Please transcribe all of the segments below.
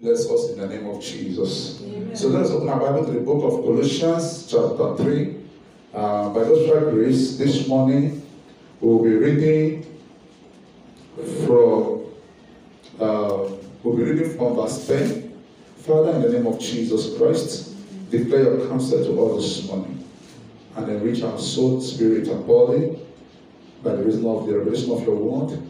bless us in the name of Jesus. Amen. So let's open our Bible to the book of Colossians, chapter 3. Uh, by God's grace, this morning we'll be reading from uh, we'll be reading from verse 10. Father, in the name of Jesus Christ, declare your counsel to all this morning and enrich our soul, spirit, and body by the reason of the revelation of your word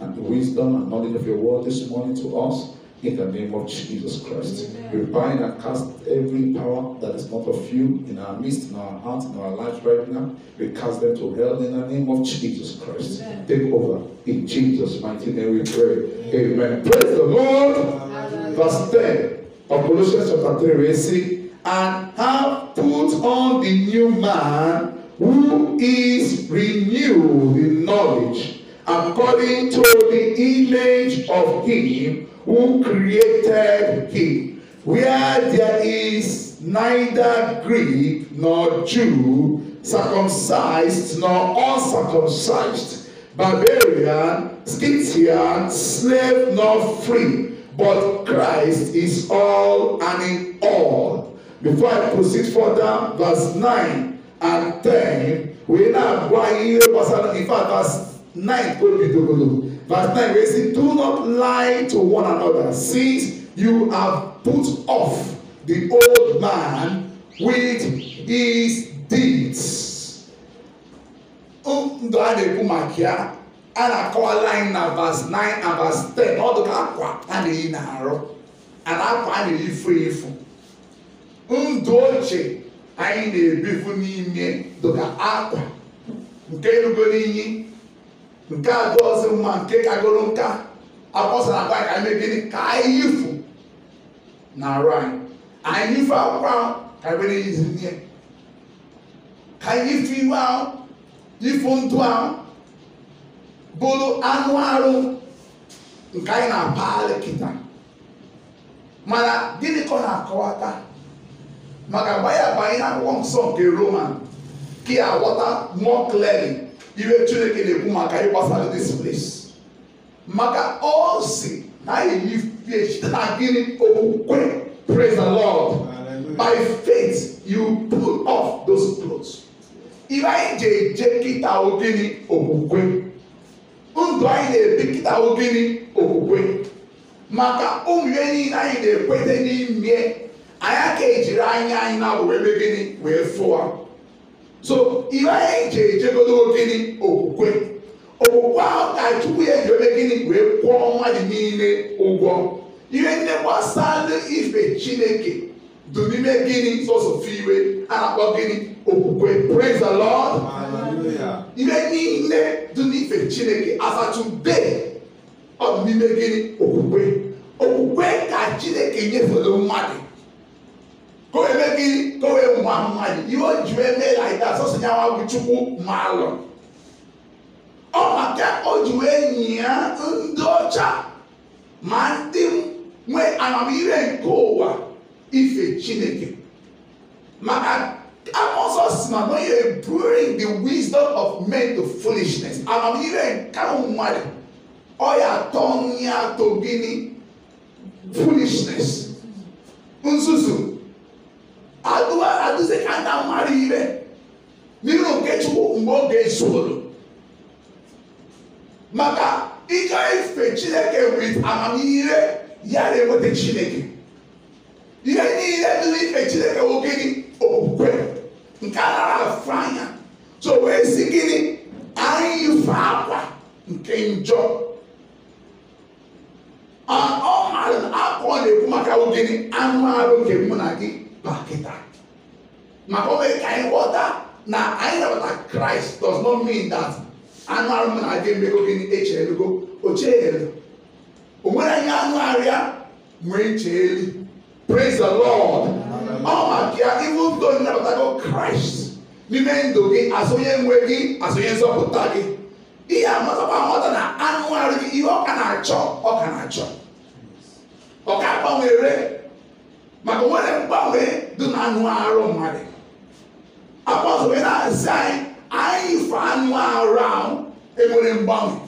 and the wisdom and knowledge of your word this morning to us in the name of Jesus Christ. Amen. We bind and cast every power that is not of you in our midst, in our hearts, in our lives right now. We cast them to hell in the name of Jesus Christ. Amen. Take over in Jesus' mighty name we pray. Amen. Amen. Praise the Lord. Verse 10 of Colossians chapter 3, we see, and have put on the new man who is renewed in knowledge according to the image of him who created him. Where there is neither Greek nor Jew, circumcised nor uncircumcised, barbarian, Scythian, slave nor free, but Christ is all and in all. Before I proceed further, verse 9 and 10, we now go here, in fact, verse 9 be Verse 9 it says, Do not lie to one another, since you have put off the old man with his deeds. Ndụ a na-ekwu maka a na-akọwala verse 9 and verse 10 ọ dịka akwa a na-eyi n'arụ and akwa a na-eyi fu efu. Ndụ ochie anyị na-ebifu n'ime dịka akwa nke nke atọ ọsị mma nke kagoro nka akwọsara akwa ka anyị mee gịnị ka anyị yifu na arụ anyị anyị yifu akwụkwọ ahụ ka anyị were izi ihe ka anyị yifu iwe ahụ yifu ndụ ahụ bụrụ anụ arụ nke anyị na-apagharị kịta mana gịnị ka ọ na-akọwata maka mgbe anyị abanye n'akwụkwọ nsọ nke roman ka ya ghọta more clearly iwe chineke na-ekwu maka ịgbasara this place maka ọ si na eyifie site na gịnị okwukwe praise the lord by faith you pull off those clothes ibe anyị ji eje kịta ogini okwukwe ndụ anyị na-ebi kịta ogini okwukwe maka ụmụ ihe niile anyị na-ekweta n'ime anyị aka ejiri anya anyị na wee gịnị wee fụọ so ihe anyị ji ejegodo gịnị okwukwe okwukwe ahụ ka chukwu ya e ji ome gịnị wee kwụọ mmadụ niile ụgwọ ihe nne gbasara ife chineke dị n'ime gịnị sọsọ iwe a na-akpọ gịnị okwukwe praise the lord ihe niile dị n'ife chineke asatụde ọ dụ n'ime gịnị okwukwe okwukwe ka chineke nyefere mmadụ ka o eme gị ka o wee nwa mmadụ ihe o ji wee mee like that sọsọ ya nwa ọ maka o ji wee nyia ọcha ma ndị nwe amamihe nke ụwa ife chineke maka amọsọ si na no bring the wisdom of men to foolishness amamihe nke mmadụ ọ ya atọ nye atọ gịnị foolishness nzuzu adụwa adụzi ka a na-amara ire n'iru nke chukwu mgbe oge zuru maka ịga ife chineke wit amamihe ya na-enweta chineke ihe niile dị n'ife chineke nwoke gị okwukwe nke a nara afụ anya so wee si gịnị anyị ife akwa nke njọ ọ maara na akwa ọ na-ekwu maka ogene anụ arụ nke mụ na gị bakịta Mahomet can water. Now, I know that Christ does not mean that anụ arụ m na-adị mmego gịnị echerego O onwere anyị anụ arịa nwere ncheeli praise the lord ọ maka ya iwu ndo nnabatago kraịst n'ime ndụ gị asụ onye nwe gị asụ onye nzọpụta gị ihe amatakwa nghọta na anụ arụ gị ihe ọka na-achọ ọka na-achọ ọka agbanwere maka nwere mgbanwe dị na anụ arụ mmadụ apɔsɔ e yi naa sɛn ayi fa anu around ebile mbamu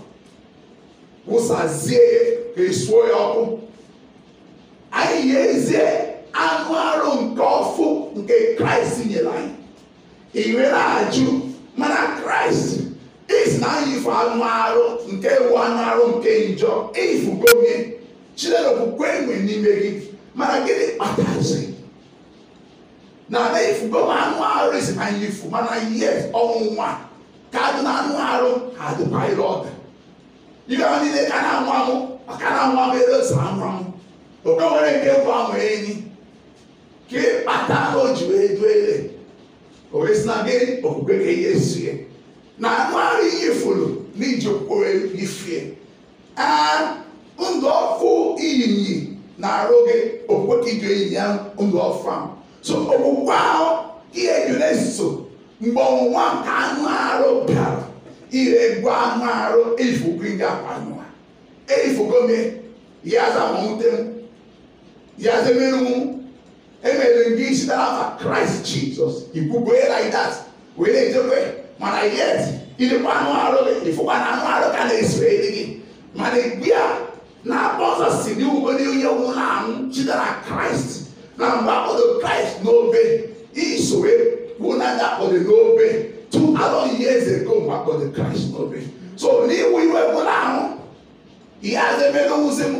wosa zie kesuo yɛ ɔko ayi yɛ ezie anu aro ntɔfo nke kraịst nyere anyị iwe na-ajụ mana kraịst is na anyị ife anụ arụ nke wu anụ arụ nke njọ ifugo gị chineke okwukwe enwe n'ime gị mana gịnị kpatazi na ifu bɛma ano ares na anyefo ma na yɛ ɔnwa e, kaadu na ano aro kaadu pailo ɔda ibi awo niile ka na anwa mo ɔka na anwa mo ere osa anwa mo oke nwere nke bụ amụ enyi ka ịkpata na oji wee du ele owe si na gị okwukwe ka ihe sie na anụ arụ ihe furu n'iji okwukwe ifie ee ndụ ọkụ iyi na arụ gị okwukwe ka ị ga ya ndụ ọfụ ahụ so ọgwụgwọ ahụ ihe ejula eso mgbe ọnwụnwa nke anụ arụ bịara ihe egwu anụ arụ ejifugo ndị akwanụwa ejifugo m ya zamamute m ya zemere m emere ndị isi dara afa kraịst jizọs ikwugo ihe e like that wee na-ejekwe mana yet ịdịkwa anụ arụ gị ịfụkwa na anụ arụ ka na-eso eri gị mana egbu ya na-akpọ ọzọ si n'iwu onye onye nwụrụ anwụ chidara kraịst And Babylon Christ n'obe isowe wunada kpọrọ n'obe two thousand years ago mgbe akpọrọ Christ n'obe. So n'iwu iwe gwụrụ ahụ ihe azụ emere nwụzi m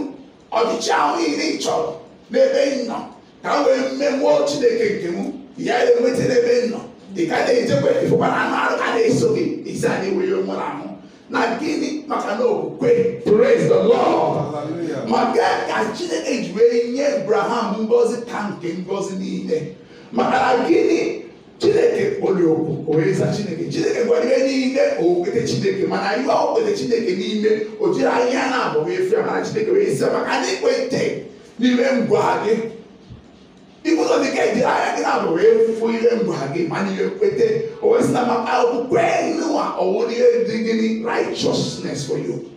ọchịchị ahụ ihe ị chọrọ n'ebe ị nọ ka m wee mme mmụọ Chineke nke m ya enweta n'ebe ị nọ ị ka na-ejekwa ịfụkwara anụ arụ ka na-eso gị isi anyị iwe iwe ahụ. na gịnị maka na okwukwe praise the lord ma maka ka chineke ji wee nye abraham ngozi ka nke ngozi niile maka na gịnị chineke kpọrọ okwu wee chineke chineke gwara ihe niile okpete chineke mana ihe okpete chineke n'ime o jiri ahịhịa na-abụ efe mana chineke wee si maka na ikwete n'ime ngwa gị Because of the guy, the iron out of it, for you and Bragi, money you put or it's not out when you are, or what you're digging righteousness for you.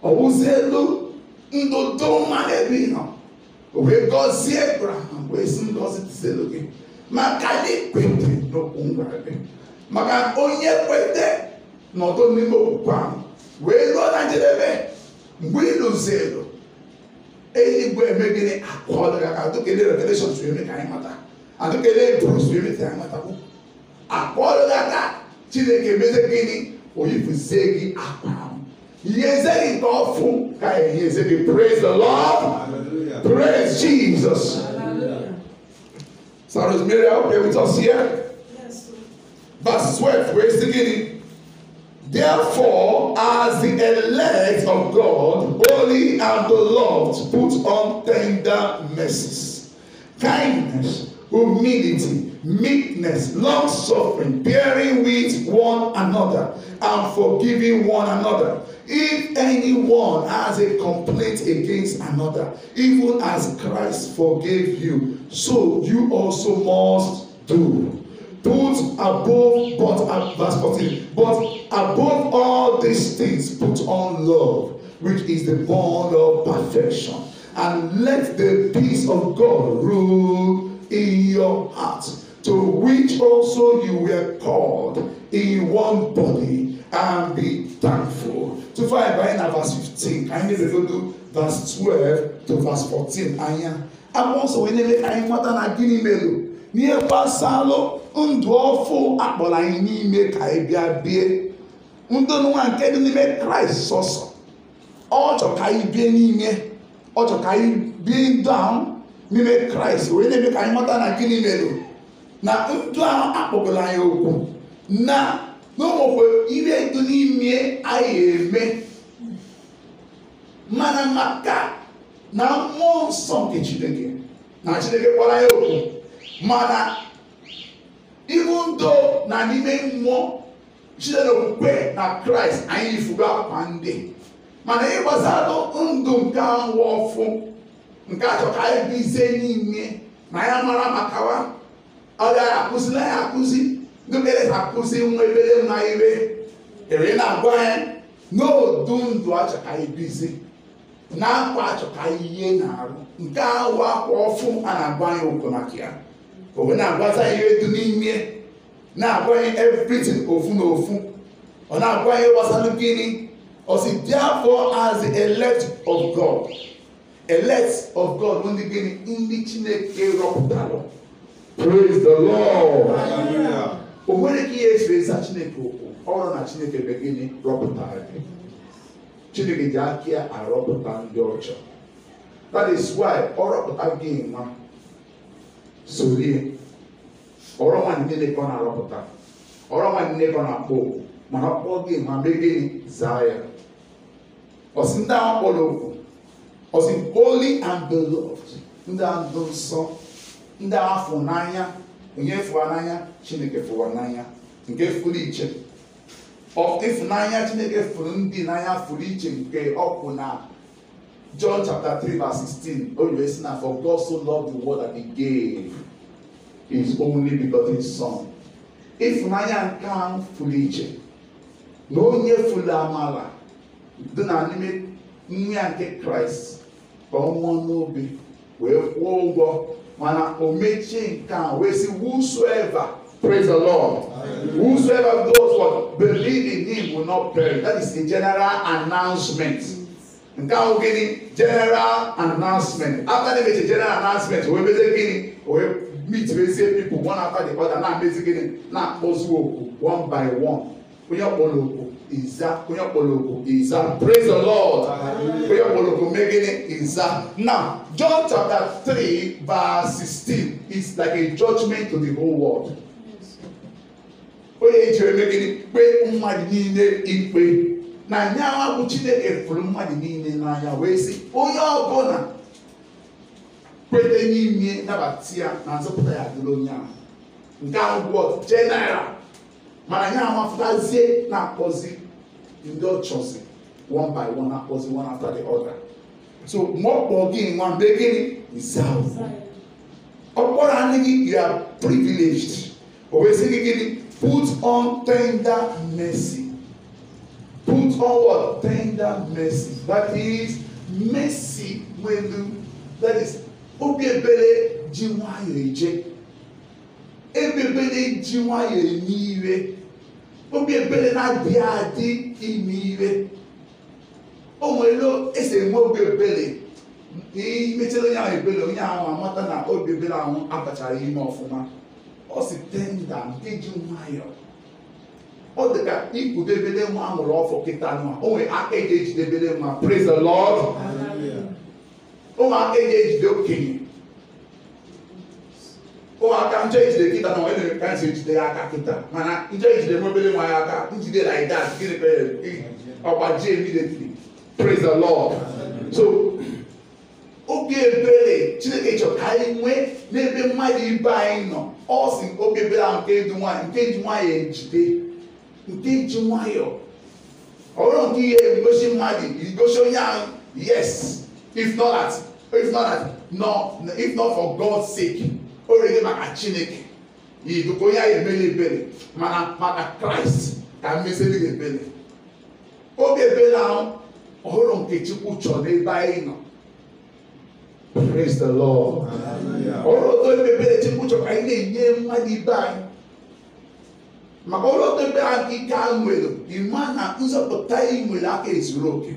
Or who's say, look, in the dome, and every now. Where God's Abraham, where's in God's it's looking. Makali kwete, no umbrage. Maka onye kwete, n'ọdụ n'ime okwukwe ahụ. Wee lụọ na njedebe, mgbe ị lụzielu, eluigwe eme gịnị akụ ọdịga ka atụ ka ele revelation si eme ka anyị mata atụ ka ele eburu si eme ka anyị mata akụ ọdịga ka chineke emeze gịnị oyifuzie gị akpa ihe eze gị nke ọfụ ka enye eze gị praise the lord praise jesus so rosemary i hope with us here verse twelve wee si gịnị Therefore, as the elect of God, holy and beloved, put on tender mercies, kindness, humility, meekness, long suffering, bearing with one another, and forgiving one another. If anyone has a complaint against another, even as Christ forgave you, so you also must do. Put above, but uh, verse 14, but Above all these things, put on love, which is the bond of perfection. And let the peace of God rule in your hearts, to which also you were called in one body, and be thankful. To find by at verse 15, I need to go to verse 12 to verse 14. Anya. also when they are in Matana Guinea Melo, near Pasalo, undwafo akpọrọ anyị n'ime ka anyị bịa ndị onunwa nke dị n'ime kraịst sọsọ ọ chọrọ ka anyị bie n'ime ọ chọrọ ka anyị bie ndụ ahụ n'ime kraịst wee na-eme ka anyị ghọta na gịnị mere na ndụ ahụ akpọgola anyị okwu na n'onwekwe ire ndụ n'ime anyị eme mana maka na mmụọ nsọ nke chineke na chineke kpọrọ anyị okwu mana ibu ndụ na n'ime mmụọ site okwukwe na kraịst anyị ifuru akwa ndị mana ịgbasalụ ndụ nke ahụ ọfụ nke achọ ka anyị bizie n'ime na ya mara makawa ọ gaghị akụzila ya akụzi ndị mere ka akụzi nwa ebere na ire ere na-agwa anyị n'odu ndụ achọ ka na akwa achọ ihe na-arụ nke ahụ akwa ọfụ a na-agwa anyị okwu maka ya ka onwe na-agwaza ihe dị n'ime na-agwaghị everything ofu na ofu ọ na-agwaghị gbasara gịnị ọ sị therefore as the elect of God elect of God ndị gịnị ndị Chineke rọpụtara praise the Lord o nwere ka ihe esi eza Chineke okwu ọrụ na Chineke be gịnị rọpụtara gị Chineke ji aka ya arọpụta ndị ọcha that is why ọ rọpụta gị nwa ọrọ nwa nne ka ọ na-arọpụta ọrọ nwa nne ka ọ na-akpọ mana ọ gị ma mee gịnị zaa ya ọsị ndị ahụ kpọrọ okwu ọsị holy and beloved ndị ahụ nsọ ndị ahụ fụ n'anya onye fụwa n'anya chineke fụwa n'anya nke furu iche ịfụnanya chineke furu ndị n'anya furu iche nke ọkwụ na john chapter 3 verse 16 o wee sị na for god so loved the world that he gave his only begotten son ịfụnanya nke a fụrụ iche na onye fụrụ amala dị na n'ime nri ya nke kraịst ka ọ nwụọ n'obi wee kwụọ ụgwọ mana o mechie nke a wee sị whosoever praise the lord whosoever those what believe in him will not perish that is the general announcement nke ahụ gịnị general announcement after the mechi general announcement wee mezi gịnị wee meet wey say people one after the other na amazing. gịnị na-akpọzu oku one by one onye kpọrọ oku ịza onye kpọrọ oku ịza praise the lord onye kpọrọ oku mee gịnị now john chapter three verse sixteen is like a judgment to the whole world onye eji eme gịnị mmadụ niile ikpe na nyanwa bụ chineke fụrụ mmadụ niile n'anya wee sị onye ọbụla kpete n'ime nabata ya na nzọpụta ya dịrị onye ahụ nke ahụ bụ ọchịchị naira mana ya amafụtazie na-akpọzi ndị ọ one by one akpọzi one after the other so ma ọ kpọọ gị nwa mgbe gịnị ise ahụ ọ kpọrọ you are privileged o wee sị gị gịnị put on tender mercy put on what tender mercy that is mercy when you that is obi ebere ji nwayọọ eje ebebere ji nwayọọ eme iwe. obi ebere na adị adị ime iwe. o nwere esi enwe obi ebere na imechara onye ahụ ebere onye ahụ amata na obi ebere ahụ abachara ime ọfụma ọ si tenda nke ji nwayọọ ọ dị ka ikwudebere nwa amụrụ ọfọ kịta nwa o nwere aka eji ejidebere nwa praise the lord ụmụaka eji ejide okenye ụmụaka nje ejide kịta na onye mere kansa ejide ya aka kịta mana nje ejide mobere nwa ya aka njide like that gịnị ka ọgbajie immediately praise the lord so oge ebere chineke chọrọ ka anyị nwee n'ebe mmadụ ibe anyị nọ ọ si oge ebere ahụ nke dị nwayọ nke ji nwayọ ejide nke ji nwayọ ọrụ nke ihe egosi mmadụ igosi onye ahụ yes if not that if not that no if not for God's sake o rere maka Chineke iduko ya emele ebere mana maka Christ ka mmesiri gị ebere oge ebere ahụ ọhụrụ nke Chukwu chọrọ n'ebe anyị nọ praise the Lord ọrụ otu ebe ebere Chukwu chọrọ ka anyị na-enye mmadụ ibe anyị maka ọrụ otu ebe ahụ ike ahụ nwere ịma na nzọpụta anyị aka ezuru oke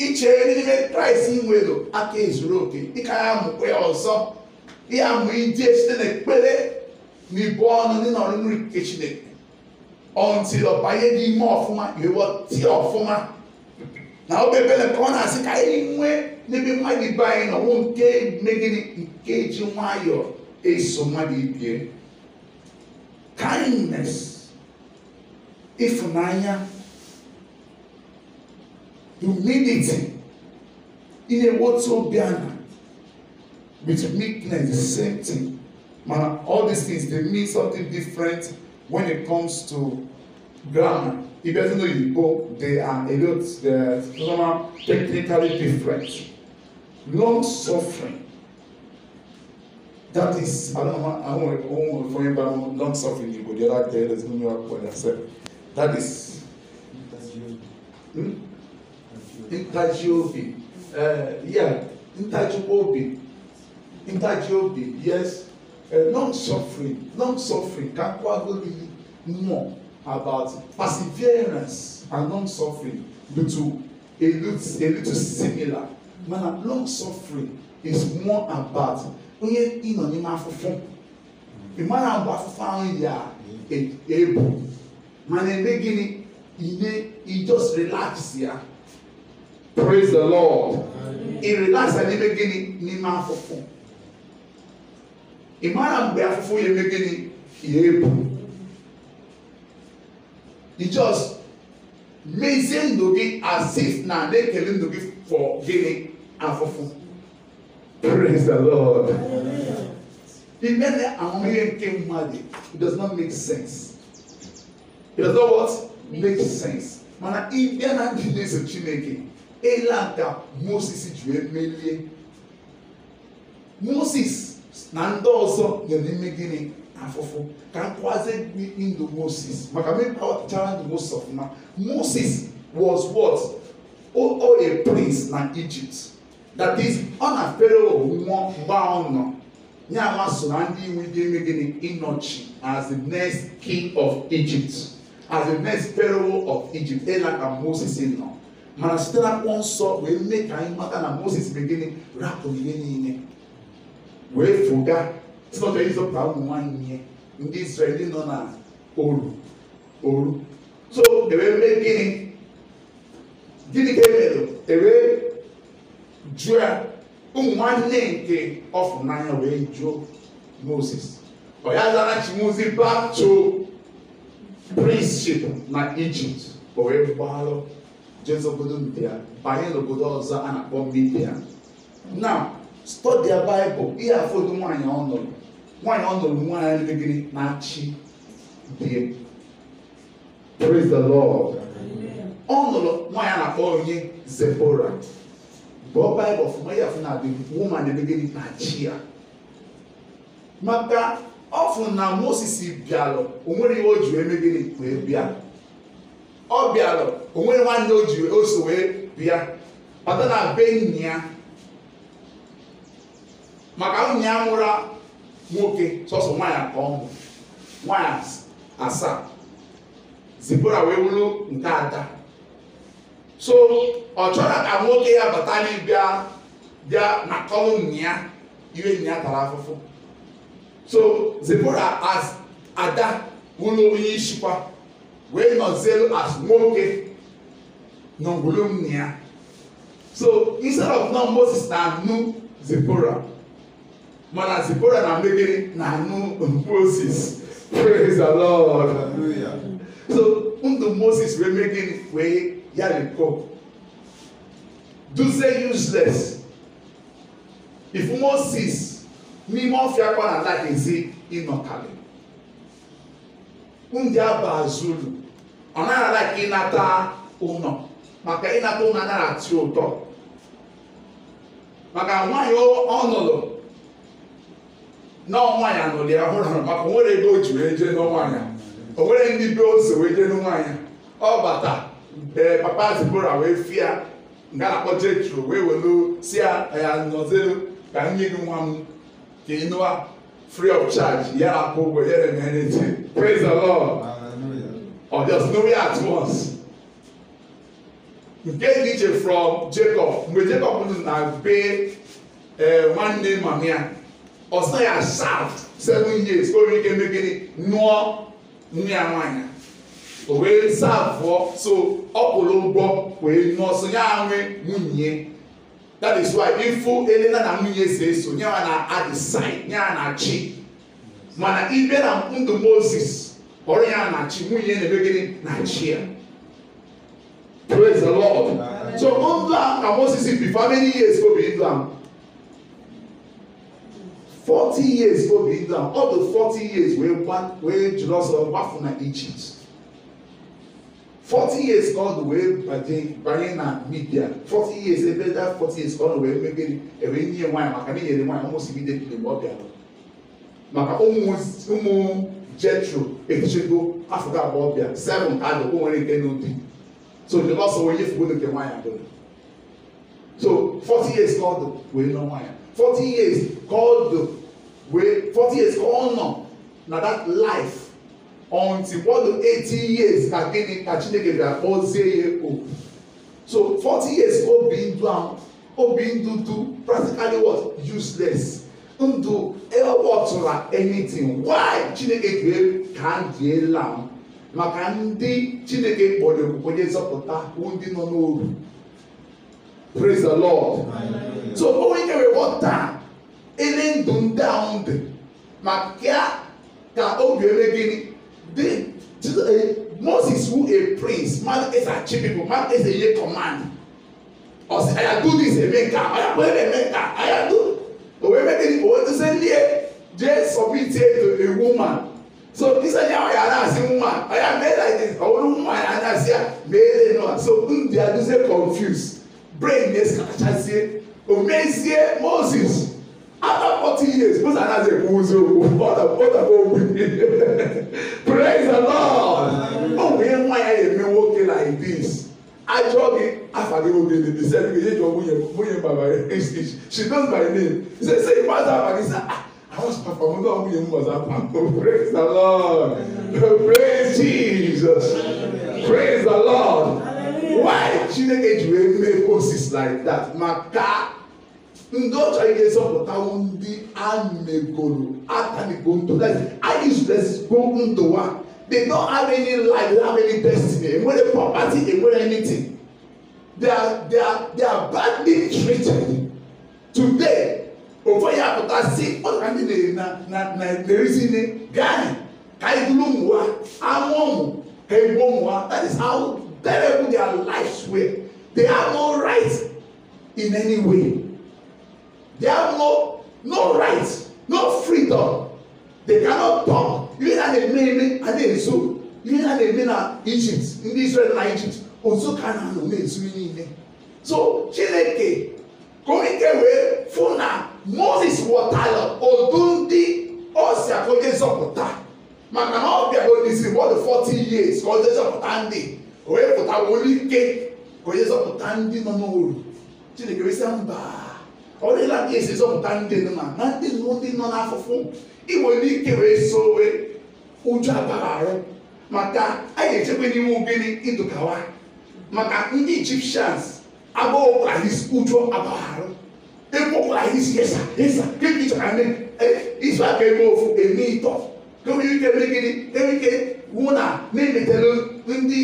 ichere n'ime kraịst inwe ego aka ezuru oke ịka ya mụkwa ya ọzọ ya mụ ije site n'ekpere na ibu ọnụ dị n'ọrụrụ nke chineke until ọ banye n'ime ọfụma iweghọti ọfụma na obebele ka ọ na-asị ka anyị nwee n'ebe mmadụ ibe anyị nọ nwụ nke megịnị nke ji nwayọọ eso mmadụ ibie kindness ịfụnanya You need it in a whatsoever with meekness, the same thing. Man, all these things they mean something different when it comes to grammar. If you don't know Igbo, they are a lot they're somehow technically different. Long suffering. That is, I don't want, I won't refrain about long suffering Igbo. The other day, there's no new word I said. That is. That's you. Hmm? ntachi obi eh, yeah ntachi obi ntachi obi yes uh, long suffering long suffering ka kó agolo mọ about perseverance and long suffering lutu a little similar mana long suffering is more about onye ị nọ n'ime afụfụ ị mara mgbe afụfụ ahụ ya ebu e mana eme gịnị ine i just relax ya. Yeah praise the lord ìrìlásà ní bẹ́ẹ̀ gíní ní máa funfun ìmọ̀ràn àgbẹ̀ afúnfún yẹn bẹ́ẹ̀ gíní yẹn bù he just measure ndogi as if na dey kele ndogi for gíní afúnfún praise the lord ìmẹ́lẹ̀ àwọn yẹn ké mmadì it does not make sense it does not what make sense mana ịbịa na ndị na-eso chineke elada moses ji wee melie moses na ndị ọzọ nọ n'ime gịnị afụfụ ka nkwazi ndụ moses maka mekpachara ndụ moses ọfụma moses was what o o a prince na egypt that is ọ na pharaoh nwụọ mgbe ahụ nọ nye ama so na ndị iwu dị ime gịnị ịnọchi as the next king of egypt as the next pharaoh of egypt elaka moses nọ mana site na akwụkwọ nsọ wee mee ka anyị mata na moses mere gịnị rapụrụ ihe niile wee fụga site ịzọpụta ụmụ nwaanyị ihe ndị israel ndị nọ na oru oru so ewee mee gịnị gịnị ka emere ewee jụọ ya ụmụ um, nwanne nke ọfụ n'anya wee jụọ moses ọ ya zara chimuzi back to priestship na egypt o oh, wee gbalụ jeze obodo midia banye n'obodo ọzọ a na-akpọ midia na studia baịbụl ihe afọdụ nwaanyị ọ nụrụ nwaanyị ọ nụrụ nwaanyị gịnị na-achị bie praise the lord ọ nụrụ nwaanyị a na-akpọ onye zebora bụọ baịbụl ọfụma ihe afọ na-adị woman gịnị na-achị ya maka ọfụ na moses bịalụ o nwere ihe o ji eme gịnị wee bịa ọ bịara onwere nwanne o ji oso wee bịa bata na be enyi ya maka nwunye ya nwoke sọsọ nwaanyị ka ọ mụ asaa zipora wee wuru nke ada so ọ chọrọ ka nwoke ya bata n'ịbịa bịa na kọlụnyi ya iwe nyi ya tara afụfụ so zipora ada wuru onye ishikwa wenọzelụ as nwoke n'obodo ya so instead of now moses na-anụ Zipporah. mana Zipporah na mmegide na-anụ moses praise the lord hallelujah so ndụ moses wee mee gịnị wee yarikọ duze useless if moses n'ime ọfịa kwa na ala ga-ezi ịnọkalị ndị abụ azụlụ ọ naghị ala ka ịnata ụnọ maka ịnata ụnọ anaghị atụ ụtọ maka nwaanyị ọ n'ọnwa ya nwaanyị anụrụ ya maka nwere ego o ji wee jee n'ọnwa ya. o nwere ndị be ose wee jee n'ọnwa ya. ọ bata ee papa zibora wee fia nga na-akpọ jetro wee welu si ya ya nọzelu ka nye nwa m ka ị nụa free of charge ya akwụ ụgwọ ya na-eme n'ezi praise the lord or just nowhere at once. nke dị iche from Jacob mgbe Jacob na be nwanne eh, ya ọ ya seven years ka o nwere ike megide nnụọ nne ya nwaanyị o wee sapụọ so ọkwụrụ kwụrụ ụgwọ wee nụọ ya nwe nwunye that is why ifu elena na nwunye si eso ya na adịsaị ya na mana ibe na ndụ ọrụ ya na-achị nwunye na-eme gịnị na-achị ya praise the lord so ndụ a ka moses bi many years obi ndụ a forty years obi ndụ a All the forty years wee gba wee jerusalem gbafu na egypt forty years ka ọ dị wee banye banye na midia forty years ebe da forty years ka ọ dị wee mee gịnị ewee nye nwaanyị maka na inyere nwaanyị ụmụ si bido mgbe ọ bịara maka ụmụ ụmụ ehichego afọ gị abụọ bịa seven ka adị o nwere nke n'obi so ndị ọsọ wee nyefugo nke nwaanyị abụrụ so forty years ka ọ dị wee nọ nwaanyị forty years ka ọ dị wee forty years ka ọ nọ na that life until gbọdọ eighty years ka gịnị ka chineke bịa kpọzie ya oku so forty years obi ndụ ahụ obi ndụ tụ practically was useless ndụ ewọtụla anything why chineke kere ka ndị ela m maka ndị chineke kpọrọ onye nzọpụta bụ ndị nọ n'oru praise the lord so onye kere wọta ele ndụ ndị ahụ dị maka ka obi eme gịnị dị moses who a prince man is a chief people man is a ye command ọ sị aya do this eme nke a aya kwere eme nke a aya do òwe méjì òwe ti sẹ́ ní ẹ jẹ́ submitted to a woman so this is how yàrá àti woman ọ̀yà male like this ọ̀hún woman yàrá àti male náà so n dey do say confuse brain dey scatter say omezie moses after forty years musa na say wuzi o bọ́dà bọ́dà bọ́ wí praise the lord ọ̀hún yẹn nwa ya yẹ mi nwoke like this. Ajobi Afagimoge dey be sell me age of Muye Muye Baba she knows my name. He say say you pass that Baba he say ah I was performing that Muye Muye Baba praise the Lord praise Jesus praise the Lord why Chineke ji wee mee poses like that maka ndị ọchọ ihe zọpụtawo ndị a that. atanigo ndụ anyị zụrụ ezigbo one. They don't have any life, they don't have any destiny, they don't have property, they don't anything. They are, they are, they are badly treated. Today, Ofoye Akuta sí ọ̀sán ní na na na na ìgbèrísí ni Ghana, Kaidulu Mua, Amomu, Egbo Mua, that is how terrible their lives were. They have no right in any way. They have no no right, no freedom. They cannot talk ihe a na-eme a na-ezo ihe a na-eme na ijipt ndị israel na ijipt otu ka na-anọ na-ezu niile so chineke ka onye wee fụ na moses ghọtara odu ndị ọ si aka onye zọpụta maka na ọ bịara onyeisi wọdụ 40 years ka onye zọpụta ndị onye pụta wolu ike ka onye zọpụta ndị nọ n'oru chineke wee sị mba ọ dịla ka esi zọpụta ndị nọ na ndị nọ n'afụfụ inwere ike wee sowe uju agbara arụ maka a ga-echekwa n'ime ogene idukawa maka ndị Egyptians agbọghọkwara isi uju agbara arụ ekpokwara isi yesa yesa kekichara ndị izu aka ebe ofu eme ịtọ kewere ike eme gịnị kewere ike wụ na na-emetara ndị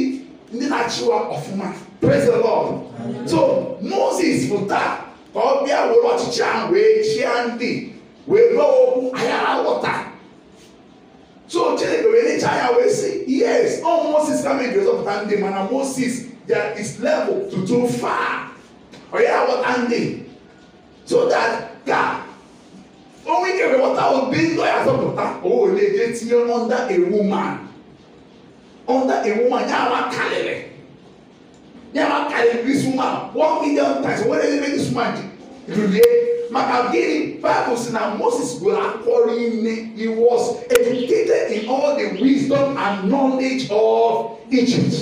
ndị na-achịwa ọfụma praise the lord so moses bụ taa ka ọ bịa were ọchịchị ahụ wee chịa ndị wee gbawa okwu anyị aghọta So Chineke wee nyecha wee say yes all oh, Moses coming grace of tandem mana Moses there is level to too far ọ oh, ya wọ tandem so that ka onwe ike wee wọta obi ndụ ya zọpụta o na-eje tinye under a woman under a woman yeah, ya ama karịrị ya ama karịrị this woman one million times did they make this woman ji rulie maka gịnị bible si na moses gwere akwọrọ ine he was educated in all the wisdom and knowledge of egypt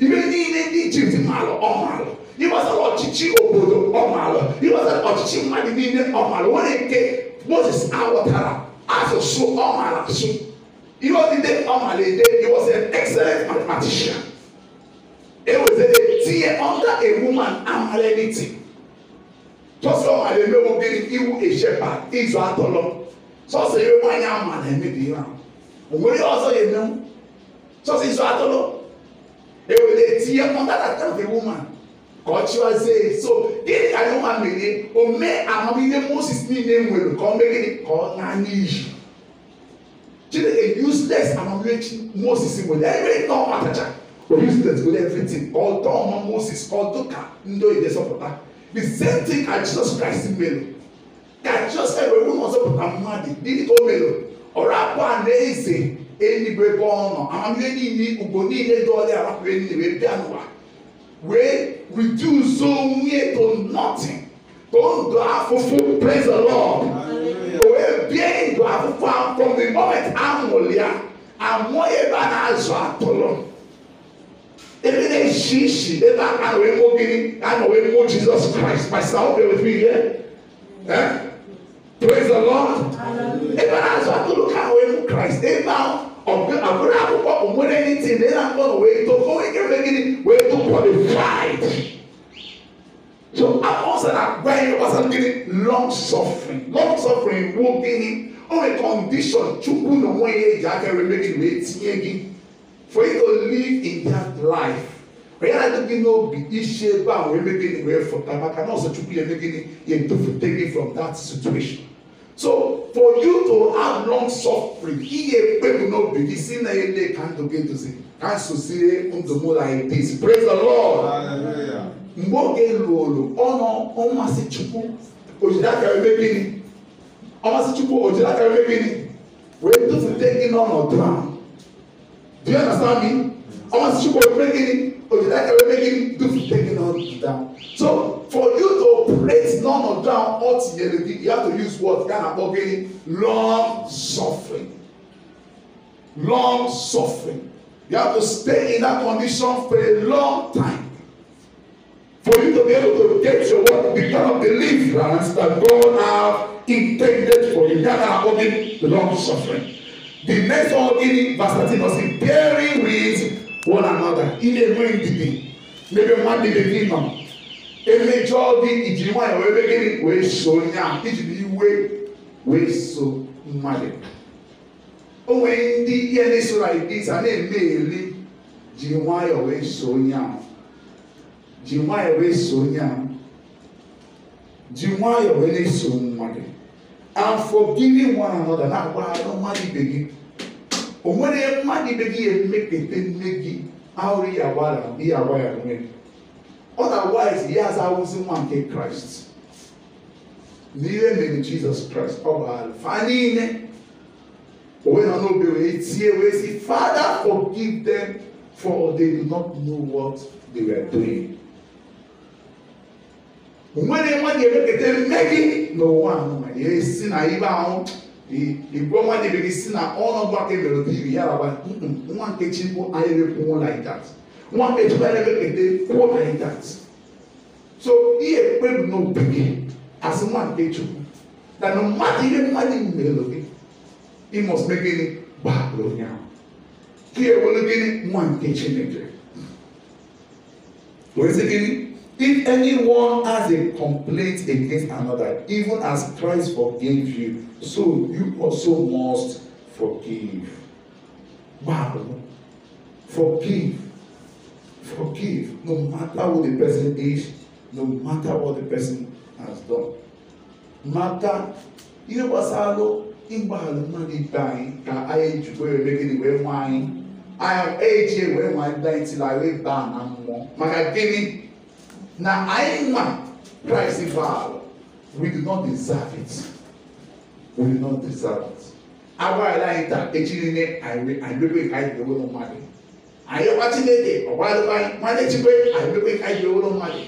ibe niile ndị egypt mmalụ ọmalụ ịgbasara ọchịchị obodo ọmalụ ịgbasara ọchịchị mmadụ niile ọmalụ nwere nke moses aghọtara asụsụ ọmalụ asụ ihe odide ọmalụ ede he was an excellent mathematician e wezere tinye under a woman amaghị anything Just so I may walk in you a shepherd, is what alone. So say you want your man and maybe you. Omori ọsọ yẹn mẹ́wọ́n sọ́sì sọ atọ́lọ́ èwè lè ti yẹ mọ́ dáadáa tẹ́ ọ̀dẹ̀ wọ́n máa kọ́ọ̀tù ọ̀sẹ̀ so gịnị ka anyị nwa mere ome amamihe moses niile nwere ka ọ mee gịnị ka ọ na n'iyi chineke useless moses everything ọ matacha useless with everything ka ọ moses ka ọ dụ ka ndị oyi dị sọpụta The same thing at Jesus Christ mélòó. That just said we won't also put a money. Did it all mélòó? Ọ̀rọ̀ àpò àná èsè enigwe bọ ọnọ amamihe niile ugbo niile dị ọdị arapụ enyi wee bịa n'ụwa We reduce onye to nothing to ndụ afụfụ praise the lord o wee bie ndụ afụfụ from the moment a mụrụ ya amụọ ebe a na-azụ atụrụ If it is shishi, if I can remove it, I know anymore Jesus Christ, my son, be with me here. Eh? Praise the Lord. If I ask you to look at when Christ, I'm if I ọ̀gbẹ́ àbúrò anything. Then I'm ti ní àpò òwe tó fún ìkẹfẹ́ gidi wẹ́ẹ́ tó qualified. So that, àgbà yẹn wàsàn getting long suffering long suffering wo gini on a condition chukwu na onwe ya eji aka ere megidi wee tinye gị for you to live in that life realize gị n'obi isi ebe a wee mee gịnị wee fụta maka na ọsọ chukwu ya eme gịnị ya take it from that situation so for you to have long suffering ihe ekpebu n'obi gị si na ele ka ndụ gị dozi ka nsozie ndụ m like this praise the lord mgbe oge lụrụ ọnụ ọmasị chukwu ojideaka eme gịnị ọmasị chukwu ojideaka eme gịnị wee dofute gị n'ọnọdụ ahụ Do you understand me? I Ọmọ sì ṣùgbọ́n ìwé gírí òjìlá making it, do fi take it out down. So for you to operate none of down ọtí yẹn lè you have to use what kind of bargaining long suffering long suffering you have to stay in that condition for a long time for you to be able to get your work become a of deliverance that God have intended for you that kind of bargaining long suffering. the next in verse 13 ọ sị bearing with one another na-enwe ndidi n'ebe nwanne be gị nọ emejọọ gị ijiri nwaanyị wee be wee so onye ijiri iwe wee so mmadụ o ndị ihe na-esoro anyị dịta eme eri jiri nwayọọ wee so onye a ji nwayọọ so onye a ji nwayọọ wee na-eso and forgiving one another Now, na agwara ya ọma ibe gị o nwere mmadụ ibe gị emekete nne gị ahụrụ ya agbara ihe agwa ya onwe gị otherwise ya azawụzi nwa nke kraịst n'ihe mere jizọs kraịst ọ gbara fa niile onwe nọ n'obe it's here. We see, Father, forgive them for they do not know what they were doing nwere nwa ga-emepụta mmegị n'ụwa anụma esi na ibe ahụ igbo nwa debere isi na ọnụ ka emere otu ya rawa nwa nkechi bụ anyị na-ekwu like that nwa nkechi bụ anyị na-emepụta kwuo like that so ihe ekpebi n'obi gị asị nwa nke chukwu na na mmadụ ihe mmadụ mere gị ịmọs mee gịnị gbapụrụ onye ahụ ka ewere gịnị nwa nke chineke wee sị gịnị If anyone has a complaint against another, even as Christ forgave you, so you also must forgive. Wow. Forgive. Forgive. No matter what the person is, no matter what the person has done. Matter, You know ihe gbasara ịgba alụmdi ibe anyị ka anyị jikwere megide wee nwa anyị. Anyị eji wee nwa anyị bịa ntị na wee baa na mmụọ. Maka gịnị? na anyị nwa kraịst vow we do not deserve it we do not deserve it agbaghara anyị taa echi niile anyị mebe nke anyị ga-enwe mmadụ anyị ọkwa chineke ọgbalịkwa anyị nwanne chikwe anyị mebe nke anyị ga-enwe mmadụ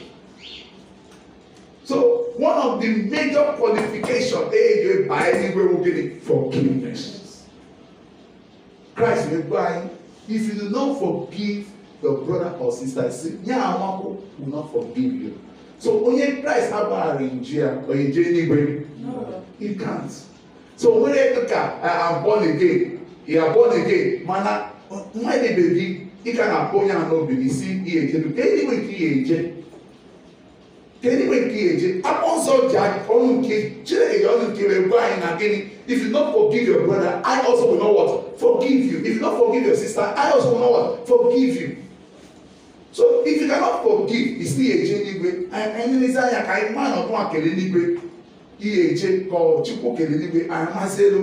so one of the major qualification eji e baa eluigwe bụ for forgiveness christ wee gwa anyị if you do not forgive your brother or sister I say yẹn àwọn will not forgive you so onye Christ agbara nje ya onye je n'igwe he can't so nwere ka I am born again He are born again mana nwa ebebi ị ka na-akpọ onye a n'obi isi ihe eje ka enigwe ka ihe eje ka enigwe ka ihe eje akpọ nsọ ji ọnụ nke chineke ji ọnụ nke wee gwa anyị na gịnị if you not forgive your brother I also know what forgive you if you not forgive your sister I also know what forgive you so if you cannot forgive isi ya eje n'igwe anyị nlezi anya ka ịma maa nọdụ a kere ihe eje ka ọ chukwu kere n'igwe anyị masị elu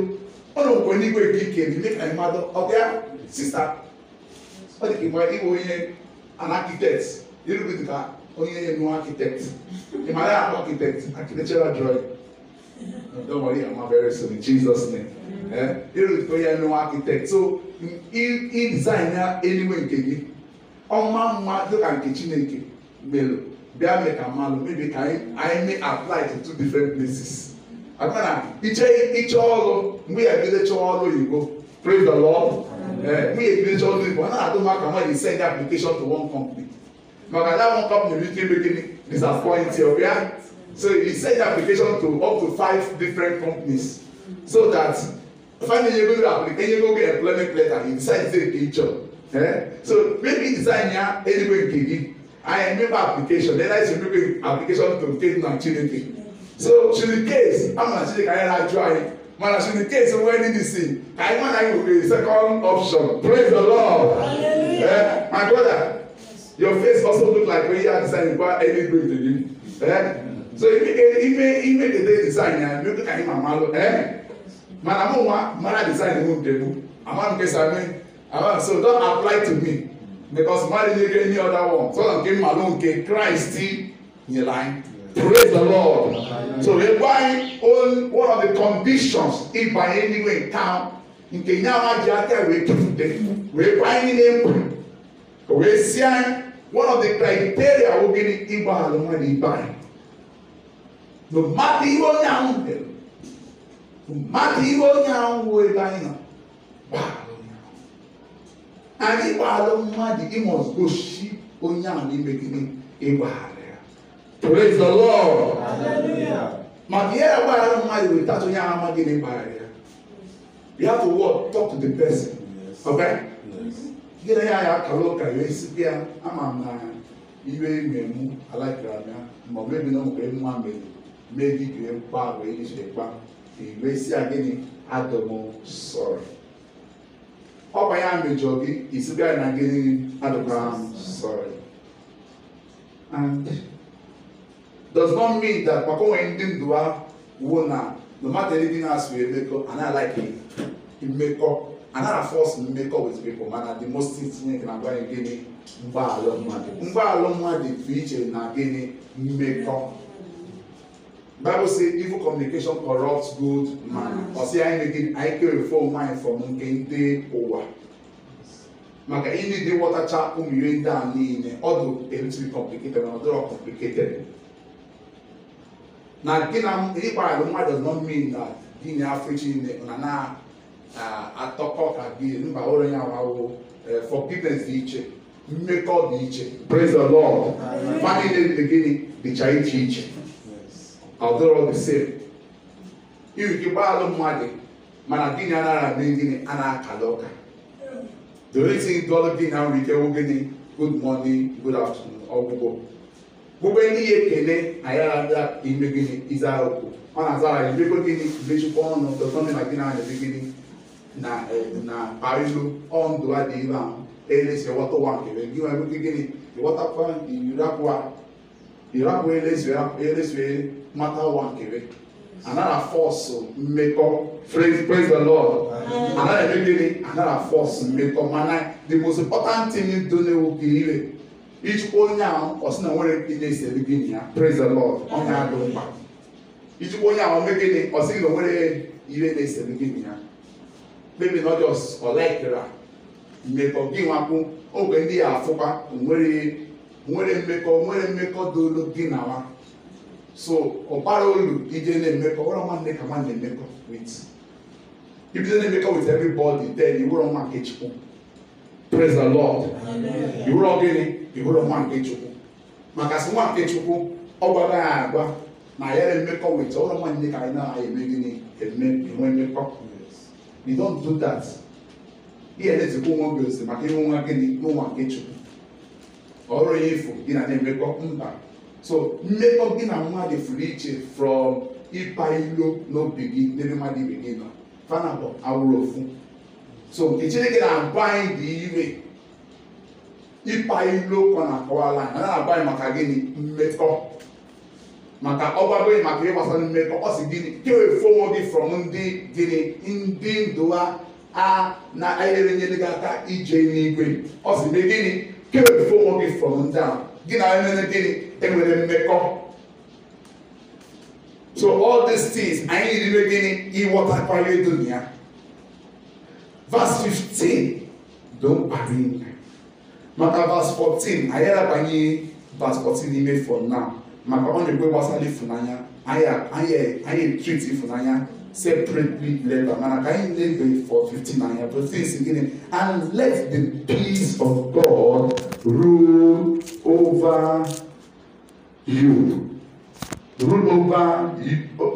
ọnụ oh, nkwe n'igwe nke ikere ime ka m'madụ ọbịa oh, ọ sista ọ oh, dị ka ịgba ịbụ onye an architect ịrụgide ka onye enu architect ị mara ya bụ architect architectural drawing don't worry I'm very so Jesus name ịrụgide ka onye enu architect so ị design ya anyway nke gị ọma mma dịka nke chineke mere bịa mee ka mmalụ mebi ka anyị mee apply to two different places akpa na iche iche ọrụ mgbe ya bido chọọ ọrụ oyibo praise the lord eh, mgbe ya bido chọọ ọrụ oyibo ọ na-adụ m aka nwa send application to one company maka that one company nwere ike ime gịnị disappoint you ya so he send application to up to five different companies so that finally you go get employment letter he decide say ke job. Eh? So maybe design ya anybody can give. I remember application. Then I used to application to take my children. So should the case, I'm not saying I try. Man, should the case when did this thing? I want I will the second option. Praise the Lord. Eh? My brother, your face also look like when you are designing what anybody can give. Eh? So if even even the day design ya, eh, you look at him and eh? Man, I'm not one. Man, I design who they do. I'm not going to say Amen. So don't apply to me because marriage get any other one. So I giving my own gay Christ in line. Praise the Lord. So we whereby all one of the conditions if by any way in town nke nye ama ji aka wee tụfute wee kwa anyị na-ekwu wee si anyị one of the criteria we wo gịnị ịgbaghara mmadụ ibe anyị no matter ihe onye ahụ mere no matter ihe onye ahụ wuo ebe anyị gbaa ịgbalụ mmadụ ịmụrụ gosi onye a n'ime gịnị ịgbaghara ya praise the lord maka ihe agbaghara mmadụ wetata onye ahụ amaghị na ịgbaghara ya you have to word, talk to the person okay gịnị ya ya akara ụka ya esi bịa ama m na iwe ememu alakịra m ya ma ọ mebi na nwere nwa mere mee vidiyo mkpa wee jiri kpa iwe si ya gịnị adọm sọrọ ọ bụ ya mejọ gị isiga na gịnị adụkwa sorry and does not mean that maka onwe ndị ndụ ha wuo na no matter anything else we emekọ ana like i na force mmekọ with people mana the most tinye gị na-agwa gịnị mgbaalụ mmadụ mgbaalụ mmadụ dị iche na gịnị mmekọ Bible says evil communication corrupts good manners. Ọ sị anyị megide anyị kerefo onwe anyị from nke ndị ụwa. Maka ịdị dị wọtacha ụmụ ihe ndị a niile ọ dụ elitri complicated na ọ dụrọ complicated. Na gị na ịkpa alụ mmadụ does not na that na afọ iche niile na na uh, atọkọ ka gị mba ụlọ ya awawo uh, forgiveness dị iche mmekọ dị iche praise the lord. Fa niile dị gịnị dịcha iche iche. ọ dịrọ sef gbaalụ mmadụ mana gịnị anaghị ame gịnị a na-akala ụka the only thing dọlụ na nwere ike wụ gịnị good morning good afternoon ọgwụgwọ gbogbo ndị ya ekele na ya ime gịnị ize arụkwụ ọ na-aza ya gịnị mechikwa ọnụ na gịnị ahụ gịnị na eh, na parilu ahụ e ụwa nke gịnị mata ụwa nkiri. gị anaghị mmekọ praise the lord Anara eme gịnị anaghị afọsụ mmekọ mana the most important thing do na-ewoke ire ijikwa onye ahụ ọsị na nwere ike na-esere gịnị ya praise the lord ọ na-adụ mkpa ijikwa onye ahụ mee gịnị ọsị gị na nwere ire na-esere gịnị ya maybe not just ọlaikera mmekọ gị nwakwụ oge ndị ya afụkwa nwere mmekọ nwere mmekọ dolo gị na nwa so ọ olu ije na-emekọ ọwụrụ nwanne ka nwanne emekọ with ibido na-emekọ with everybody then iwụrọ nwa nke chukwu praise the lord iwụrọ gịnị iwụrọ nwa nke chukwu maka sị nwa nke chukwu ọ gwara ya agwa na ya emekọ with ọwụrụ nwanne ka anyị na-anaghị eme gịnị eme enwe emekọ you don't do that ihe na-ezikwa nwa oge ose maka ịhụ nwa gịnị nwa nke chukwu ọrụ onye ifo gị na na-emekọ mba so mmekọ gị na mmadụ furu iche from ịpa ilo n'obi gị n'ebe mmadụ ibe gị nọ fana bụ awụrụ ofu so nke chineke na-agba anyị dị ire ịpa ilo ka na-akọwala na na-agba anyị maka gịnị mmekọ maka ọgbagoghị maka ịgbasa gbasara mmekọ ọ sị gịnị kewefu onwe gị from ndị gịnị ndị ndụwa a na-enyere nyere gị aka ije n'igwe ọ sị mee gịnị kewefu onwe gị from ndị ahụ gị na onye gịnị enwere mmekọ so all these things anyị rire gịnị ịghọtakwa ihe dum ya verse 15 dị mkpa niile maka verse 14 anyị abanye verse 14 n'ime for now maka ọ na-ekwe gbasara ifunanya anyị treat ifunanya separately led by man. Can you read for 59 here? But since beginning, and let the peace of God rule over you. Rule over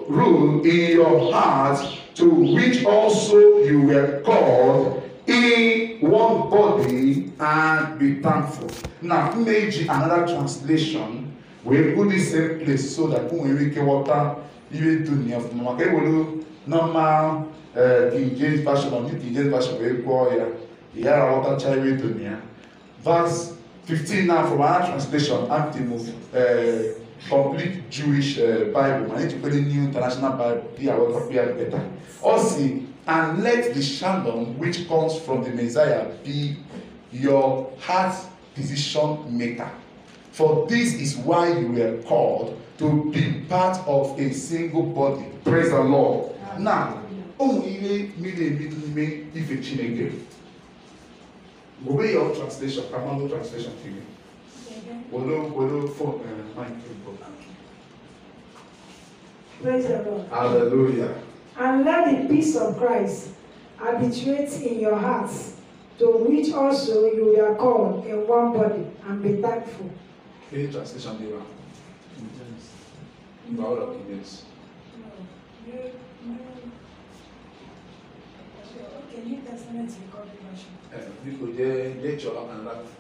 rule in your heart, to which also you were called in one body and be thankful. Now, maybe another translation will put this same place so that when we get water, you even to near maka ewere normal King James Version ọ New King James Version wee gụọ ya ya aghọtacha iwe dum ya verse fifteen now from our translation Actimus uh, eh, complete Jewish uh, Bible anyị jikwere New International Bible dị aghọtakwu ya beta ọ si and let the shalom which comes from the Messiah be your heart decision maker for this is why you were called to be part of a single body praise the Lord na o nwere ihe miri emi n'ime ife chineke gobe your translation kamanụ translation tv were were phone uh, mic Praise the Lord. Hallelujah. And let the peace of Christ arbitrate in your hearts, to which also you are called in one body, and be thankful. Any translation there? Yes. In Mm-hmm. Mm-hmm. mm New Testament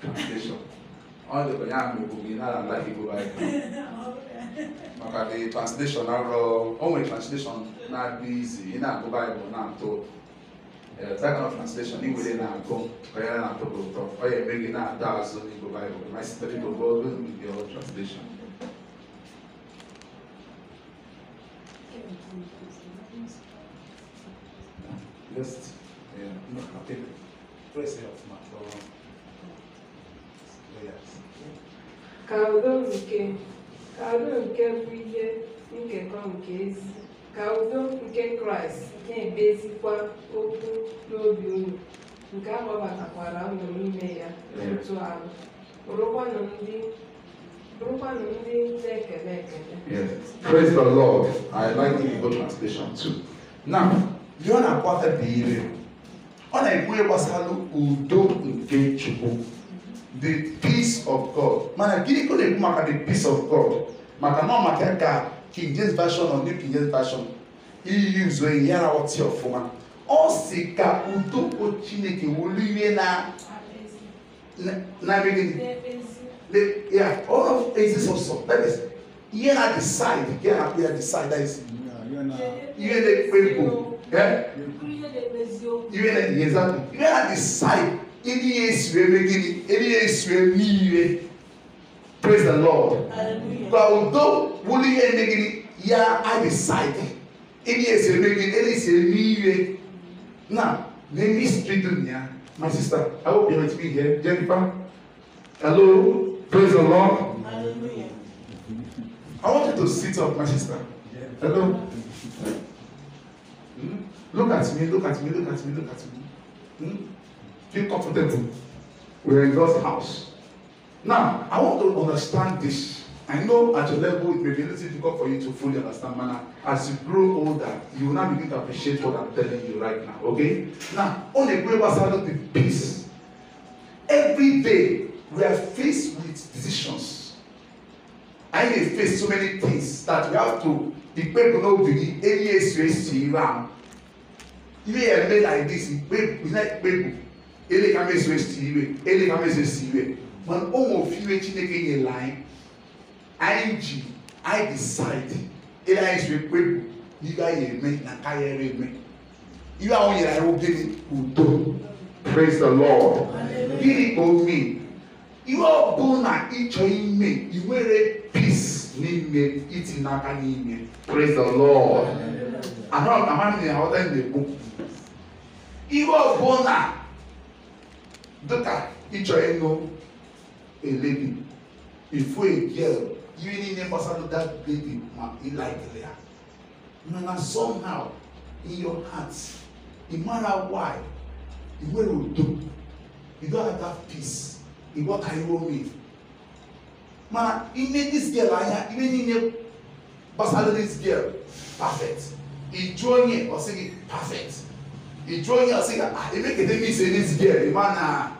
translation. Oh, the translation arọ, o oh, translation na easy. You know, go na-agụ Baịbụl na-atụ. That kind of translation ị were Go agu ka ya na-atụ gị ụtọ. Ọ ya eme gi My sister go with your translation. Thank you. Yes. in a particular place of Macron layers. Ka udo nke Ka udo nke bụ ihe nkekọ nke ezi ka udo nke Kraịst na-ebezikwa okwu n'obi unu nke a gbabatakwara unu n'ime ya não ahụ bụrụkwanụ ndị Yes. Praise the Lord. I like the translation too. Now, you are a prophet ọ na-ekwu ihe gbasara udo nke chukwu the peace of god mana gịnị ka ọ na-ekwu maka the peace of god maka na ọ maka ka king james version or new king james version iyuzuo ihe ya ghọta ọfụma ọ si ka udo chineke wulie na na beginning yeah all of exist of some that is ihe na decide ihe na decide that is ihe na-ekpe ekpo Eh? Iwe exactly. Iwe na decide ịdị ya esiri eme gịnị, ịdị ya esiri eme ire. Praise the Lord. Ka udo wụlụ ihe eme gịnị, ya a decide. Ịdị ya esiri eme gịnị, ịdị esiri eme ire. Na maybe street dun ya. My sister, I hope you're with me here. Jennifer, hello. Praise the Lord. Hallelujah. I want you to sit up, my sister. Hello. Mm? Look at me, look at me, look at me, look at me. Hmm. Feel comfortable. We are in God's house. Now, I want to understand this. I know at your level it may be a little difficult for you to fully understand manner. As you grow older, you will now begin to appreciate what I'm telling you right now. Okay? Now, on a global standard the peace, every day we are faced with decisions. I may face so many things that we have to ikpeku n'obi gị enyi esu esi iwe ahụ ihe ya eme like this ikpeku ihe ikpeku ele ka m esu esi iwe ele ka m esu esi iwe mana o nwe ofu iwe chineke nyere anyị anyị ji anyị decide ele anyị si ekpeku n'ihe anyị eme na karịa eme iwe ahụ nyere anyị oge dị udo praise the lord gịnị ka o mee ihe ọ bụla ịchọ ime ị nwere n'ime iti n'aka n'ime praise the lord amaghị na aghọta na-ekwu ihe ọbụla dịka ịchọ ịnụ elebi ifu egel ihe niile gbasara that baby ma ịlaikere ya mana somehow in your heart no matter why ị nwere udo you don't have that peace ị gwakaiwe ome mana ime dis girl anya ime niile gbasara dis girl perfect ịjụ onye ọ sị perfect ịjụ onye ọ sị gị ah emekede m ise dis girl ịma na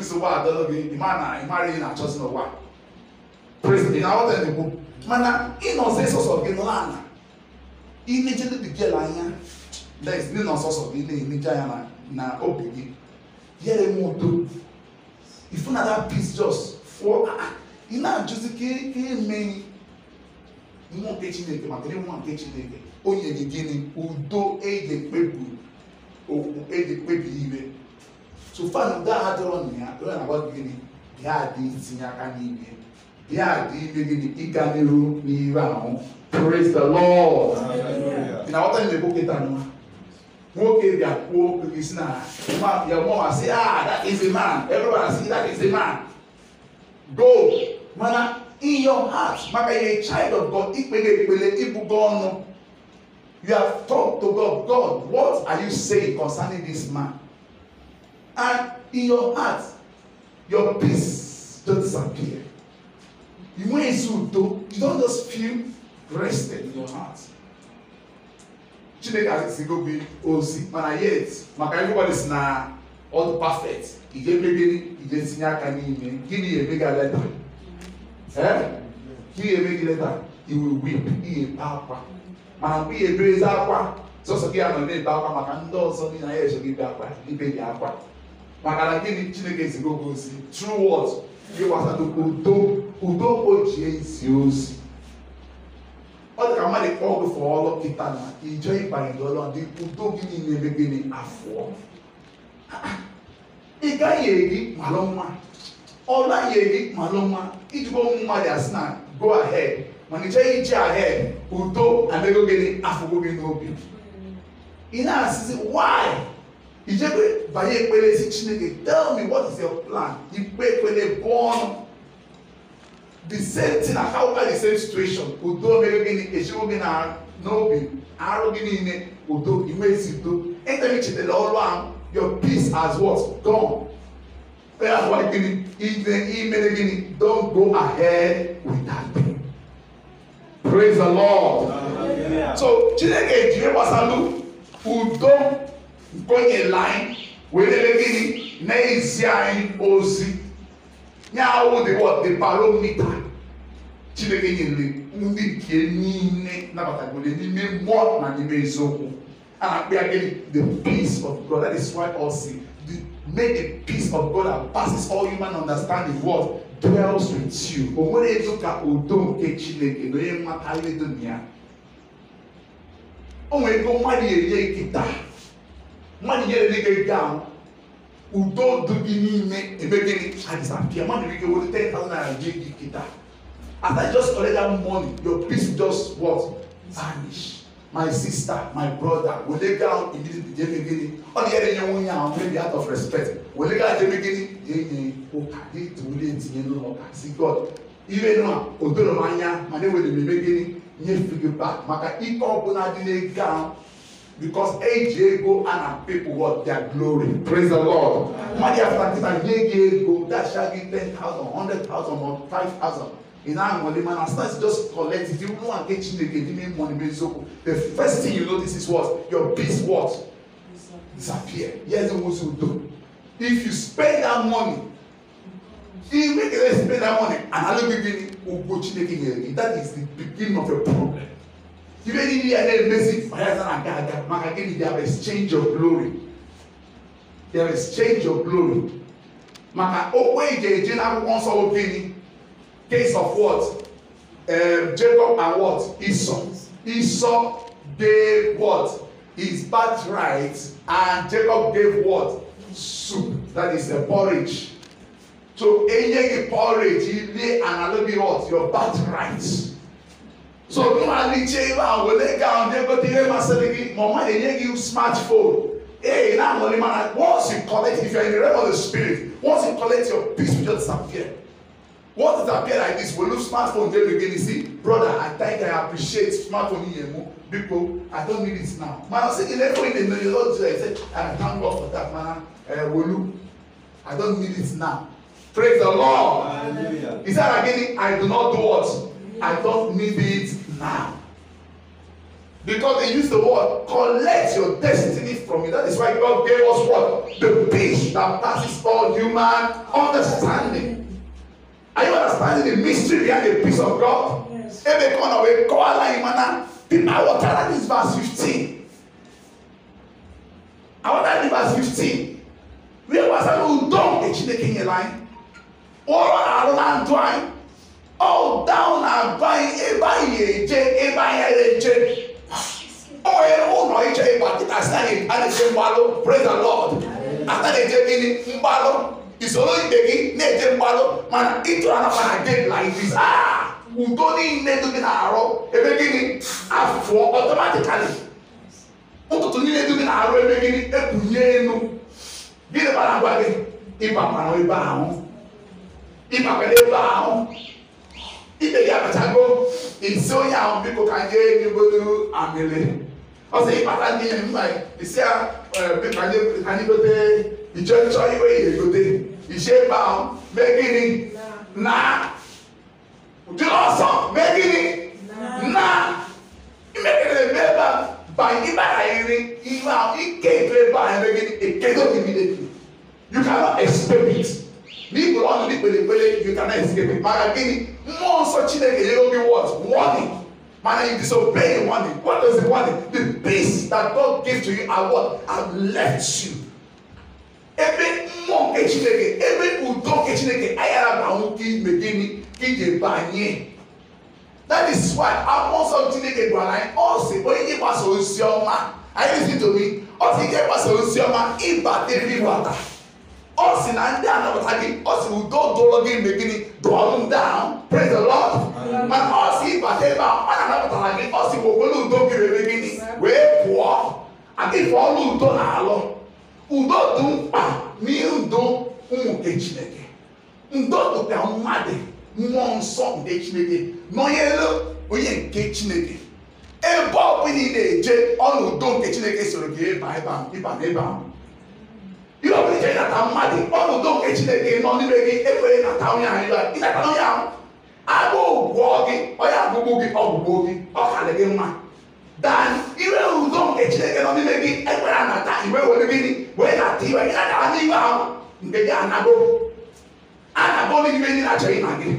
nsogbu adọrọ gị ịma na ịmara ihe na-achọzi n'ụwa president na ọta na-ekwu mana ịnọzi sọsọ gị nọrọ ala inejede the girl anya lex dị nọ sọsọ gị na-emeja ya na obi gị yere m udo ifunada peace just fọ ị na-ajụzi ka emeghị mmụọ nke chineke maka ndị mmụọ nke chineke o nyere gịnị udo eji ekpebi okwu eji ekpebi ibe tụfan ndị agha dọrọ na ya dọrọ na agwa gịnị bịa dị itinye aka n'ime bịa dị ime gịnị ịga n'iru n'iru ahụ praise the lord ị na-aghọta ndị nwoke taa nwa nwoke bịa kwuo okwu isi na ya mụọ ma sị ah that is a man everyone see that is a man go mana in your heart maka you're a child of god ikpele ikpele ibugo ọnụ you have talked to god god what are you saying concerning this man and in your heart your peace don disappear you wey ezu udo you don just feel rested in your heart chineke as esi go be ozi mana yet maka everybody si na all perfect ije megịrị ije tinye aka n'ime gịnị ga-emega leta ihe eme gị leta iwe wip ihe ebe akwa mana mgbe ihe ebe ezi akwa sọsọ gị anọ na-ebe akwa maka ndị ọzọ dị na ya eche gị ibe akwa ibe gị akwa maka na gịnị chineke zigo gị ozi true words gị gbasara udo udo o ji ezi ozi ọ dị ka mmadụ kpọọ gị fọ ọrụ kịta na ijọ ịbanye n'ọrụ ndị udo gị niile ebe gịnị afọ ịgaghị eri gị malụ nwa ọ naghị eri malụ nwa ijikwa ụmụ mmadụ asị na go ahead mana ịchọghị iche ahead udo adịgo gị afọgo gị n'obi ị na-asịzi why ijebe banye ekpere si chineke tell me what is your plan ikpe ekpere bụ ọnụ the same thing na how the same situation udo mere gịnị echiwo gị n'obi arụ gị niile udo inwe ezi udo etere ichetara ọrụ ahụ your peace has what gone that's why gini imele gini don go ahead with that thing praise the lord Hallelujah. so chineke ejire gbasalu udo nkonyela anyị welele gịnị na-ezi anyị ozi nyawụ the what the barometer chineke nyere ndị nke niile nabatagole n'ime mmụọ na n'ime eziokwu uh, we are getting the peace of God. That is why all see the Make the peace of God that passes all human understanding what dwells with you. O nwere etu ka udo nke Chineke na onye mmatali dum ya. O nwere ego mmadụ enye nkịta. Mmadụ nyere dị gị ego ahụ. Udo dị gị n'ime ebe gịnị ha disappear. Mmadụ nwere ike were ten thousand naira nye gị nkịta. After you just collect that money, your peace just what? Vanish my sister my brother wolega immediately jemi gini ọdún yẹn ni wọn yàn àwọn maybe out of respect wolega jemi gini yeye ọkàdé tòwúlé tìyẹ ní ọkà sí god ire nù a odoro ma nya ma ne wele meme gini nye figi back maka ike ọbụla dị n'ega ahụ because eji ego ana people what their glory praise the lord mmadụ ya fata nye gị ego dasha gị ten thousand hundred thousand or five thousand in our money man as as you just collect it even one get chin again give me money make so the first thing you notice is what your peace what disappear yes the most you do if you spend that money e make you spend that money and you, alogbegbe ugbo chineke nyere gị that is the beginning of your problem you don't need hear any message for heaven and gaga maka gịnị there is change of glory there is change of glory maka okwu eji eje n'akwụkwọ nsọ okwu gịnị case of what? Um, Jacob and what? Esau. Esau gave what? His birthright and Jacob gave what? Soup. That is the porridge. So enyegi porridge lay and ilé analogy what? Your birthright. So normally Jeva and Welega and Jacob Tirema said to me, Mama enyegi smartphone. Hey, now money man, once you collect, if you are in the realm of the spirit, once you collect your peace will just disappear once it appear like this we lose smartphone dey begin dey see brother i thank i appreciate smartphone yẹn mu biko i don need it now my husband dey never even know you don do it say i thank god for that man uh, wolu i don need it now praise the lord he said again i do not do what i don need it now because they use the word collect your destiny from you that is why god gave us what the peace that passes all human understanding Are you understanding the mystery behind the peace of God? Yes. Every corner Then I want to this verse 15. I want to verse 15. Where was I who don't the chineke in line? Or around twine. all down and buying a buying a j, a buying a j. Oh, yeah, oh, no, it's a party. That's not it. And it's a Praise the Lord. After That's not it. Eh, Mbalo. isoro ibe gị na-eje mgbalụ mana ịtụrụ anapa na gate like udo niile dị gị na-arụ ebe gịnị afụọ ọtomatikali ụtụtụ niile dị gị na-arụ ebe gịnị ekwunye elu gịnị bara ngwa gị ịbakwara ebe ahụ ịbakwara ebe ahụ ibe gị abachago isi onye ahụ biko ka m jee gị bụrụ amịlị ọ sị ịkpata ndị ihe mma isi ahụ ka anyị gote iche nchọ iwe ihe gote iche ebe ahụ mee gịnị na dịrị ọsọ mee gịnị na imegide eme ebe a by ịbara iri ihe ahụ ike ebe ebe ahụ eme gịnị ekedo immediately you cannot escape it n'ikpere ọnụ n'ikpere ekpere you cannot escape it maka gịnị mmụọ nsọ chineke nyego gị wọt warning But in disobeying warning, what is the warning? The peace that God gives to you are what? Have left you. Ebe mmụọ nke Chineke, ebe udo nke Chineke ayara ma ahụ ka ime gịnị ka ije banye. That is why amụọ nsọ Chineke gwara anyị ọ sị onye ịgbasa ozi ọma. Anyị isi tobi, ọ sị ike ịgbasa ozi ọma ịba dịrị ịgbata ɔsi na ndị anabataghị ɔsi udo doro gị mgbe gịnị dụọ m down praise the lord mana ɔsi ịbata ebe a ọ na-anabatara gị ɔsi wowere udo gịrị ebe gịnị wee pụọ adịghị ọrụ udo na-alụ udo dị mkpa n'ihe udo ụmụ nke chineke ndo dụka mmadụ mmụọ nsọ nke chineke nọnyere onye nke chineke ebe ọ bụla ị eje ọnụ udo nke chineke soro gị ịba ebe a ịba na jee nata mmadụ ọnọdụ nke chineke nọ n'ime gị ekwere nata onye ahụ ịnata onye ahụ agụụ gwụọ gị onye agụgbụ gị ọgwụgwụ gị ọ karị gị mma dan iwe udo nke chineke nọ n'ime gị ekwere anata iwe were gịnị wee nata iwe gị agara n'iwe ahụ nke gị anago anago n'ime ndị na-achọ ịna gị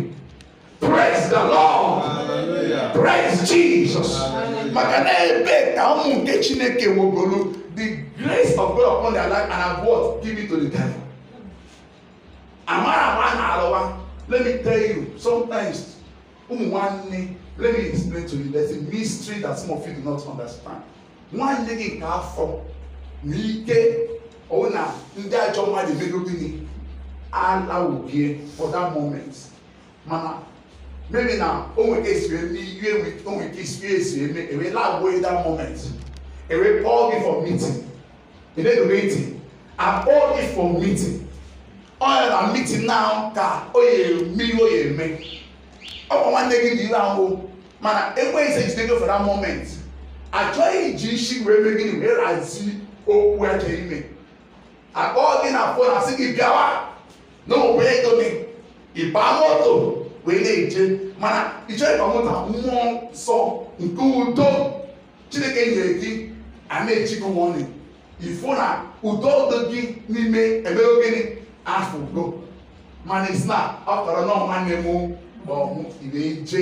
praise the lord praise jesus maka na ebe ka ụmụ nke chineke wogolu the grace of God upon their life and have what give it to the devil amara amara na let me tell you sometimes umu nwanne let me explain to you There's a mystery that some of you do not understand nwanne gị nke afọ ona ike ọwụ na ndị ajọ mmadụ emedobe gị alawubie for that moment Mama, maybe na o nwere esi eme ihe o nwere esi eme eme ewee lagbuo that moment. ewee kpọọ gị for meeting emeghị meeting akpọọ gị for meeting ọ ya na meeting na ka o ya eme ihe o ya eme ọ bụ nwanne gị dị iwe ahụ mana ekweghịsị ejide gị for that moment achọghị iji isi wee mee gịnị wee razi okwu eke ime akpọọ gị na fon asị gị bịawa na onwe ego gị ịbaa moto wee na-eje mana ịchọghị ka ọ mụta mmụọ nsọ nke udo chineke nyere gị ana-echikọ m ọnụ ifo na ụdọ ụdọ gị n'ime ebe gịnị afọ udo mana isi na ọ kọrọ nọ nwanne m maọmụ na-eje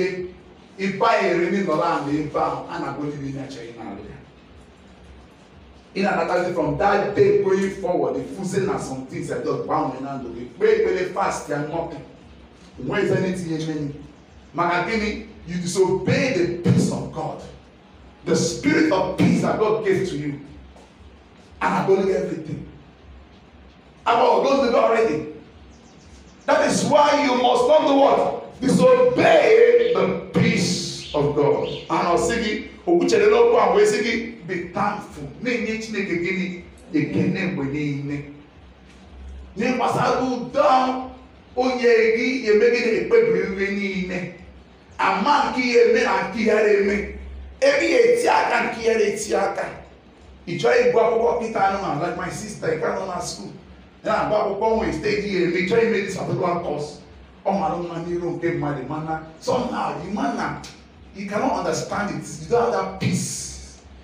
ịbanyere n'ịnọrọ ala ebe ahụ a na-agwụdịrị nyachaghị n'ala ya in another day from that day going forward the food say na some things i don gba wọn na ndo dey pray pray fast ya nothing when is anything ye many maka gini you disobey the peace of God the spirit of peace that God gave to you and abolish everything. I'm going to do already. That is why you must not do what? Disobey the peace of God. And I'll sing owuchere n'okwu ahụ wee sị gị be thankful na-enye chineke gịnị ekene mgbe niile n'ịgbasara ụdọ onye gị eme gị na-ekpebi iwe niile ama nke ihe eme na nke ihe eme ebe ya eti aka nke ya na-eti aka ị chọghị ịgụ akwụkwọ pita anụmanụ like my sister nke nọ na skuul na-agba akwụkwọ nwe steji ya eme ịchọghị ime dis particular course ọ mara mma n'iru nke mmadụ mana somehow you man na you cannot understand it you don't have that peace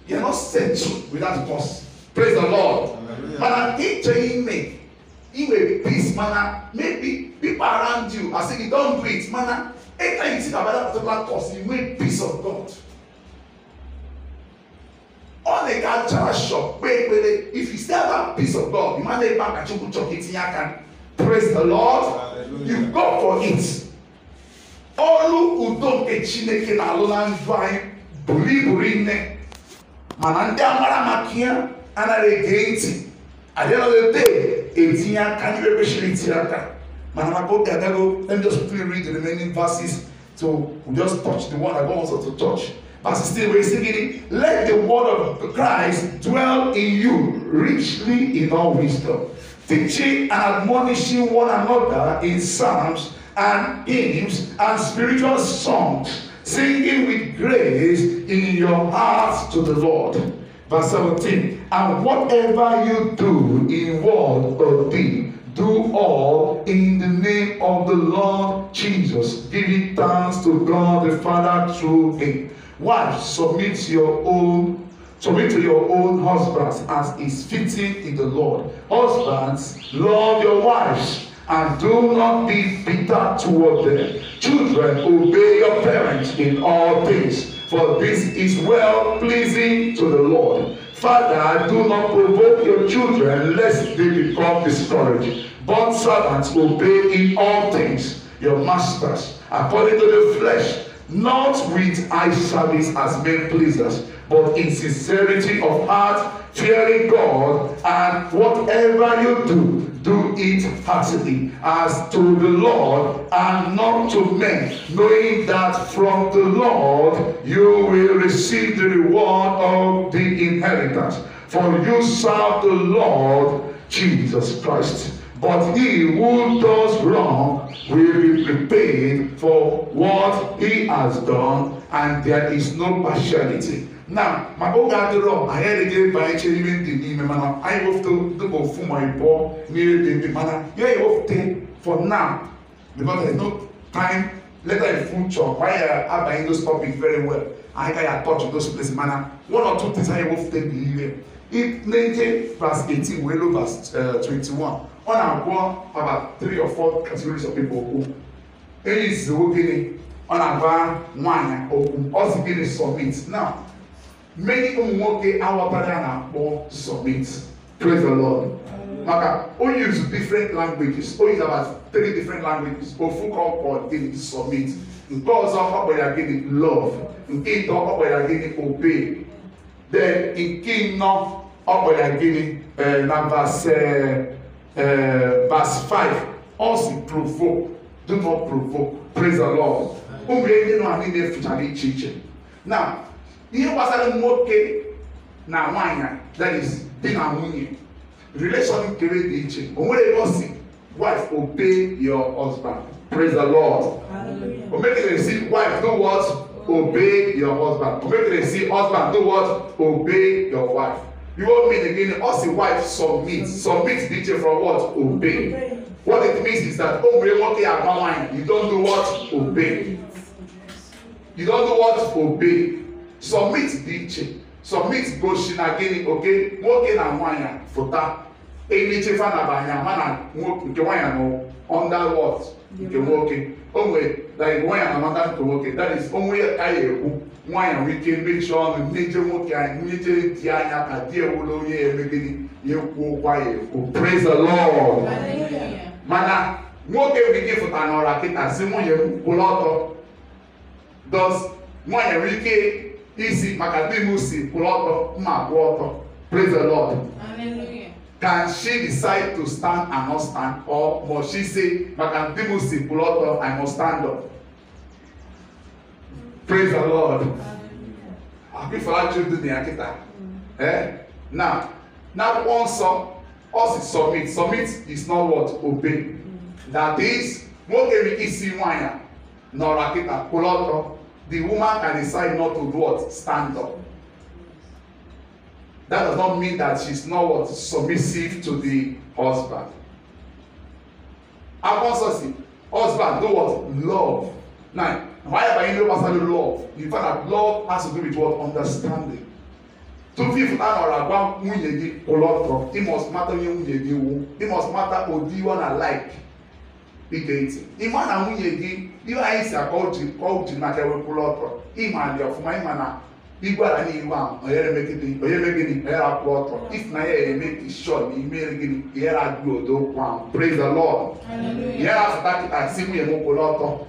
you are not settled with that course praise the lord mana ịchọghị ime i nwere peace mana maybe people around you are saying you don do it mana anytime you think about that particular course you nwee peace of god ọ na-ega shop kpee ekpere if you still have a peace of God you ma na-ebe aka chukwu chọọ itinye aka praise the lord you go for it ọrụ udo nke chineke na-alụ na ndụ anyị buru iburu nne mana ndị amara maka ya anaghị ege ntị adịghị ebe etinye aka ebe kwesịrị itinye aka mana maka oge agago let me just quickly read the remaining verses so we just touch the one i go also to touch. Verse 16, we sing it. Let the word of Christ dwell in you richly in all wisdom, teaching and admonishing one another in psalms and hymns and spiritual songs, singing with grace in your hearts to the Lord. Verse 17, and whatever you do in word or deed, do all in the name of the Lord Jesus, giving thanks to God the Father through him. Wives, submit your own, submit to your own husbands as is fitting in the Lord. Husbands, love your wives and do not be bitter toward them. Children, obey your parents in all things, for this is well pleasing to the Lord. Father, do not provoke your children lest they become discouraged. But servants, obey in all things your masters, according to the flesh not with eye service as men pleasers, but in sincerity of heart, fearing God, and whatever you do, do it heartily as to the Lord and not to men, knowing that from the Lord you will receive the reward of the inheritance. For you serve the Lord Jesus Christ. But he who does wrong will be repaid for what he has done, and there is no partiality. Now, my old ma oge adịrọ anyị adịghị banye eche n'ime man. I have to do dịka for my ịbụọ near the man. You have to for now because there is no time later in future why uh, I abanye those topics very well I gaghị atouch those places man. one or two things anyị wefute bụ ihe. It na-eje verse 18 well over verse 21 ọ na-agwọ about three or four categories of people okwu eyiziwo gịnị ọ na-agwa nwaanyị okwu ọ sị gịnị submit now many ụmụ nwoke awapara na-akpọ submit praise the lord maka o use different languages o use about three different languages ofu ka ọ kpọrọ gịnị submit nke ọzọ ọ kpọrọ ya gịnị love nke ịtọ ọ kpọrọ ya gịnị obey then nke ịnọ ọ kpọrọ ya gịnị eh, na verse eh, uh, verse 5 us provoke do not provoke praise the lord ụmụ ihe nọ niile fụchara iche iche na ihe gbasara nwoke na nwaanyị that is di na nwunye relation kere dị iche o nwere ebe ọ si wife obey your husband praise the lord o megidere si wife do what obey your husband o megidere si husband do what obey your wife You won't mean again, us the wife submit. Submit DJ from what? Obey. What it means is that obey. What they are you don't do what? Obey. You don't do what? Obey. Submit DJ. Submit Goshina again, okay? Nwoke na nwanyị fụta. Enichefa na banya mana nke nwanyị nọ under what? Nke nwoke. O nwere, like nwanyị na mata nke nwoke. That is, onwe ya ekwu nwaanyị nwee ike mechie ọnụ nyeje nwoke anyị nyeje di anya ka di ewula onye emegide ya ekwuo kwa ya ekwu praise the lord mana nwoke nwere ike ịfụta n'ọra kịta si nwunye m kwụrụ ọtọ dos nwaanyị nwere ike isi maka di si kwụrụ ọtọ mma kwụ ọtọ praise the lord can she decide to stand and not stand or must she say maka di si kwụrụ ọtọ i must stand up praise the lord akínfọlá children ní akínta ẹ now now one song us is submit submit is not what obey that is nwoke nwere isi nwanyị nọrọ akịta kwụrụ ọtọ the woman can decide not to do what stand up that does not mean that she is not what submissive to the husband akwọ nsọ si husband do what love now Why by you understand the law? You find that love has to do with what? Understanding. To that tó fi who you àgbà a lot of, it must matter onye nwunye gị wu It must matter what ụdị iwe na like ige ntị you na nwunye gị iwe anyị si akọ uji kọ uji maka ewepụ ụlọtọ ịma dị ọfụma one, na igwara make it, a oh, onyere make it, gịnị onyere akwụ ọtọ if na ya eme sure make it, gịnị ihere agụ odo one. praise the lord Yes, that I see me a lot of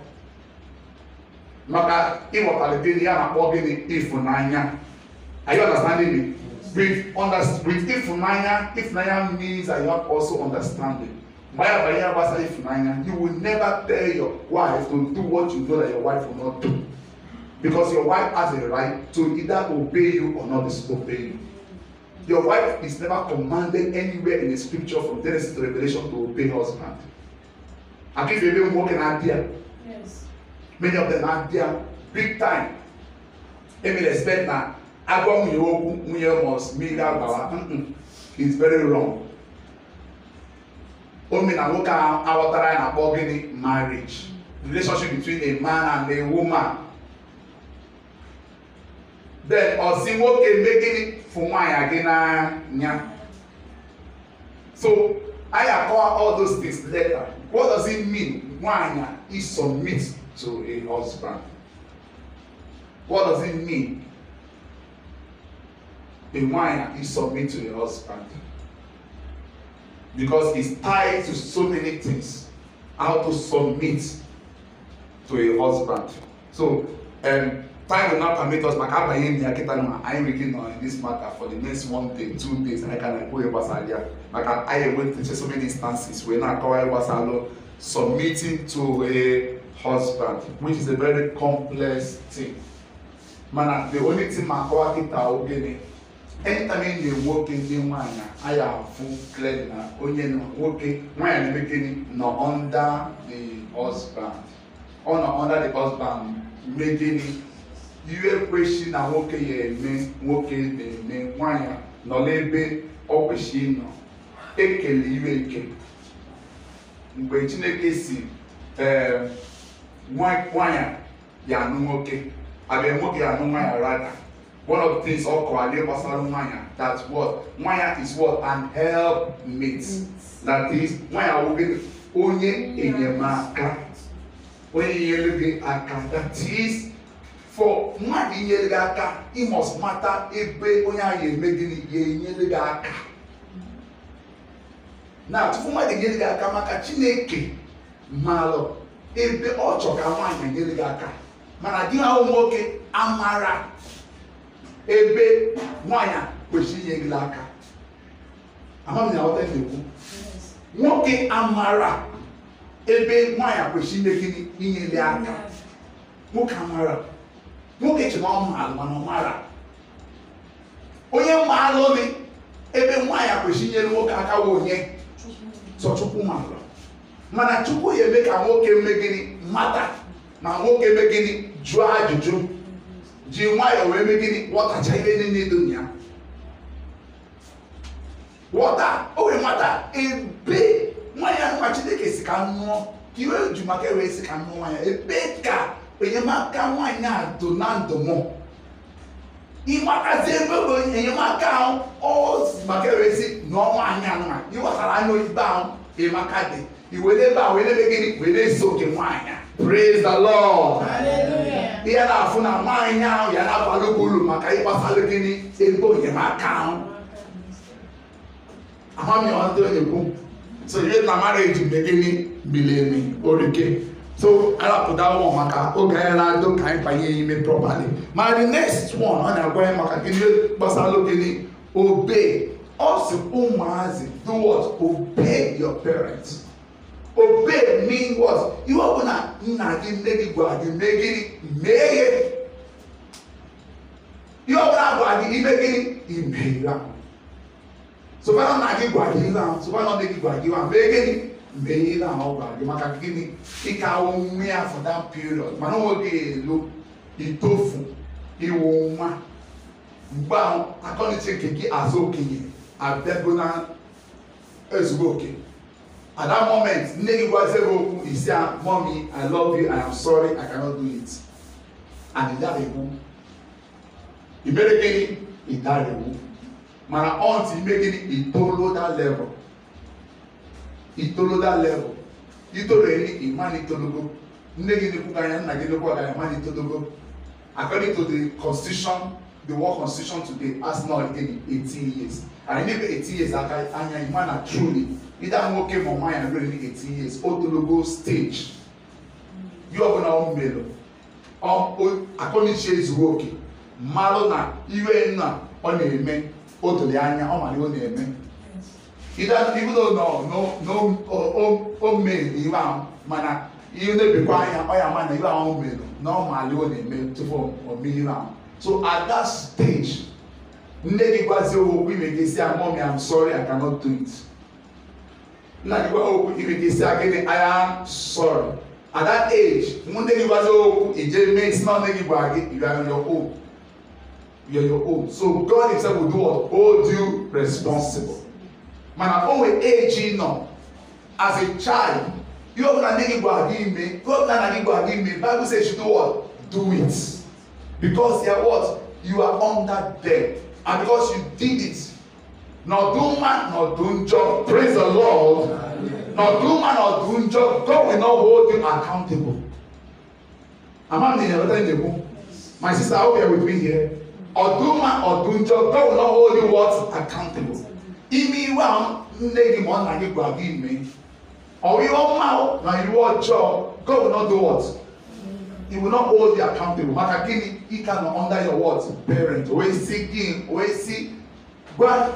maka ịghọtalite ihe a na-akpọ gịnị ịfụnanya are you understanding me with under with ịfụnanya ịfụnanya means that you have also understanding mgbe ya banyere gbasara ịfụnanya you will never tell your wife to do what you know that your wife will not do because your wife has a right to either obey you or not disobey you your wife is never commanded anywhere in the scripture from Genesis to Revelation to obey husband I akịfụ ebe nwoke more di idea many of them are there big time emi respect na agwa nwunye okwu nwunye mọs mmiri agbawa is very wrong omi na nwoke aghọtara ya na-akpọ gịnị marriage relationship between a man and a woman then ọsị nwoke mee gịnị fụ nwaanyị gị n'anya so I akọwa all those things later what does it mean nwaanyị isubmit to a husband. What does it mean? A wife is submit to a husband because it's tied to so many things. How to submit to a husband. So um, time will not permit us maka abanye ndị akịta I am working on this matter for the next one day two days anyị ka na-ekwu gbasara ya maka anyị enwe so many instances wee na-akọwa gbasara submitting to a husband which is a very complex thing mana the only thing ma akọwa kịta ogene anytime ị na-enwoke ndị nwaanyị anyị afụ clearly na onye nwoke nwaanyị na-eme gịnị nọ under the husband ọ oh, nọ under the husband mee gịnị iwe kwesị na nwoke ya eme nwoke na-eme nwaanyị nọ n'ebe ọ kwesị ịnọ ekele iwe eke mgbe chineke si Why nwanyị ya-anụ nwoke abịa nwoke ya-anụ nwanyị rather one of the things ọ kọrọ gbasara nwanyị that what nwanyị is what an help mate that is nwanyị awụghị onye enyemaka onye nyere gị aka that is for mmadụ inyere gị aka ị must mata ebe onye ahụ eme gịnị ya enyere gị aka na tupu mmadụ enyere gị aka maka chineke malụ ebe ọ chọrọ ka nwaanyị enyere gị aka mana di ha nwoke amara ebe nwaanyị kwesịrị inye gị aka amaghị na ọta na-ekwu nwoke amara ebe nwaanyị kwesịrị inye gị inye gị aka nwoke amara nwoke chọrọ ọmaalụ mana ọmara onye maalụ ebe nwaanyị kwesịrị inyere nwoke aka wụ onye sọ maalụ mana chukwu ya eme ka nwoke mee gịnị mata ma nwoke mee gịnị jụọ ajụjụ ji nwayọọ wee mee gịnị ghọtacha ihe niile dị ya ghọta owe mata ebe nwanyị ahụ ma chineke si ka nnụọ iwe ju maka ewe si ka nnụọ nwanyị ebe ka enyemaka nwanyị a do na ndụ mụ ịmatazi ebe bụ enyemaka ahụ ọ maka ewe si na ọnwa anyị anụma ịghọtara anya oyibo ahụ emaka dị iwe na-ebe a wee na n'ebe gịnị wee na-eso oke nwaanyị praise the lord ihe na-afụ na nwaanyị ahụ ya na-abalụ ụlọ maka ịgbasalụ gịnị ego enyemaka ahụ amamiọdị ekwu so ihe na eji mgbe gịnị emi orike so arapụta ụmụ maka oge anyị na-adụ ka anyị banye ime properly ma the next one ọ na-agwa ya maka gịnị gbasalụ gịnị obey ọ sị ụmụazị do what obey your parents obey mean what ihe ọbụla nna gị nne gị gwara gị mee gịnị mee ihe ihe ọbụla gwara gị ime gịnị ime ya sụbana nna gị gwara gị ihe ahụ sụbana nne gị gwara gị ihe mee gịnị mee ihe ahụ ọ gwara gị maka gịnị ịka awụ ya for that period mana onwe gị elu itofu iwu nwa mgbe ahụ akọniche nke gị azụ okenye abịago na okenye At that moment, nne Igbo Azebe Okwu, oh, he say, Mommy, I love you, I am sorry, I cannot do it. And he died egwu. He made again, he died egwu. my aunt, he made it, he told that level. He told that level. He told any, he man, he told go. Nne gị n'ekwu ka anya, nna gị n'ekwu ka anya, man, he According to the constitution, the war constitution today, as now again, eighteen years. And in eighteen years, anya, man, truly either nwoke ma nwaanyị na rere 18 years otologo stage ihe ọbụla ọ mere akọniche ezuru oke mmalụ na iwe nna ọ na-eme o doro anya ọ mara ọ na-eme ibido n'ome iwe ahụ mana ihe na-ebikwa anya ọ ya ama na iwe ahụ mere na ọ mara ọ na-eme tupu o mee ihe ahụ so at that stage nne gị gwazie okwu oh, ime gị si amom I'm sorry I cannot do it na igwe okwu iri gị isi aka gịnị aya sorry at that age nwanne gị gwazi okwu ije mee isi na nne gị gwa gị you are your own you are your own so God himself will do what hold you responsible mana o nwere age nọ as a child ihe ọbụla nne gị gwa gị ime ihe ọbụla nna gị gwa gị ime Bible says you do what do it because they are what you are under them and because you did it Nọdụma nọdụ njọ praise the Lord. Nọdụma nọdụ njọ God will not hold you accountable. Amami na-eweta ndegbu. My sister I hope you are with me here. Ọdụma ọdụ njọ God will not hold you what accountable. Ime iwe a nne gị and ọ na gị gwa gị mee. Ọwụ now? ọma na iwu ọjọọ God will not do what? He will not hold you accountable. Maka he cannot under your words, Parent. We see him. We see gwa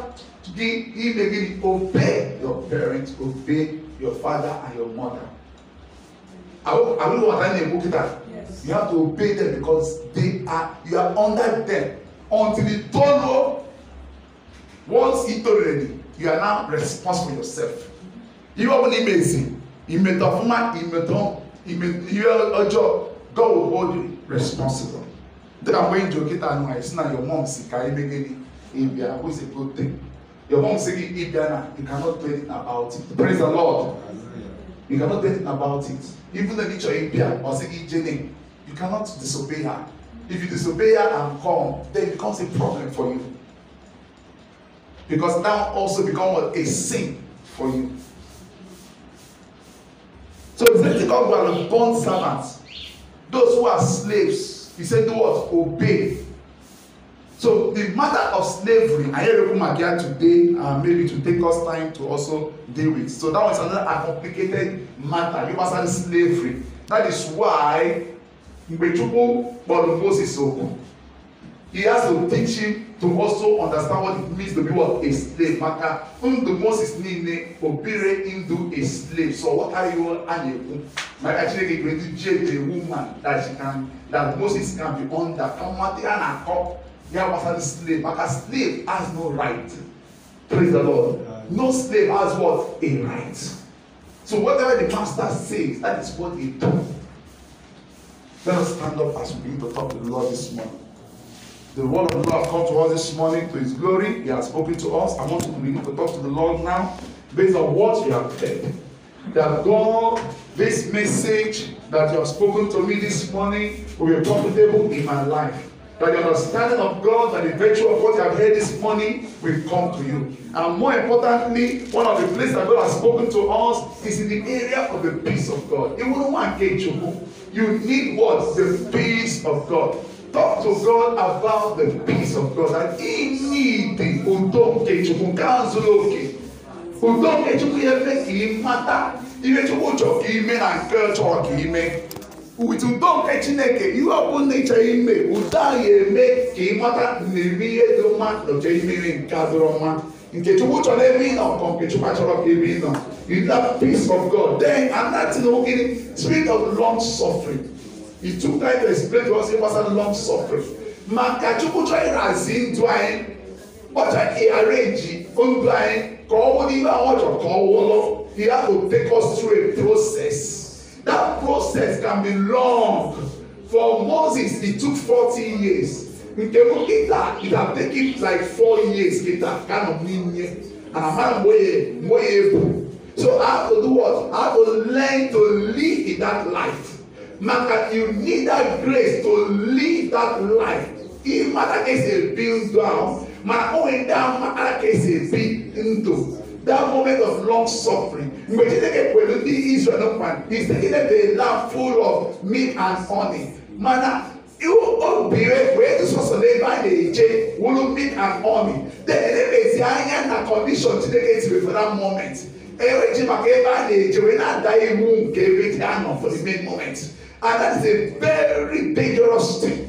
Today, him again, obey your parents, obey your father and your mother. Àwíwọ̀ àtàlẹ́ ìbò kíta. You have to obey them because they are you are under them until you don't know once you don't ready you are now responsible yourself. Irú ọ̀pọ̀ ní ìmẹ̀sì ìmẹ̀tàn fún wa ìmẹ̀tàn ìmẹ̀tàn ọjọ́ God will hold you responsible. Dọ́là wẹ́yìn jòkítà nù àìsàn náà your mom sì ká ẹ́ mẹ́gẹ́ni ìbí a good thing. Your mom singing Ibiana, you cannot do anything about it. Praise the Lord. You cannot do anything about it. Even the nature Ibia or singing Jenny, you cannot disobey her. If you disobey her and come, then it becomes a problem for you. Because now also become what a sin for you. So it's letting God who are born servants, those who are slaves, he said, do what? Obey So the matter of slavery, Ayerebo Magia today, uh, maybe to take us time to also deal with. So that was another complicated matter. You understand slavery. That is why Mbechukwu kpọrọ Moses okwu. He has to teach him to also understand what it means to be what a slave. Maka ndụ Moses niile obere ndụ a slave. So what are you a na-ekwu? Maka Chineke ga-edu jade a woman that she can that Moses can be under. Ka mmadụ a na-akọ There was a slave, but a slave has no right. Praise the Lord. No slave has what? A right. So whatever the pastor says, that is what he does. Let us stand up as we begin to talk to the Lord this morning. The word of the Lord come to us this morning to his glory. He has spoken to us. I want to begin to talk to the Lord now based on what you have heard. That God, this message that you have spoken to me this morning will be profitable in my life that the understanding of God and the virtue of what you have heard this morning will come to you. And more importantly, one of the places that God has spoken to us is in the area of the peace of God. You need what? The peace of God. Talk to God about the peace of God. And anything, udo nke chukwu ya eme ka ị mata ihe chukwu chọrọ ka ime na nke chọrọ ka with udo nke chineke ihe ọbụla ịchọrọ ime udo a ga-eme ka ị mata na eme ihe dị mma n'oche imeri nke adịrọ mma nke chukwu chọrọ ebe ị nọ ka nke chukwu achọrọ ka ebe ị nọ you have peace of God then another thing okay spirit of long suffering he took time to explain to us he was long suffering maka chukwu chọrọ ịhazi ndụ anyị kpọcha ịgharịji ndụ anyị ka ọ wụrụ ihe ahụ ọ chọrọ ka ọ wụlọ he had to take us through a process. That process can be long. For Moses, it took 40 years. Nkemu kita, it have taken like four years kita, kind of ninye. And a man way, way able. So I have to do what? I have to learn to live in that life. Maka, you need that grace to live that life. If case kese builds down, maka onwe down case kese be into. That moment of long suffering, mgbe chineke kwere ndị israel nkwa is taking the land full of meat and honey mana obire wee sọsọ n'ebe a na-eje wụrụ meat and honey na-elebezi anya na condition chineke tiri for that moment eweji maka ebe a na-eje wee na-ada iwu nke ebe dị anọ for the main moment and that is a very dangerous thing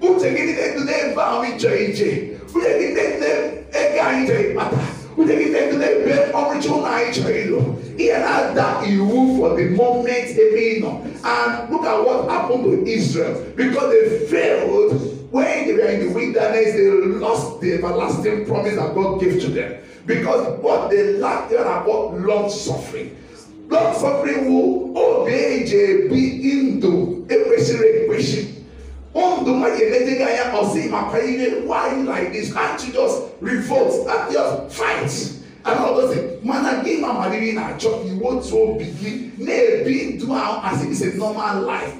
uche gị dị n'ebe ahụ ịchọ ije uche gị dị n'ebe ego anyị chọrọ ịkpata Mudegidegidebe original Israel. He had that Iwu for the moment Emino. And look at what happened to Israel. Because they failed when they were in the wilderness, they lost the everlasting promise that God gave to them. Because what they lacked, they were about long suffering. Long suffering will obey JB Indo. Ekwesịrị ekwesị ɔndoma yɛ n'ɛgye gan ya ɔsi see my ne why you like this can't you just revolt and just fight and all those things mana gé mama riri na chop iwo tó bigi na ebi do am as if it's a normal life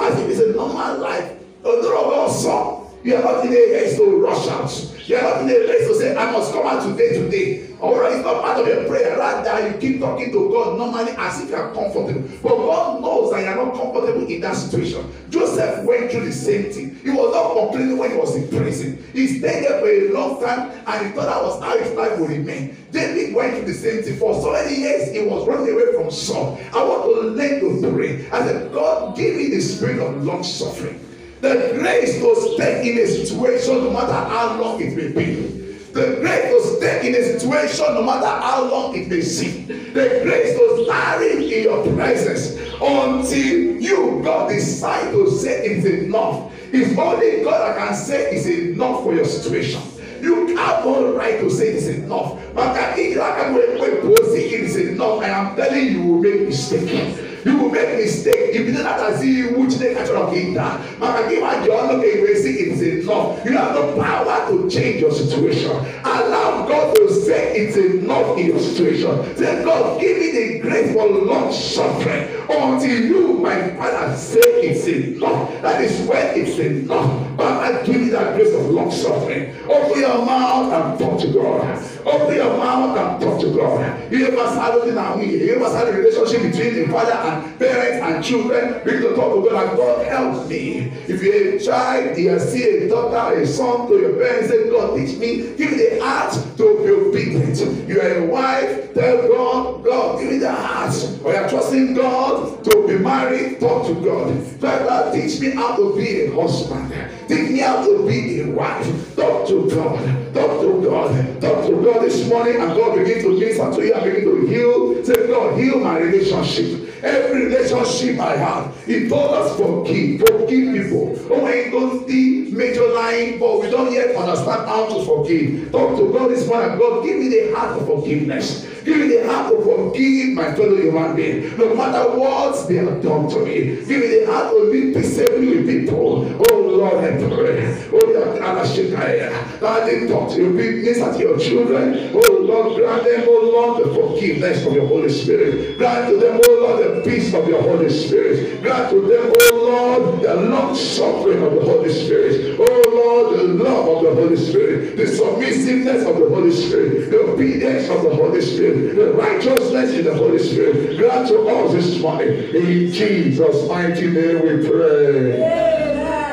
as if it's a normal life odoro bɛ ɔsɔ you are not in a race to rush out you are not in a race to say i must come out today today Alright, it's not part of your prayer. Rather, you keep talking to God normally as if you are comfortable. But God knows that you are not comfortable in that situation. Joseph went through the same thing. He was not complaining when he was in prison. He stayed there for a long time and he thought that was how his life would remain. David went through the same thing. For so many years, he was running away from Saul. I want to learn to pray. I said, God, give me the spirit of long suffering. The grace to stay in a situation no matter how long it may be. The grace to stay in a situation, no matter how long it may seem. The grace to live in your presence until you, God, decide to say it's enough. It's only God that can say it's enough for your situation. You have no right to say it's enough. But if you are going to it is enough, I am telling you, you will make mistakes. You will make mistake if you do not see which they catch it that. Mama, give my job, okay, we see it's enough. You have the power to change your situation. Allow God to say it's enough in your situation. Say, God, give me the grace for long suffering until you, my father, say it's enough. That is when it's enough. God, I give you that grace of long suffering. Open your mouth and talk to God. Open your mouth and talk to God. You must have it now. You must have a relationship between the father and parents and children. Begin to talk to God and God help me. If you're a child, you see a daughter, a son to your parents, say, God, teach me. Give me the heart to be obedient. You are a wife, tell God, God, give me the heart. Or you are trusting God to be married, talk to God. Father, teach me how to be a husband me out to be a wife. Talk to God. Talk to God. Talk to God this morning, and God begin to listen. to you and begin to heal. Say, God, heal my relationship Every relationship I have, it told us forgive, forgive people. Oh, we ain't going to see major lying, but we don't yet understand how to forgive. Talk to God this morning. God, give me the heart of forgiveness. Give me the heart to forgive my fellow human being, no matter what they have done to me. Give me the heart to live peaceable with people. Oh Lord, I pray. Oh, I didn't talk to you. Minister to your children. Oh Lord, grant them, oh Lord, the forgiveness from your Holy Spirit. Grant to them, oh Lord, the peace of your Holy Spirit. Grant to them, oh Lord, the long suffering of the Holy Spirit. Oh Lord, the love of the Holy Spirit, the submissiveness of the Holy Spirit, the obedience of the Holy Spirit, the righteousness in the Holy Spirit. Grant to us this morning. In Jesus' mighty name we pray.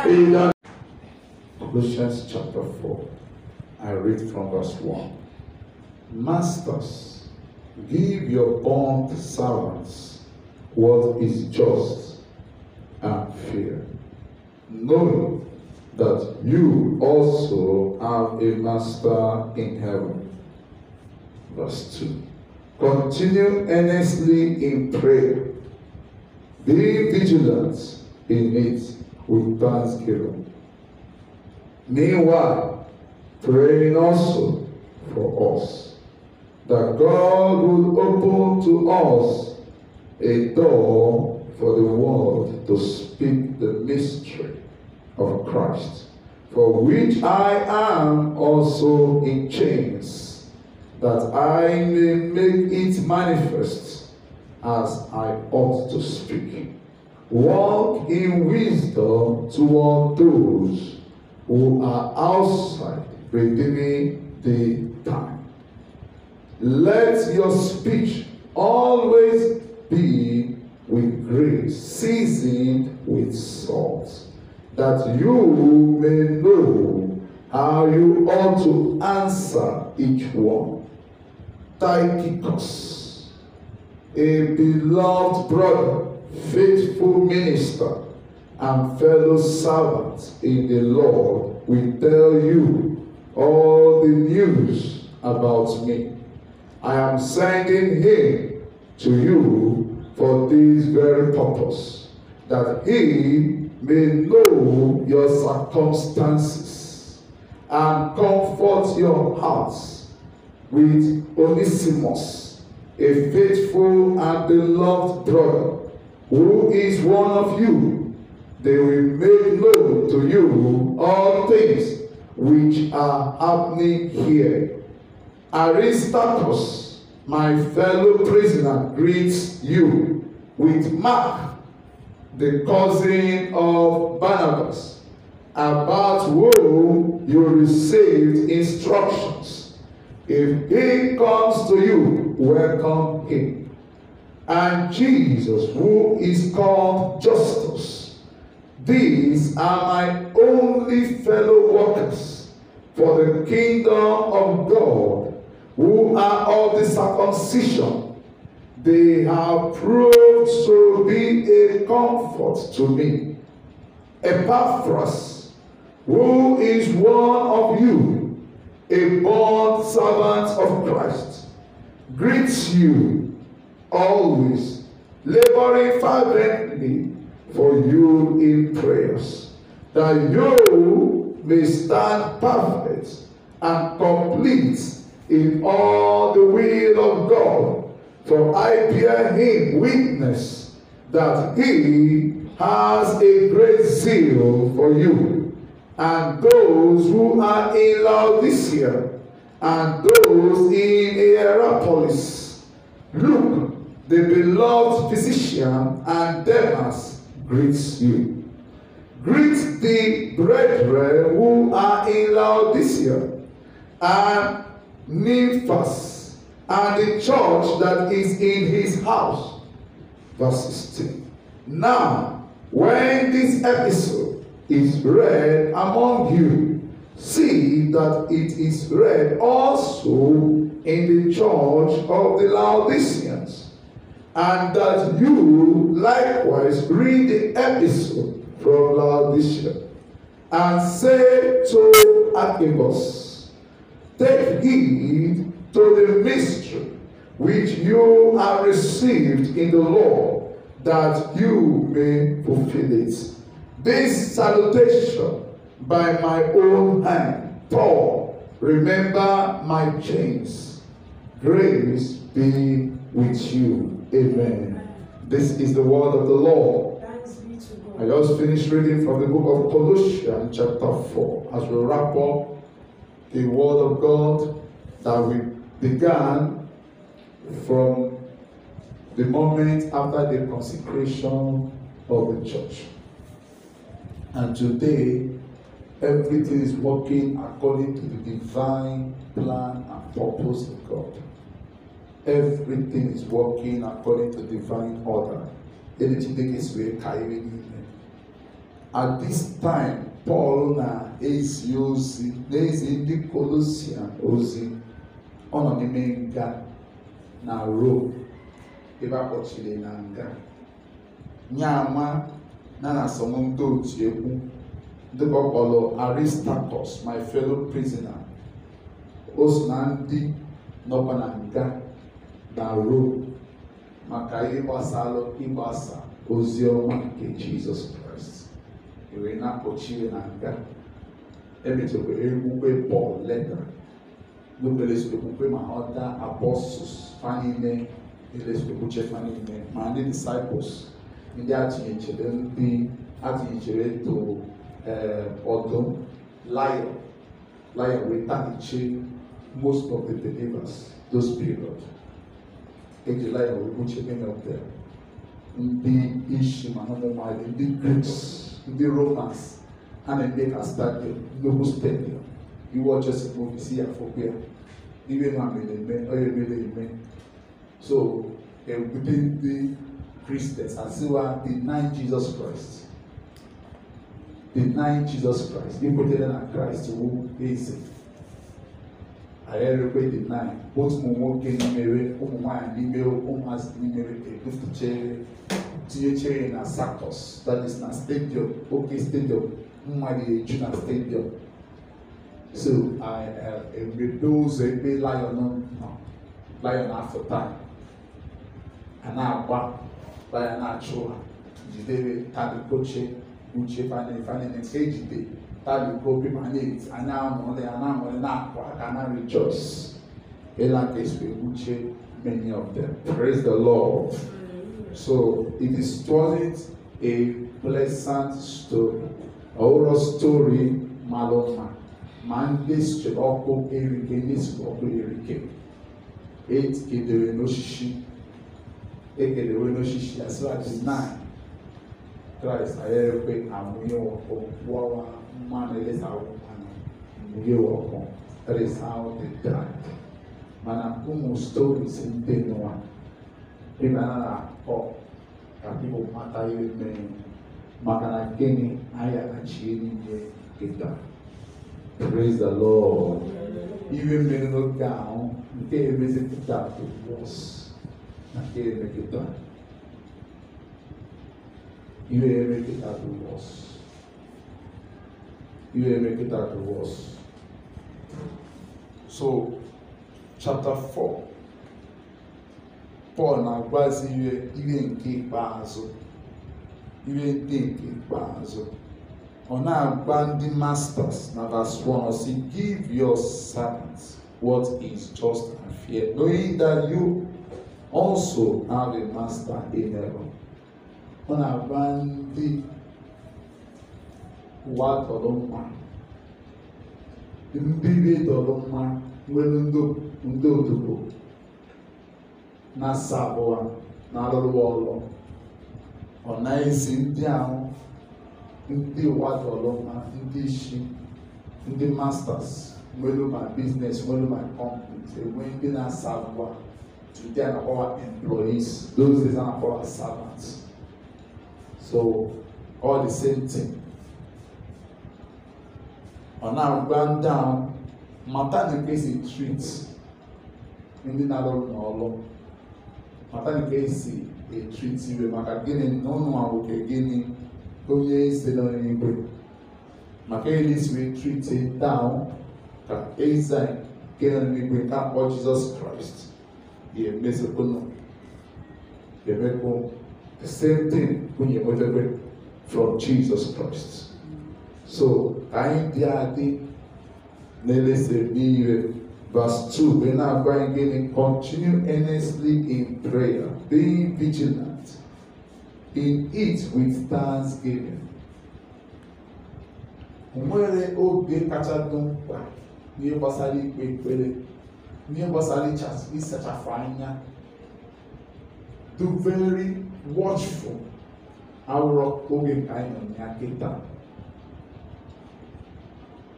Amen. Colossians chapter 4. I read from verse 1. Masters, give your bond servants what is just and fair, knowing that you also have a master in heaven. Verse 2. Continue earnestly in prayer. Be vigilant in it with thanksgiving. Meanwhile, praying also for us that God would open to us a door for the world to speak the mystery of Christ, for which I am also in chains, that I may make it manifest as I ought to speak. Walk in wisdom toward those who are outside, redeeming the time. Let your speech always be with grace, seasoned with salt, that you may know how you ought to answer each one. Tychicus, a beloved brother, faithful minister, and fellow servant in the Lord, will tell you all the news about me. I am sending him to you for this very purpose, that he may know your circumstances and comfort your hearts with Onesimus, a faithful and beloved brother, who is one of you. They will make known to you all things which are happening here. Aristarchus my fellow prisoner greets you with Mark, the cousin of Barnabas, about whom you received instructions. If he comes to you, welcome him. And Jesus, who is called Justice. these are my only fellow workers for the kingdom of God who are of the circumcision, they have proved to be a comfort to me. Epaphras, who is one of you, a born servant of Christ, greets you always, laboring fervently for you in prayers, that you may stand perfect and complete in all the will of God, for I bear him witness that he has a great zeal for you, and those who are in Laodicea, and those in Hierapolis. Look, the beloved physician and Demas greets you. Greet the brethren who are in Laodicea, and Nymphas, and the church that is in his house. Verse 16. Now, when this episode is read among you, see that it is read also in the church of the Laodiceans, and that you likewise read the episode from Laodicea, and say to Archibus, Take heed to the mystery which you have received in the Lord, that you may fulfill it. This salutation by my own hand, Paul, remember my chains. Grace be with you. Amen. This is the word of the Lord. I just finished reading from the book of Colossians, chapter 4, as we wrap up the Word of God that we began from the moment after the consecration of the church. And today, everything is working according to the divine plan and purpose of God. Everything is working according to divine order. At this time, Pọl na-ezi ozi na-ezi ndị Kolosia ozi ọ nọ n'ime nga na Rom ebe a kpọchiri na nga nye ama na na-asọmpi otu egwu dịka ọ kpọrọ my fellow prisoner o so na ndị nọkwa na nga na Rom maka ihe gbasara ịgbasa ozi ọma nke Jizọs wee na-akpọchie na nga emechekwa okpukpe pọl letara n'okpelesoro okpukpe ma ọ daa apọstụls fa niile elesoro okpuche fa niile ma ndị disciples ndị atinyechere ndị atinyechere to ọdụm lion lion wee tanichie most of the believers those period eji lion wee kpuchie many of them ndị ishi ma na ụmụ ndị greeks ndị romans ha na-eme na stadiọm nnukwu stadiọm iwu ọchọsi bụ isi ya afọkwu even iwe ha mere eme a mere eme so eh, the Christians, as kristians asịwa denying jesus christ denying jesus christ ikwetere Christ, who is eze arịarịkwa dị nine otu ụmụ nwoke n'imere ụmụ nwanyị n'imere ụmụazị n'imere ebufụchere tinyechere na saktọs that is na stadium oke stadium mmadụ eju na stadium so emepe ụzọ ebe lion nọ lion afọta a na-agba lion achụ ha jidere kadikoche uche fanefane na ejide that you go be remanate anamole anamole nakwa kana rejoice ela eseguche many of them praise the lord mm-hmm. so it is wasn't a pleasant story A ọwọrọ story malọma ma ndị ọkụ erike n'isi ọkụ erike ekedere n'osisi ekedere n'osisi asịrị adị nine Christ I ayere kwe amụnye ọkụ gwọwa ahụ. mwana eleza umwana mliowako resao de date mana kumu stori sentenoa tá ibanala ko tipo, katibu mata yume makana kene aya achieni ye kita praise the lord tá que iwe tá. mmeri n'oge que nke emezipụta wos na nke que é que wos you will make that reverse. So, chapter 4, Paul na-agwazi iwe iwe nke ikpeazụ iwe ndị nke ikpeazụ ọ na-agba ndị masters na verse one, ọ sị give your servant what is just and fair knowing that you also have a master in heaven ọ na-agba ndị ụwa tọrọ mma mmiri tọrọ mma nwere ndị odibo na asa abụọ na-alụrụ ọlụ ọ naghịzi ndị ahụ ndị ụwa tọrọ mma ndị isi ndị masters nwere ma biznes nwere ma companies enwe ndị na-asa abụọ today na our employees those days na our servants so all the same thing ọ na-agwa ndị ahụ mata na ka esi trit ndị na-alụ n'ọlụ mata na ka esi etrit iwe maka gịnị na ụnụ nwoke gịnị onye eze nọ n'igwe maka elizwe triti down ka eze nke nọ n'igwe nke akpọ jizọs kraịst ya emezikwu emekwu the same thing nwunye nwetebe from jesus christ So ka anyị dị adị na-elese n'iwe. Verse 2, we now going in continue earnestly in prayer, being vigilant in it with thanksgiving. nwere oge kacha dị mkpa n'ihe gbasara ikpe ekpere n'ihe gbasara ịsachapụ anya do very watchful awụrọ oge nke anyị nọ ya kịta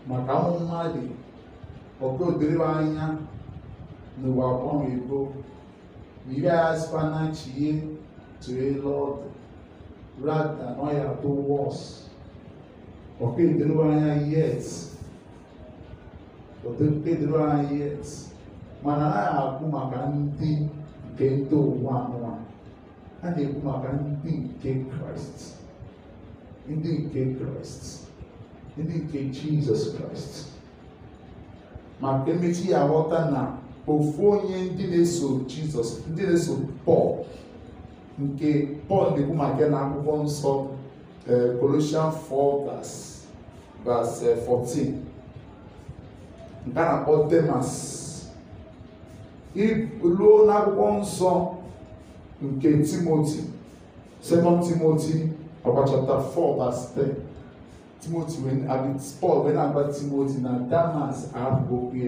maka ụmụ mmadụ ọgodiri anya n'ụwa gbanwego miri ya chie, tuela ọdụ rada nọya to wọs ọkediri anya yet ọdịkediri anya yet mana a na-akwụ maka ndị nke ndị ụwa anụwa a na-ekwu maka ndị nke kraịst ndị nke kraịst ndị nke jizọs kraịst ma emechi ya ghọta na ofu onye ndị na-eso jizọs ndị na-eso pọl nke pọl na-ekwu maka na akwụkwọ nsọ Colossians 4 verse 14 uh, nke a na-akpọ Demas ruo n'akwụkwọ nsọ nke Timoti 2 Timoti ọkwa chapter 4 verse 10 timoti wee abịa pọl wee na-agwa timoti na damas abụghị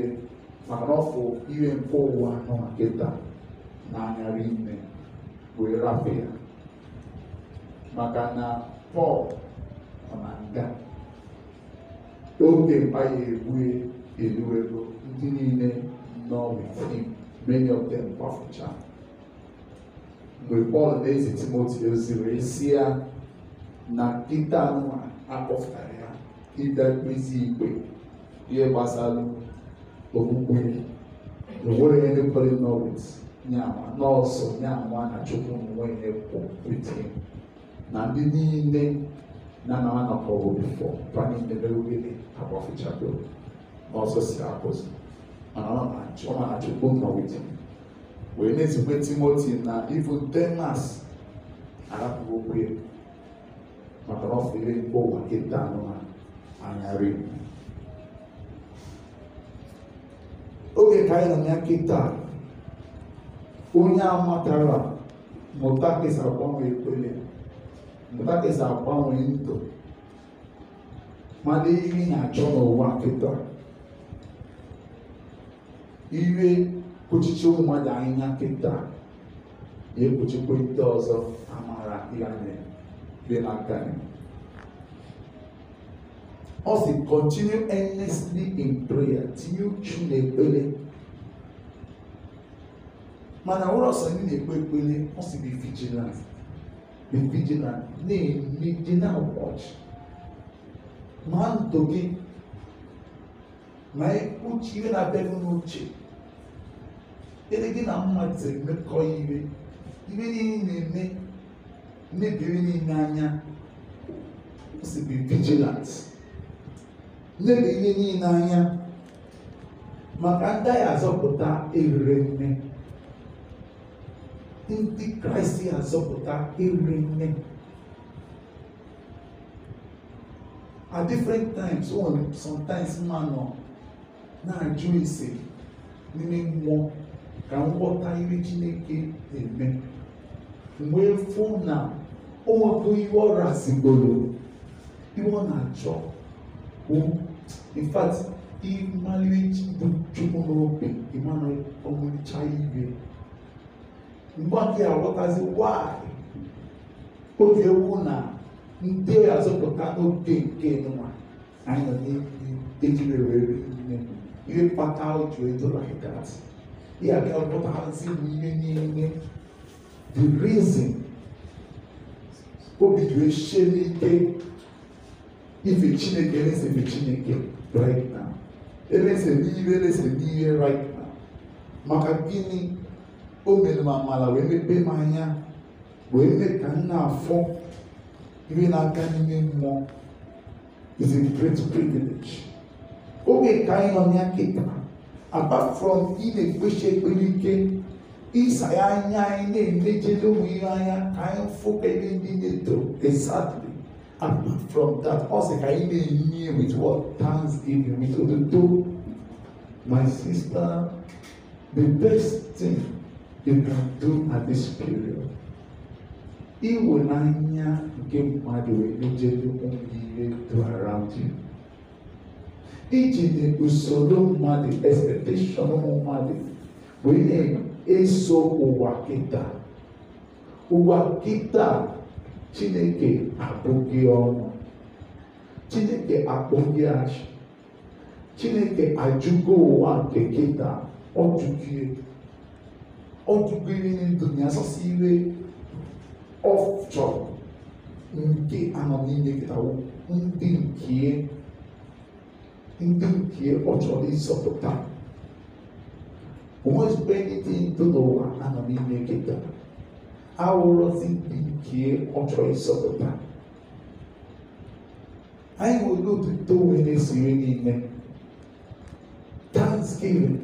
maka na ọfụ ihe mkpa ụwa nọ na kịta na anyara ime wee rafe ya maka na pọl ọ na nga oge mkpa ya egbue eluwego ndị niile nọ with him many of them gbafụcha mgbe pọl na-ezi timothy ozi wee si ya na kịta nwa akpọpụtara ya ide mkpịsị igwe ihe gbasara okpukpe na onwere ihe nekwere nọwit nyama nọọsụ nyama na chukwu onwe ihe kwụpụta na ndị niile na na anọkọ bifọ ba niile n'ogene agbafụchago n'ọsọ si akụzi mana ọ na chukwu nọwit wee na-ezigbo timoti na ivu demas arapụghị okwu matarɔfo yi kɔ wɔ cape town no a anyare oge ka anyị nọ ya cape town onye amatara mụta kesa agbanwe ekwele mụta kesa agbanwe ndụ mmadụ ihe na-achọ n'ụwa kịta iwe kpuchichi mmadụ anya kịta na-ekpuchikwa ndị ọzọ amara ihe a na-eme Belagani. Also, continue endlessly in prayer till you choose a belly. Mana ụlọ ọsọ ndị na-ekpe ekpele ọ sị be vigilant be vigilant na-eme dị watch Man, ndụ my ma uche ihe na-abịa gị n'uche ele not na mmadụ mekọ iwe iwe niile na-eme mebiri n'ime anya o si be vigilant lebe ihe niile anya maka ndị a azọpụta eriri nne ndị kraịst azọpụta eriri nne at different times one sometimes mma nọ na-ajụ ise n'ime mmụọ ka nghọta ihe chineke na-eme wherefore na ọmọdé ìwọ ra sígboro ìwọ na-achọ in fact ịmalite bụ chukwu n'obi ịmana ọmụcha iwe mgbe nke aghọtazi why oge ewu na ndị azụpụta n'oge nke nwa anyị nọ n'ejiri were nne ihe kpata o ji edoro anyị gasị ihe aga pụtazi ihe niile the reason obi dị ehyia n'ike ife chineke na ese chineke right now ebe ese n'iwe na ese n'iwe right now maka gịnị o mere m amala wee mepee m anya wee mee ka m na-afọ iwe na-aga n'ime mmụọ is a great privilege oge ka anyị nọ n'ya kịta apart from ị na-ekpechi ekpere ike Isa ya nya ine imejedo wianya ka info kebe ndi neto exactly apart from that also ka ime ime with what thanksgiving with ododo my sister the best thing you can do at this period ịhụnanya nke mmadụ emejedo ụmụ ihe to around you ijide usoro mmadụ expectation ụmụ mmadụ wee na-eme eso ụwa kịta ụwa kịta chineke abụghị ọnụ chineke akpụghị achị chineke ajụgo ụwa nke kịta ọdụgịrị ndụ ya sasị iwe ọ chọrọ nke anọ n'ime kịta ndị nke ọ chọrọ ịzọpụta won't bring it into the one and we make it done. Aworosi dìkìí ọ̀tọ̀ ìsọ̀kọ̀tà. Anyị nwere otuto wee na-esiri n'ime. Thanksgiving,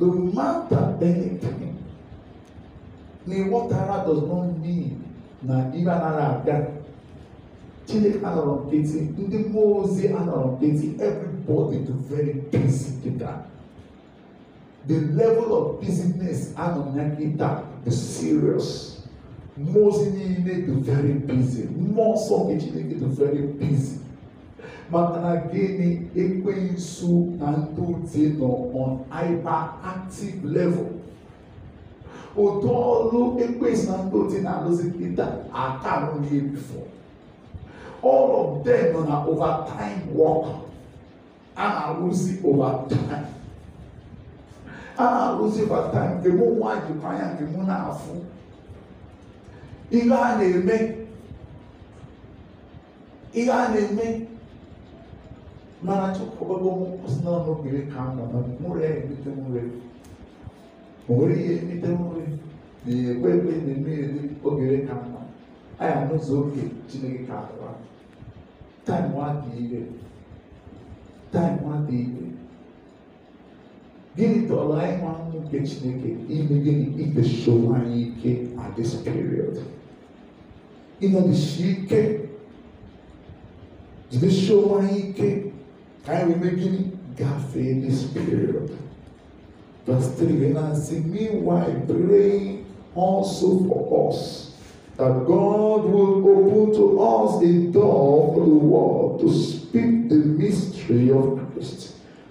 no matter anything, na ịghọtara does not mean na ibe anaghị aga. Chineke anọrọ nkịtị, ndị mmụọ ozi anọrọ nkịtị, everybody to very peace kịta the level of busyness Ananya Gita is serious. Moses needed to very busy. Mmụọ echi needed to very busy. Maka na gịnị ekwensu na ndị otie nọ on hyper active level. Ụdị ọrụ ekwensu na ndị otie na-alụzi kịta aka anụghị before. All of them nọ na overtime work. A na-alụzi overtime. a na-arụzi bata nke mụ nwa jikwa ya nke mụ na-afụ ihe a na-eme ihe a na-eme mana mara chọkọbago kwụsị na ọnụbiri ka m nọ mụrụ ya emite nre o nwere ihe emite nri na ihe ekwe ekwe na-eme eri ogere ka mma anya n'ụzọ oge chineke ka akwa taịm nwa dị ire taịm nwa dị ire Gịnị dọla ịma anyị nke Chineke ime gịnị ibeso anyị ike at this period? Ịnọdụsi ike, jidesi onwe anyị ike ka anyị wee gịnị gafee this period. Pastor 3 wee na-asị, Meanwhile, praying also for us. that God will open to us a door for the world to speak the mystery of Christ.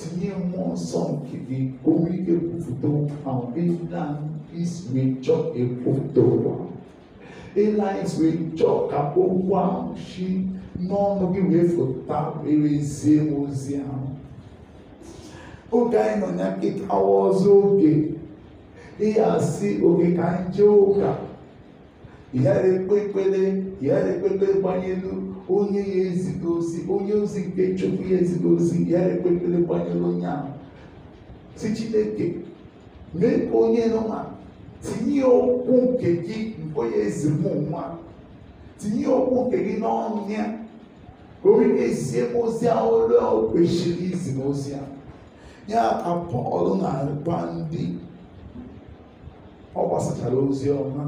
tinye nke gị onwe ekwupụta ụka ịla isme chọọ ekwupụta ụwa ịla o chọọ ka okwu ahụ si n'ọnụ gị wee fụta erezie ozi ahụ oge anyị nọ na nkịta awa ọzọ oge ịghasị oge ka anyị jee ụka ịghara ekpekpere ịghara ekpekpere gbanyelu onye ya eziga ozi onye ozi nke chukwu ya eziga ozi ya ekwekele gbanyere onye ahụ si chineke mee ka onye nọma tinye okwu nke gị nke onye ezigbo nwa tinye okwu nke gị n'ọnụ ya ka o ezie m ozi ahụ ole o kwesịrị izi m ozi ya ka pọl na-agba ndị ọ gbasachara ozi ọma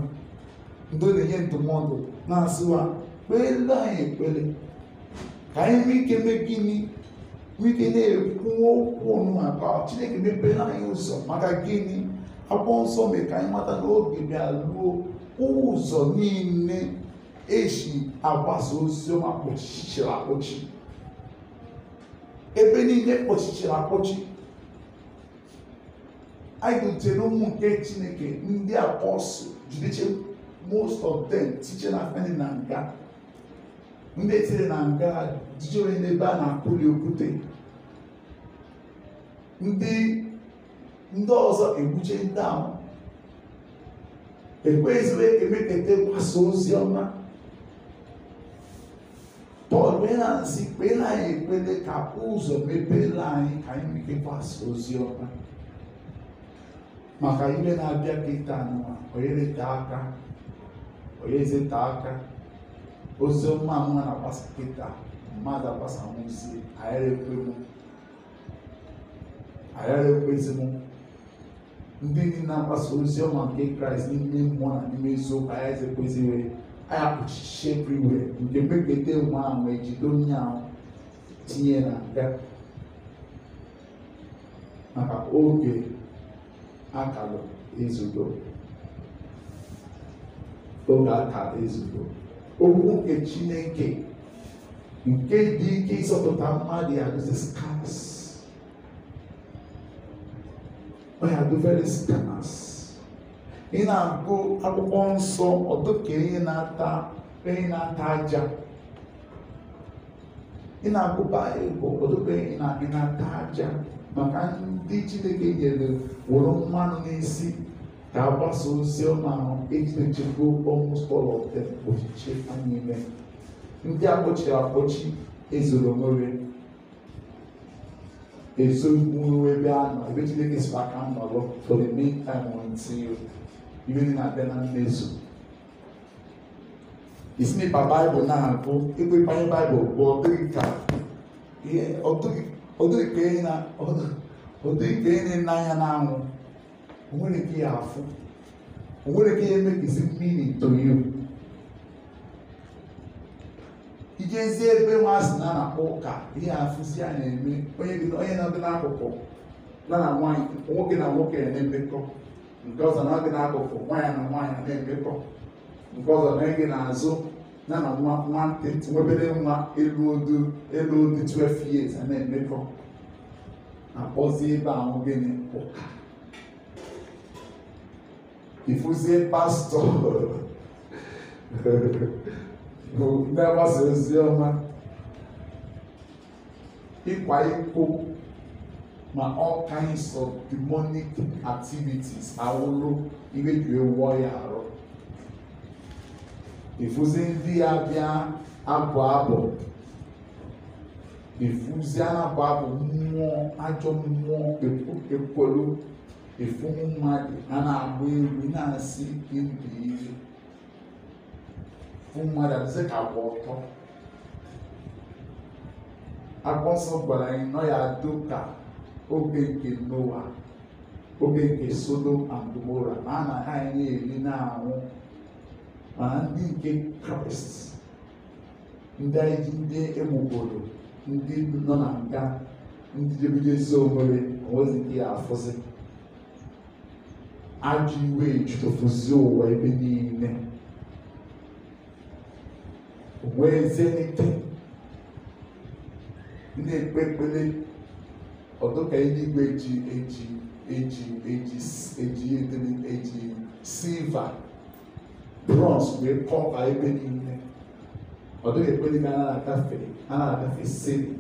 ndị na-enye ndụmọdụ na-asịwa pele pele ka anyị nwee ike mee gịnị nwee ike na-ekwu okwu ọnụ a ka chineke mepere anyị ụzọ maka gịnị akwụkwọ nsọ mee ka anyị mata na oge bịaruo ụzọ niile eji agbasa oziọma kpọchichiri akpọchi ebe niile kpọchichiri akpọchi anyị gụtere na nke chineke ndị apọstụl jiriche most of them tiche na feni na ndị tiri na nga jije onye n'ebe a na-akụli okwute ndị ndị ọzọ egbuche ahụ ekweghịziri emekete gbasa ozi ọma pọl kpee na kpeere anyị ekpele ka ụzọ mepeela anyị ka anyị nwee ike ozi ọma maka ime na-abịa kịta nwa onye aka onye ezeta aka osoma mu na pasa kita mmadụ apasa mu nsi ayara ekwe mu ayara ekwezi mu ndị niile na-agbasa ozi ọma nke kraịst n'ime mmụọ na n'ime eziokwu anyị ezekwezire anyị akpụchichi everywhere nke mepete nwa ahụ wee jide onye ahụ tinye na nga maka oge akalụ ezugo oge aka ezugo okwu nke chineke nke dị ike ịzọpụta mmadụ ya dị skas ọ ya dị very skas ị na-agụ akwụkwọ nsọ ọdụ ka ihe na-ata onye na-ata aja ị na-agụ baịbụl ọdụbe ị na-ata aja maka ndị chineke nyere wụrụ mmanụ n'isi Ka agbaso ozi ọma ahụ ekpuchigo almost all of them ochiche anyị ime. Ndị akpọchiri akpọchi ezoro onwe ezogbu ebe a nọ ebe Chineke si aka nọrọ for the main time until ibe dị na-abịa na mmezu. Isi mekpa Baịbụl na-abụ ịkpekpanye Baịbụl bụ ọdịghị ka ihe ọdịghị ka ihe na ọdịghị ka ihe na-anya n'anwụ o nwere ike ya afụ o nwere ike ya emebisi mmiri toyu ijezie ebe nwaasị na na-akpọ ụka ihe afụzi a na-eme onye na-adị n'akụkụ na na nwaanyị nwoke na nwoke na-emekọ nke ọzọ na adị n'akụkụ nwaanyị na nwaanyị na-emekọ nke ọzọ na oge n'azụ ya na nwa nwantịtị nwebere nwa elu odu elu odu 12 years a na-emekọ na-akpọzi ebe ahụ gịnị ụka If we say pastor, never says ọma. Ịkwa iko ma all kinds of demonic activities awụrụ ihe ji ewụọ ya arụ. Ifuzi ndị ya bịa abụ abụ ifuzi abụ abụ mmụọ ajọ mmụọ ekwelu efumu mmadụ ha na-agba egwu na-asị nke ndụ ihe efumu mmadụ adịsị ka agba ọtọ akwụkwọ nsọ gwara anyị nọ ya adụ ka oge nke noa oge nke sodom and gomora ma a na ha anyị na-eri na-anwụ mana ndị nke kraịst ndị anyị ndị egbugoro ndị nọ na nga ndị jebijesi onwere onwezi nke ya afụzi adwiwe twitɔfosuo wɔ wɔn ani ne wɔn ɛsɛ ne tɛm ne ekpekpele ɔdɔ ka yi n'igwe eji eji eji eji eji edini eji silva bronze wee kɔpa ebe niile ɔdɔ ka ekpele ka na-agafe na-agafe sini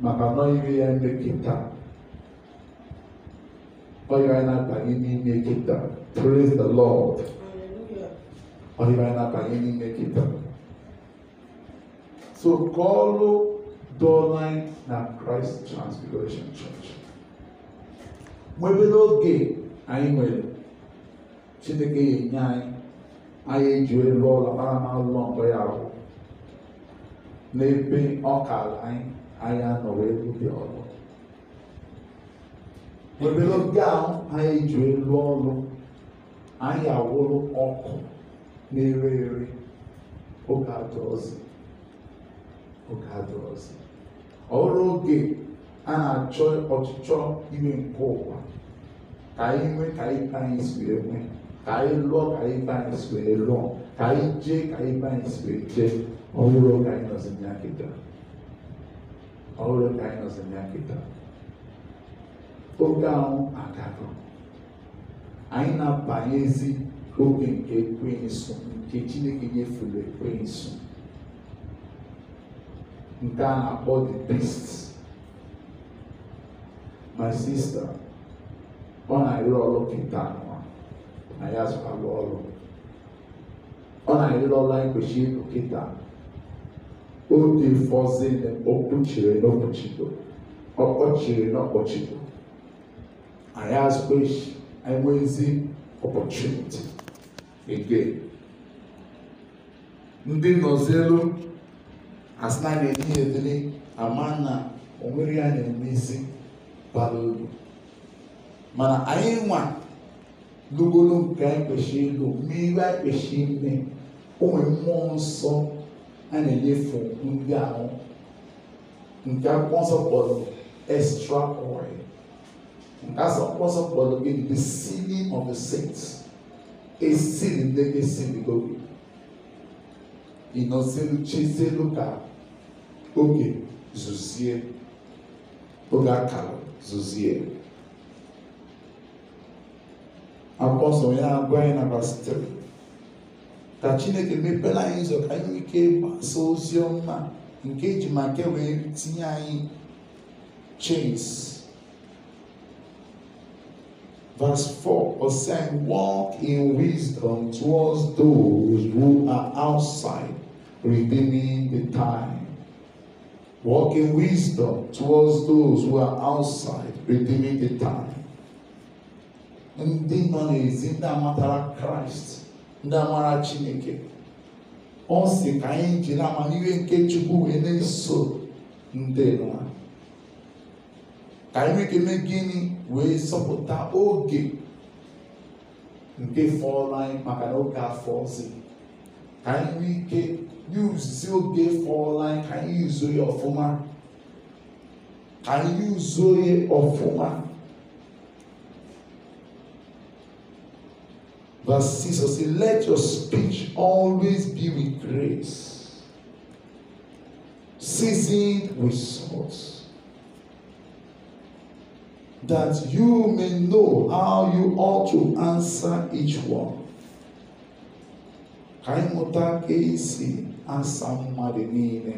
maka na ọ yiri ya mmekita ọyọ̀nàgbà yín ní mẹ́kìtà praise the lord ọyọ̀nàgbà yín ní mẹ́kìtà so kọ́ọ́lù dọ́ọ̀láìn na christ transfiguration church nwebere oge anyị nwere chineke enye anyị anyị eji elu ọla mara ma ụlọ mkpọ ya ahụ n'ebe ọ kara anyị anyị anọrọ elu dị ọrụ Ebelọbịa ahụ anyị ji elu ọrụ anyị awụrụ ọkụ na-ere ere oge adọọzị oge adọọzị ọrụ oge a na-achọ ọchịchọ ime nke ụwa ka anyị nwee ka ibe anyị si wee nwee ka anyị lụọ ka ibe anyị si wee lụọ ka anyị jee ka ibe anyị si wee jee ọhụrụ oge anyị nọzi ya kịta ọhụrụ oge anyị nọzi ya kịta oge ahụ agago anyị na-abanye ezi oge nke ekwensu nke chineke nyefere ekwensu nke a na-akpọ the beast my sister ọ na-arịrị ọrụ pete anụwa na ya zụkwalụ ọrụ ọ na-arịrị ọrụ anyị kwesịrị ịnụ kịta oge fọzin okpuchiri n'okpuchido ọkpọchiri n'ọkpọchido I ask space and wezi opportunity again. Ndị nọzielu asị na na-enye ediri ama na onwere ya na-emezi bara uru mana anyị nwa lugolo nke anyị kwesịrị ịlụ mee ihe anyị kwesịrị ime onwe mmụọ nsọ a na-enyefe ndị ahụ nke akwụkwọ nsọ kpọrọ extra oil That's Apostle Paul again, the sinning of the saints. A sin lẹ́gbẹ́ sin ní gbogbo. Ìnáṣẹ́lú Chiselu ka oge zuzie oge akara zuzie. Apostle ya agwa anyị na verse three. Ka Chineke mepere anyị ụzọ ka anyị nwee ike gbasa ozi ọma nke eji ma nke wee tinye anyị chains Verse 4 Or saying, Walk in wisdom towards those who are outside, redeeming the time. Walk in wisdom towards those who are outside, redeeming the time. Ndị nọ n'ezi Christ amatara Kraịst, ndị amara Chineke, ọ sị ka anyị jiri amamihe nke Chukwu wee na-eso ndị nwa. Ka anyị nwee ike mee gịnị wee sọpụta oge nke fọrọ anyị maka na oge afọ ọzọ ka anyị nwee ike yuzi oge fọrọ anyị ka anyị yuzo ya ọfụma ka anyị yuzo ya ọfụma verse six or say, Let your speech always be with grace, seasoned with salt, that you may know how you ought to answer each one. Ka anyị mụta ka esi asa mmadụ niile.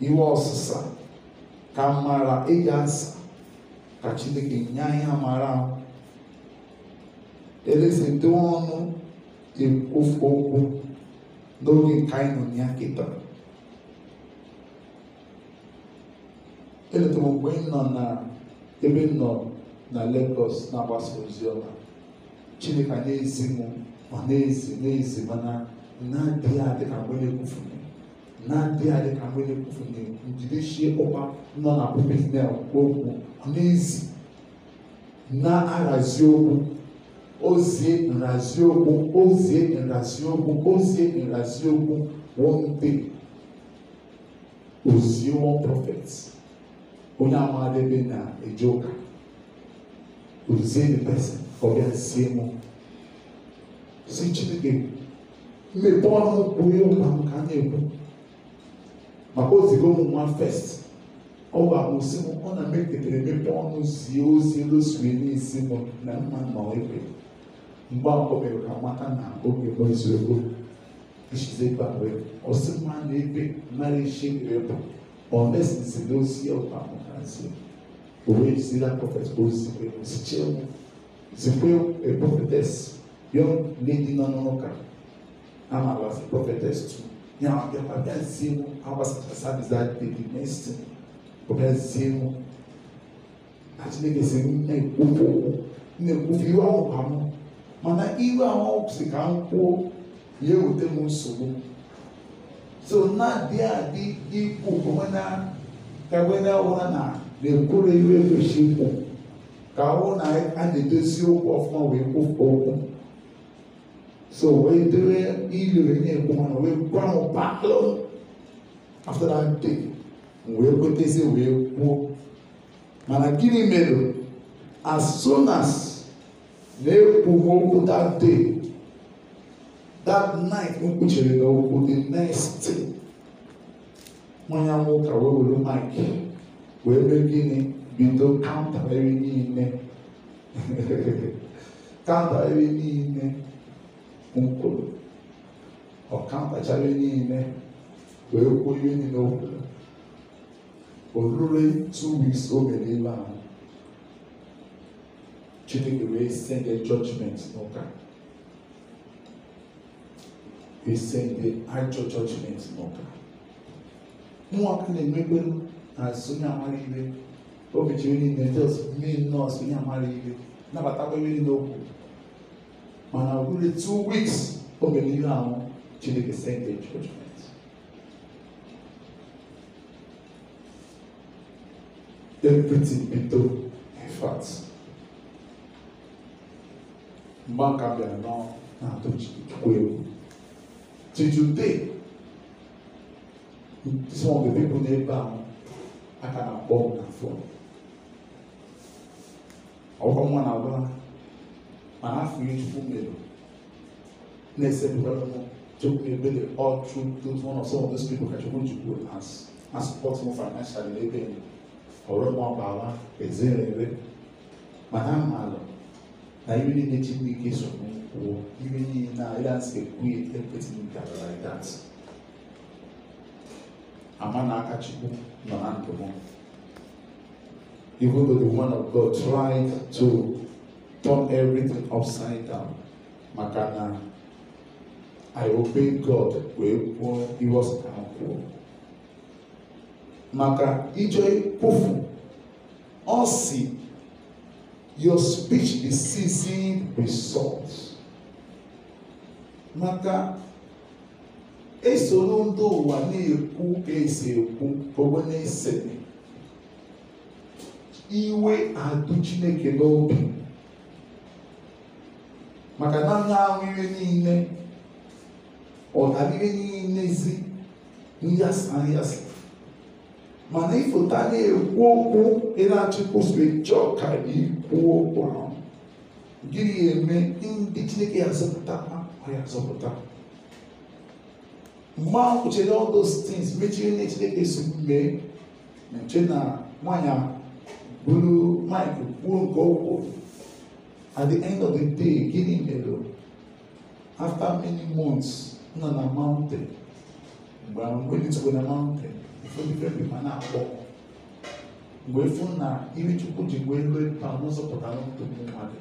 Iwe ọsịsa ka mara ịga asa ka Chineke nye anyị amara. Elezete ọnụ ekwofu okwu n'oge nke anyị nọ ya kịta. Eletara mgbe m nọ na ebe m nọ na Lagos na-agbasa ozi ọma Chineke na-ezi m ma na-ezi na-ezi mana na-adịghị adị ka mgbe na-ekwufu na-adịghị adị ka mgbe na-ekwufu njidechie ụkpa nọ na pulpit okwu na-ezi na-ahazi okwu ozie nrazi okwu ozie nrazi okwu ozie nrazi okwu one day ozi one onye amadebe na-eje ụka the person ka ọ bịa sie mụ si chineke mmepe ọnụ kwuo ihe ụka m ka a na-ekwu maka ozigo m nwa fest ọ gwa m si m ọ na meketere emepe ọnụ zie ozi losue n'isi m na mma ma ọ ekwe mgbe akwọ mere ka mata na oge bụ eziokwu ishizekwa wee ọsị mma na ebe mara isi wee bụ ọ mesinsi dozie ụka mụ ase owe si that prophet o si pe o si kyerɛ mu si pe a prophetess young lady na ɔno ka ama was a prophetess too na yɛ ba bɛn si mu awa service that baby next thing o bɛn si mu ati ne kese na ekufo na ekufo iwe awo ha mu mana iwe awo sika nko yɛ o te mu nsogbu so na deɛ adi di ko kɔmɔ naa kewena ụra na na-ekwuru iwe ekwesị ikwu ka ahụ na a na-edozi okwu ọfụma wee kwufuo okwu so wee dịrị iliri na-ekwu mana wee gwa m palụ after that day wee kwetezi wee kwuo mana gịnị mere as soon as na-ekwu okwu that day that night m kwuchiri na okwu the next day nwanyị nwoke wee were maịk wee mee gịnị bido kaụntarị niile kaụntarị niile nkwuru ọ kaụntacharị niile wee kwuo ihe niile o kwuru o ruru two weeks o mere ime ahụ chineke wee sende judgment n'ụka wee sende ajọ judgment n'ụka mmụọ aka na-eme ekpere azụ onye amara ibe obi jiri niile tes mee nọọsụ onye amara ibe nabatakwa mmiri n'okwu mana ọ bụrụ two weeks o mere ihe ahụ chineke sente judgment everything bido effort mgbe nka bịara n'ọ na-atụ chukwu egwu to today some of the people n'ebe ahụ aka na-akpọ na fon ọkwa nwa na agwa mana afọ iri chukwu mere na-esepụtara m chukwu ebere all through those one of some of those people ka chukwu chukwu as na support m financially n'ebe enyi ọrụ m ọgbawa ezere ere mana amaala na ihe niile chi m ike so m kwuo ihe niile na landscape kwuo ekwetị m gara like that ama na aka Chukwu nọ na ndụ m even though the woman of God tried to turn everything upside down Makana, I obey God wee kwuo ihe ọ sị ka m maka ije kwufu ọ your speech is seizing results. salt maka esoro ndị ụwa na-ekwu esi ekwu bụrụ na-ese iwe adụ Chineke n'obi maka na na-ahụ ihe niile ọganihe niile zi nyasa nyasa mana ịfụta na-ekwu okwu ị na-achịkwụsịrị chọọ ka ikwu okwu ahụ gịnị eme ndị Chineke ya zọpụta ha ya zọpụta mgba kwuchiri all those things mechiri nye chineke nsogbu mgbe na nche na nwanyị buru mike kwuo nke ụkwụ at the end of the day gịnị mere after many months nọ na mountain mgbe mgbe ntukwu na mountain ife ife bi ma na-akpọ mgbe efu na iri chukwu ji wee lue mkpa n'ụzọpụta n'otu mmadụ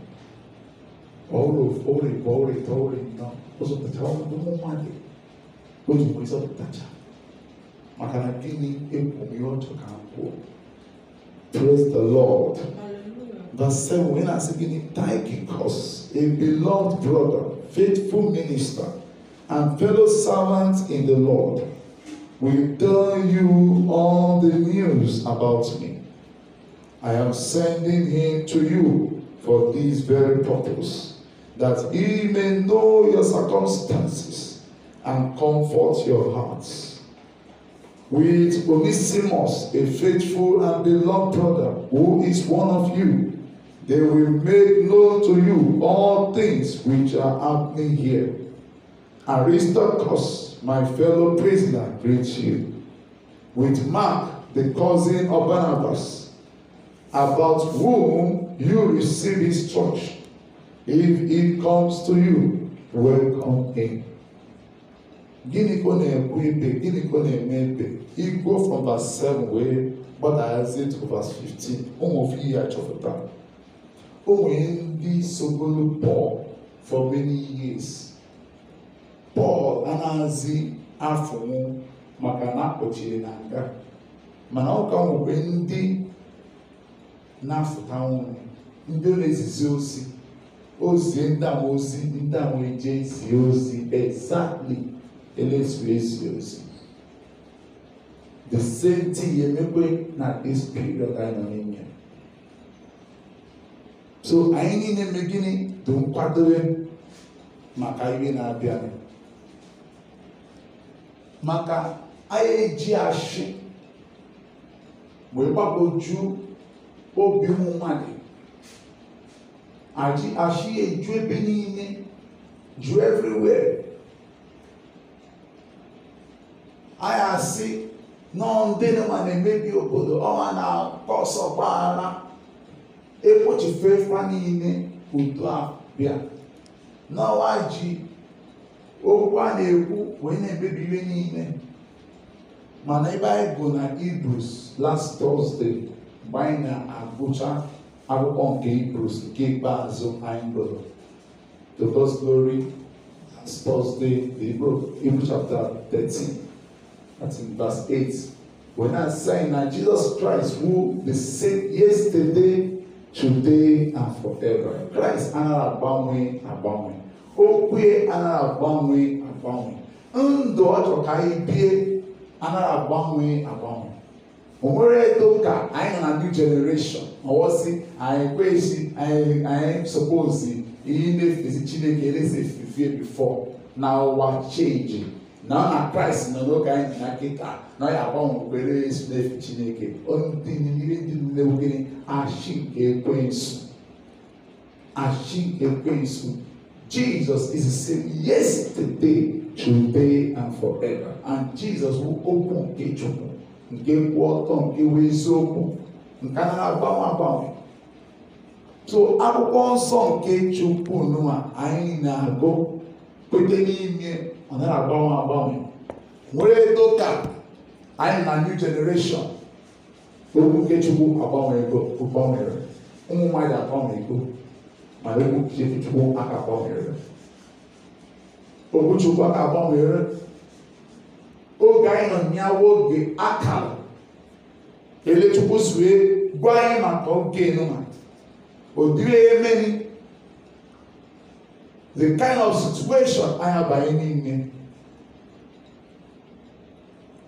ọrụ ọrụ ọrụ ọrụ ọrụ ịtọ ọ zụpụtara ọrụ ụmụ mmadụ otu mgbe ịzọpụtacha pụtacha maka na gịnị ekwumi ọjọọ ka kwụ praise the lord the same I na-asị gịnị Tychicus a beloved brother faithful minister and fellow servant in the lord will tell you all the news about me i am sending him to you for this very purpose that he may know your circumstances and comfort your hearts. With Onesimus, a faithful and beloved brother, who is one of you, they will make known to you all things which are happening here. Aristarchus, my fellow prisoner, greets you. With Mark, the cousin of Barnabas, about whom you receive charge. If he comes to you, welcome him. gịnị ka ọ na-ekwu ibe gịnị ka ọ na-eme ebe igwe from verse 7 wee gbadaghazie to verse fifteen ụmụ ofe ihe achọpụta o nwere ndị sogolo Pọl for many years Pọl anaghịzi afụnwu maka na akpọchiri na nga mana ọ ka nwekwe ndị na-afụta nwụrụ ndị na-ezizi ozi ozi ndị amaozi ndị ama eje zie ozi exactly ele experience yours the same thing you mi pé na this period ayé na mi yẹn so anyị niile mi gịnị dị nkwadobe maka ihe na-abịa maka anyị eji ashị wee gbagwoju obi ụmụ mmadụ aji ashị eju ebe niile ju everywhere ayasị oh, ah, na ndị nwa na-emebi obodo ọnwa na-akọ ọsọ gbaghara ekpochifu efa niile udo abịa n'ọnwa ji okwu a na-ekwu wee na-emebi ihe niile mana ebe anyị bụ na Hebrews last Thursday mgbe anyị na-agụcha akwụkwọ nke Hebrews nke ikpeazụ anyị gụrụ the first glory last Thursday the Hebrew chapter 13 That's in verse 8. When I sign now, Jesus Christ, who the same yesterday, today, and forever. Christ anara agbanwe agbanwe. Okwe anara agbanwe agbanwe. Ndụ ọ chọrọ ka anyị bie anara agbanwe agbanwe. O nwere eto ka anyị nọ na new generation. Ọwọsi anyị kwesi anyị anyị suppose ihe na-efesi Chineke na-ese efifie before na ụwa change na ọ na kraịst nọ n'oge anyị na nkịta na ọ ya agbanwe okwere esi n'efu chineke ndị ihe ndị mmegbu gịnị achị nke ekwensu achị nke ekwensu Jesus is the same yesterday, today, and forever. And Jesus will open nke chukwu nke kwụ ọtọ nke wee eziokwu nke a na-agbanwe agbanwe so akwụkwọ nsọ nke chukwu nụwa anyị na-agụ kwete n'ime And ọ̀nà àgbọ̀wọ̀n àgbọ̀wọ̀n nwere dọka anyị na new generation okwu nke chukwu agbanwe ego gbanwere ụmụ mmadụ agbanwe ego ma okwu nke chukwu aka gbanwere okwu chukwu aka gbanwere oge anyị nọ nyawo oge akara ele chukwu zue gwa anyị maka oge nụma ụdịrị emeni the kind of situation I have by any name.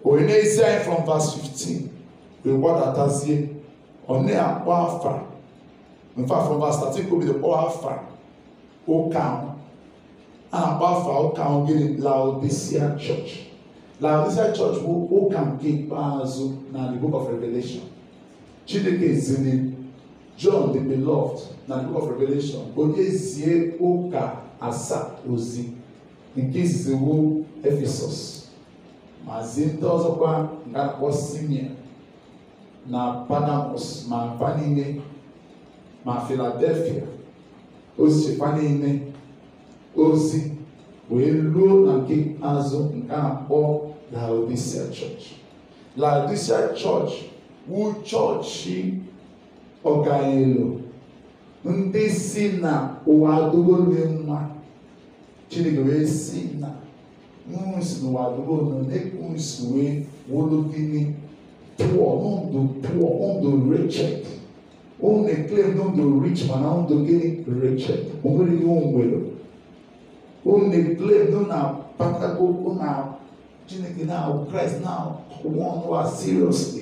When they say from verse 15, we what atasie, ọ̀nẹ́ àpọ̀ àfà, in fact from verse 13 could be the poor àfà, ó kàn án, àpọ̀ àfà ó kàn án Laodicea church. Laodicea church who ó kàn gé ikpeazụ na the book of Revelation. Chineke ezili John the beloved na the book of Revelation, onye zie ụka asa ozi nke izizi ephesus efesọs ma zie ndị ọzọkwa nke akpọ sinia na panamus ma mpa ma filadelfia osichekwa niile ozi wee ruo na nke azụ nke akpọ laodicea chọọchị laodicea chọọchị wu chọọchị ọganilu ndị si na ụwa adịgoro mma chineke wee si na nwunsi na ụwa adịgoro nekwunsi wee wolu gịnị pụọ ndụ pụọ ndụ richet ụnụ eklem na ndụ rich mana ndụ gịnị richet onwere ihe onwere ụnụ eklem na kpatago na chineke na kraịst na ụwa ọnụ a seriously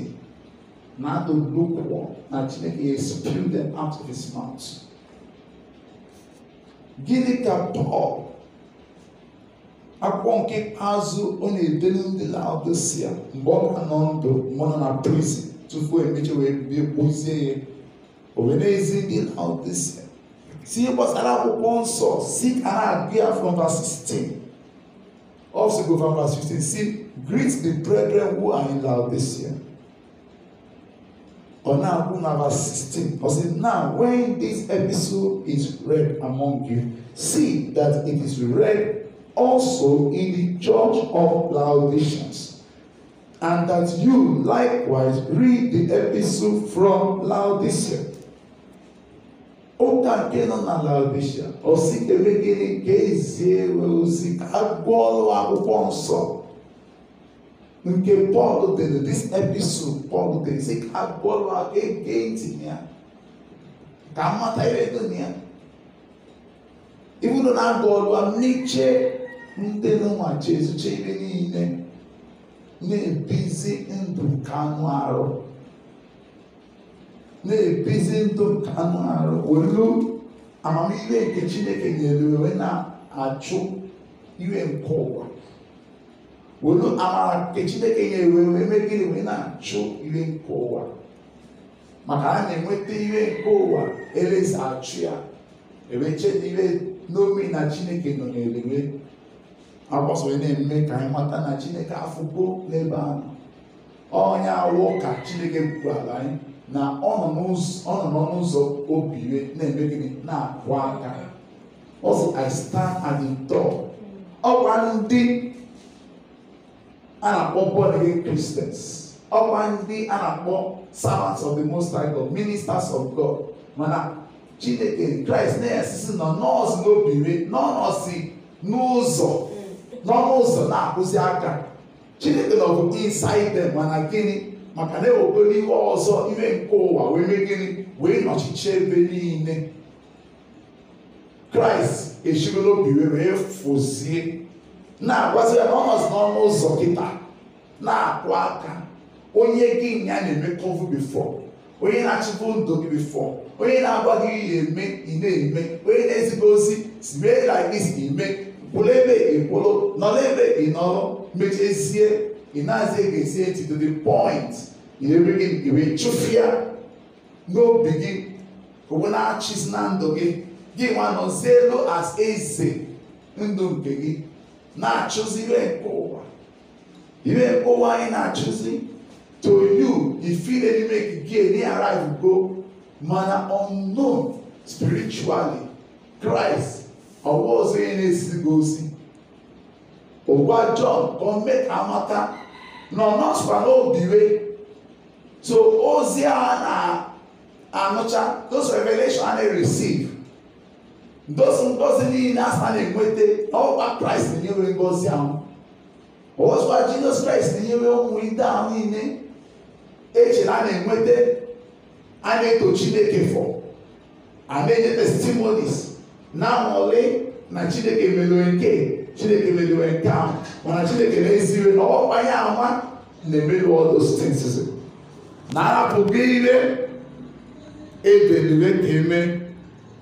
Now na ogbu kwụọ na chineke spewed them out of his mouth gịnị ka pọl akwụkwọ nke azụ ọ na-edelu ndị laodisia mgbe ọ ka nọ ndụ mgbe ọ nọ na prizin tupu emechi wee bie kpozie ya o wee na-ezi ndị laodisia si ihe gbasara akwụkwọ nsọ si ara agụya from verse 16 also go from verse 15 si greet the brethren who are in laodisia Or now room number 16 or say now when this episode is read among you see that it is read also in the church of laodiceans and that you likewise read the episode from laodicea Ota ka na laodicea o si kemekere ka ezie ozi ka akwụkwọ nsọ nke Paul dere this episode Paul dere sị bola akpọrọ aka ege ntị ya ka mmata ihe dị na ya ibu nọ na-agụ ọrụ a n'iche ndị nwa chezuche ibe niile na-ebizi ndụ nke anụ arụ na-ebizi ndụ nke anụ arụ olu amamihe nke Chineke nyere wee na-achụ ihe nke ụwa were amara nke chineke nyere wee mee gịnị wee na-achụ ihe nke ụwa maka a na-enweta ihe nke ụwa eleze achụ ya ewechedire na chineke nọ n'elere agbasa na-eme ka anyị mata na chineke afụgo n'ebe ahụ ọnya awụ ka chineke ala anyị na ọ nọ n'ọnụ ụzọ obi iwe na-eme na-akwụ aka ọ sị ndị a na-akpọ born again christians ọkwa ndị a na-akpọ servants of the most high god ministers of god mana chineke Christ, na-esisi nọ nọọsụ n'obiri n'ọnọsị n'ụzọ n'ọnụ ụzọ na-akụzi aka chineke na bụ inside them mana gịnị maka na ewegoro ihe ọzọ ihe nke ụwa wee mee gịnị wee nọchichie ebe niile kraịst echigolo obi wee wee fozie na-agwazi ya na ọ nọzi n'ọnụ ụzọ kịta na-akwụ aka onye gị ya na-emekọvu bifọ onye na-achịkwa ndụ gị bifọ onye na-agwa gị ihe eme ị na-eme onye na-ezigbo ozi si mee lagis ime kwụrụ ebe ịkwụrụ nọrọ ebe ị nọrọ mechezie ị na-azị ga-esi eti to the point ire gị ire chụfụ ya n'obi gị owe na-achịzi na ndụ gị gị nwa nọzie elu as eze ndụ nke gị na-achụzi iwe nke ụwa iwe nke ụwa anyị na-achụzi to you make n'ime gị gị arrive go mana unknown spiritually Christ ọwa ọzọ onye na-esigo ozi ụgwa John ka o mee ka amata na ọ nọsịkwa n'obi iwe so ozi a na-anụcha those revelations a na-receive ntosi ntosi niile asa na-enweta ọkwa kraịst na-enyere ngozi ahụ ọzọkwa jizọs kraịst na-enyere ụmụ ndị ahụ niile echere a na-enweta a na-eto chineke fọ a na-enye testimonis na-amụọle na chineke mere nke chineke mere nke ahụ mana chineke na-ezire na ọkwa ya ama na-emerụ ọdụ site nzuzo na-arapụgo ire ebelire ka eme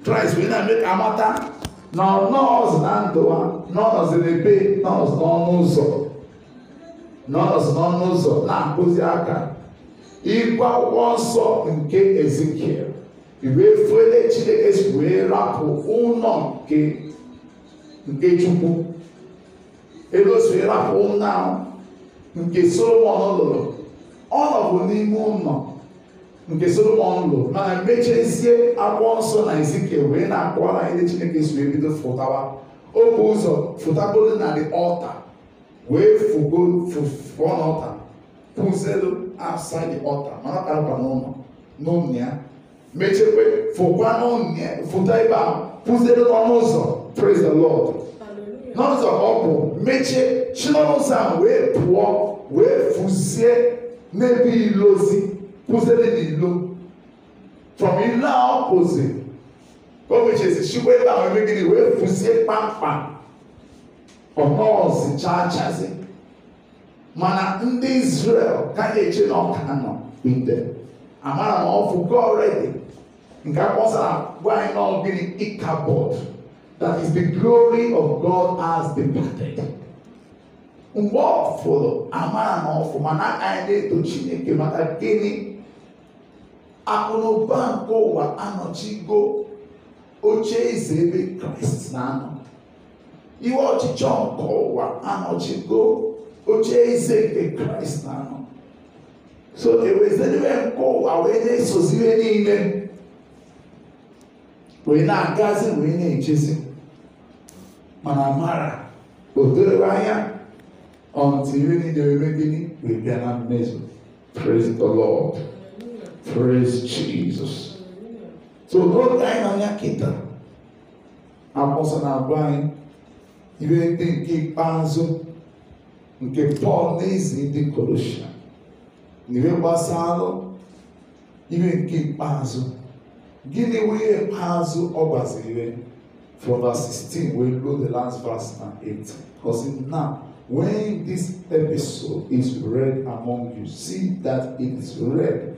Christ wee na make amata na nọọsụ na ndụ ha nọọsụ na-ebe nọọsụ n'ọnụ ụzọ nọọsụ n'ọnụ ụzọ na-akụzi aka ịgụ akwụkwọ nsọ nke Ezikiel wee fuele Chineke si wee rapụ ụlọ nke nke Chukwu elu o si wee rapụ ụlọ nke Solomon lụrụ ọ nọbụ n'ime ụlọ nke solomon lụ mana mechezie akwụkwọ nsọ na ezikiel wee na-akọwara anyị ndị chineke so ebido fụtawa obu ụzọ fụtagolo na the altar wee fugo fụọ n'ọta kwụzelu outside the altar mana kparakwa n'ụlọ n'ụlọ ya mechekwe fụkwa n'ụlọ ya fụta ebe ahụ kwụzelu n'ọnụ ụzọ praise the lord n'ọnụ ụzọ ka ọ bụ mechie chi n'ọnụ ụzọ ahụ wee pụọ wee fụzie n'ebe ilozi kwụsịrị n'ilo from ile ọkụzi o mechesi chikwa ebe ahụ emegide wee fụzie kpamkpam ọnọọzi chachazi mana ndị israel ka eche na ọka nọ nde amara ma ọ fụgo already nke akpọsara gwa anyị na ọgịnị ikabod that is the glory of god has departed mgbe ọ fụrụ amara na ọfụ mana anyị na-eto chineke maka gịnị akụnụba nke ụwa anọchigo oche eze ebe kraịst na-anọ iwe ọchịchọ nke ụwa anọchigo oche eze nke kraịst na-anọ so ewezeniwe nke ụwa wee na-esoziwe niile wee na-agazi wee na-ejezi mana mara o doro anya ọntụ ihe niile wee gịnị wee bịa na mmezu praise the lord Praise Jesus. So God anyị na anya kịta akwụsị na-agwa anyị ihe ndị nke ikpeazụ nke Pọl na-ezi ndị Kolosia n'ihe gbasara ihe nke ikpeazụ gịnị wee ihe ikpeazụ ọ gbaziri from verse 16 wee ruo the last verse na 8 because now when this episode is read among you see that it is read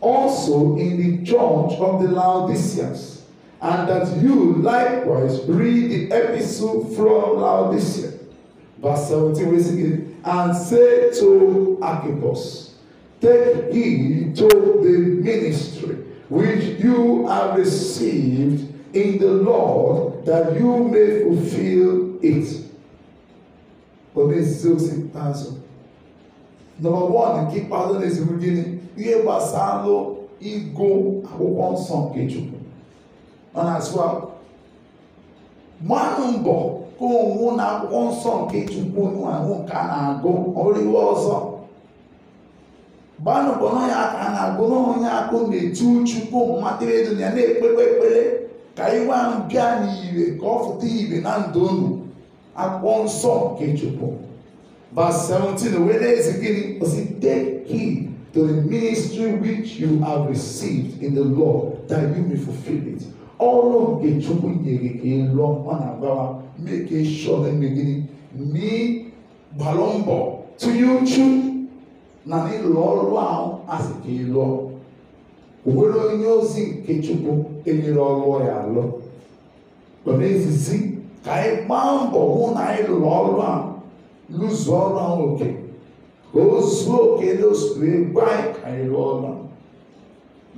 also in the church of the Laodiceans, and that you likewise read the epistle from Laodicea. Verse 17, once again, and say to Archippus, Take heed to the ministry which you have received in the Lord, that you may fulfill it. Onísìsì ó sì tán sọ. Number one, Keep pàdánù èsì mú gíní. ihe gbasalụ ịgụ akwụkwọ nsọ nke chukwu ọ na-asụ gbaa mbọ ka onwu na akwụkwọ nsọ nke chukwu ahụ nke a na-agụ ọrụ iwe ọzọ gbanụ mbọ n'ọnya aka a na-agụ n'ọnya akụ na-etu chukwu matịrị edu ya na-ekpekwa ekpere ka iwe ahụ bịa n'ire ka ọ fụta ire na ndụ unu akwụkwọ nsọ nke chukwu verse 17 wee na-ezi gịnị osi take heed to the ministry which you have received in the Lord, that you may fulfill it. Ọlọ́run kechukwu nyere ka ị lụọ ọ na-agbawa make sure na mmegide na gbara mbọ tinye uchu na ịlụ ọrụ ahụ asị ka ị lụọ. Were onye ozi nke Chukwu enyere ọrụ ya alụ. Ọ na-ezizi ka anyị gbaa mbọ hụ na anyị lụrụ ọrụ ahụ lụzuo ọrụ ka o zuo oke n'ozuzu egwu anyị ka anyị rụọ ọrụ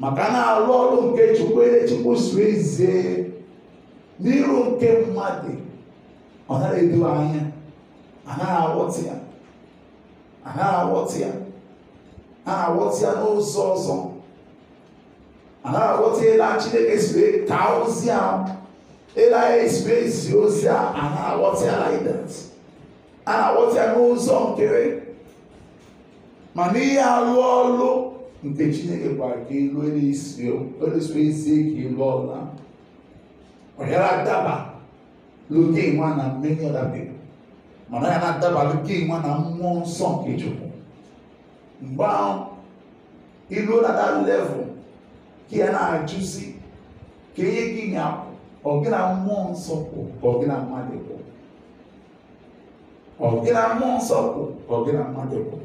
maka na-arụ ọrụ nke chukwu chukwu zuru ezie n'iru nke mmadụ ọ naghị edo anya anaghị aghọta ya anaghị aghọta ya na-aghọta ya n'ụzọ ọzọ anaghị aghọta ya na chineke zuru taa ozi ahụ ịla esi ezi ozi a anaghị aghọta ya like that a na-aghọta ya n'ụzọ nke mana ihe alụ ọlụ nke chineke gwara ka ịlụ n'isi onyeso isi ka ịlụ ọlụ ahụ ọyara daba lụke nwa na many other people mana ya na-adaba lụke nwa na mmụọ nsọ nke chukwu mgbe ahụ iruo na that level ka ya na-ajụzi ka ihe gị nya ọ gị na mmụọ nsọ kwụ ka ọ gị na mmadụ kwụ ọ gị na mmụọ nsọ kwụ ka ọ gị na mmadụ kwụ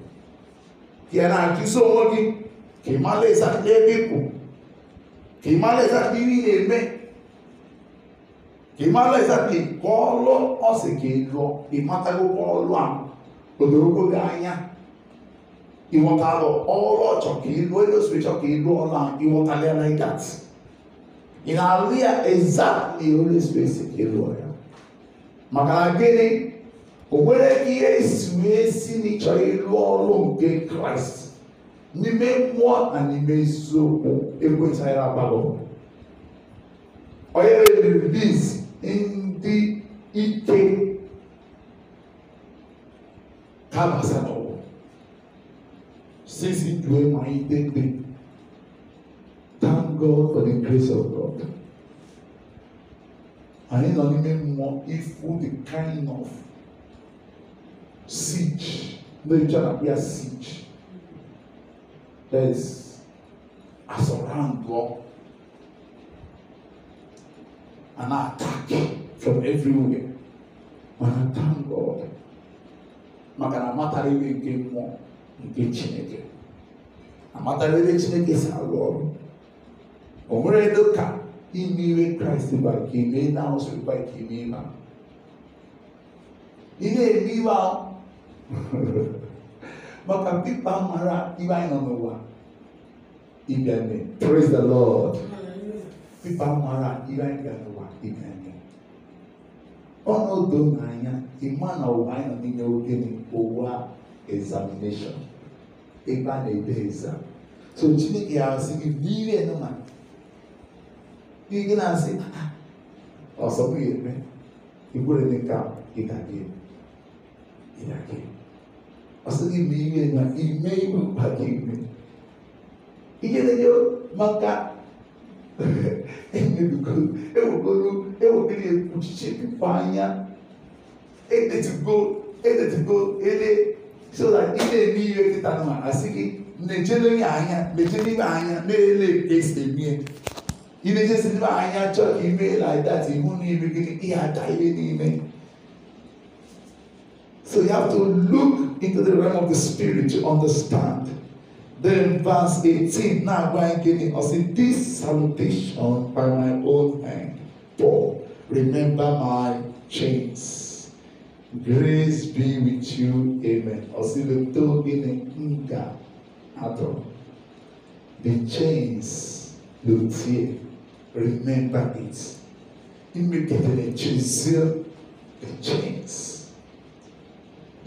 kinaagizwa gị ka ị mara exactly ebe ị kwụ ka ị mara exactly ihe ị na-eme ka ị mara exactly ka ọlụ ọ sị ka ị lụọ ị matago ka ọlụ a odorogo gị anya ịghọtalụ ọrụ ọchọ ka ị lụọ elu spiritual ka ị lụọ ọlụ a ịghọtala ya like that ị na-alụ ya exactly olu spiritual ka ị lụọ ya maka na onwere ihe esi wee si na ịchọrọ ịrụ ọrụ nke kraịst n'ime mmụọ na n'ime eziokwu ekwetara agbalụ onye reliz ndị ike kabasa n'ụwa sisi due malite dị thank god for the grace of god anyị nọ n'ime mmụọ ifu the kind of siege. No, you cannot be a siege. There's a surround war, an attack from everywhere. But I thank God. maka na amatara iwe nke mmụọ nke chineke amatara ebe chineke si alụ ọrụ o nwere edo ka ime iwe kraịst bara ka eme na ahụ sịrịkwa ka eme ime ihe eme maka mkpipa mara ibe anyị nọ n'ụwa ịbịa eme praise the lord mkpipa mara ibe anyị bịa n'ụwa ịbịa eme ọnọdụ n'anya ịma na ụwa anyị nọ n'ime ogene ụwa examination ebe a na-ede exam so chineke ya asị gị n'ihe nụma ihe na-asị ọsọ bụ ya eme ikwere dị ka ị ga-aga ị ga-aga Asa imewe na imewe pagigwe. Iye lele maka emebikoro ewokoro ewokiri ekwuchiche pipa anya edetigo edetigo ele so that ị na-eme ihe kịta nwa asị gị na-ejele ihe anya mejele ihe anya na-ele esi emie ị na-ejesi ebe anya chọọ ka ime like that ihu n'ime gị ihe ada ihe n'ime So you have to look into the realm of the spirit to understand. Then verse 18, now am giving us in this salutation by my own hand. Paul, remember my chains. Grace be with you. Amen. Osilo in inga ato. The chains will tear. Remember it. Immediately, the chains.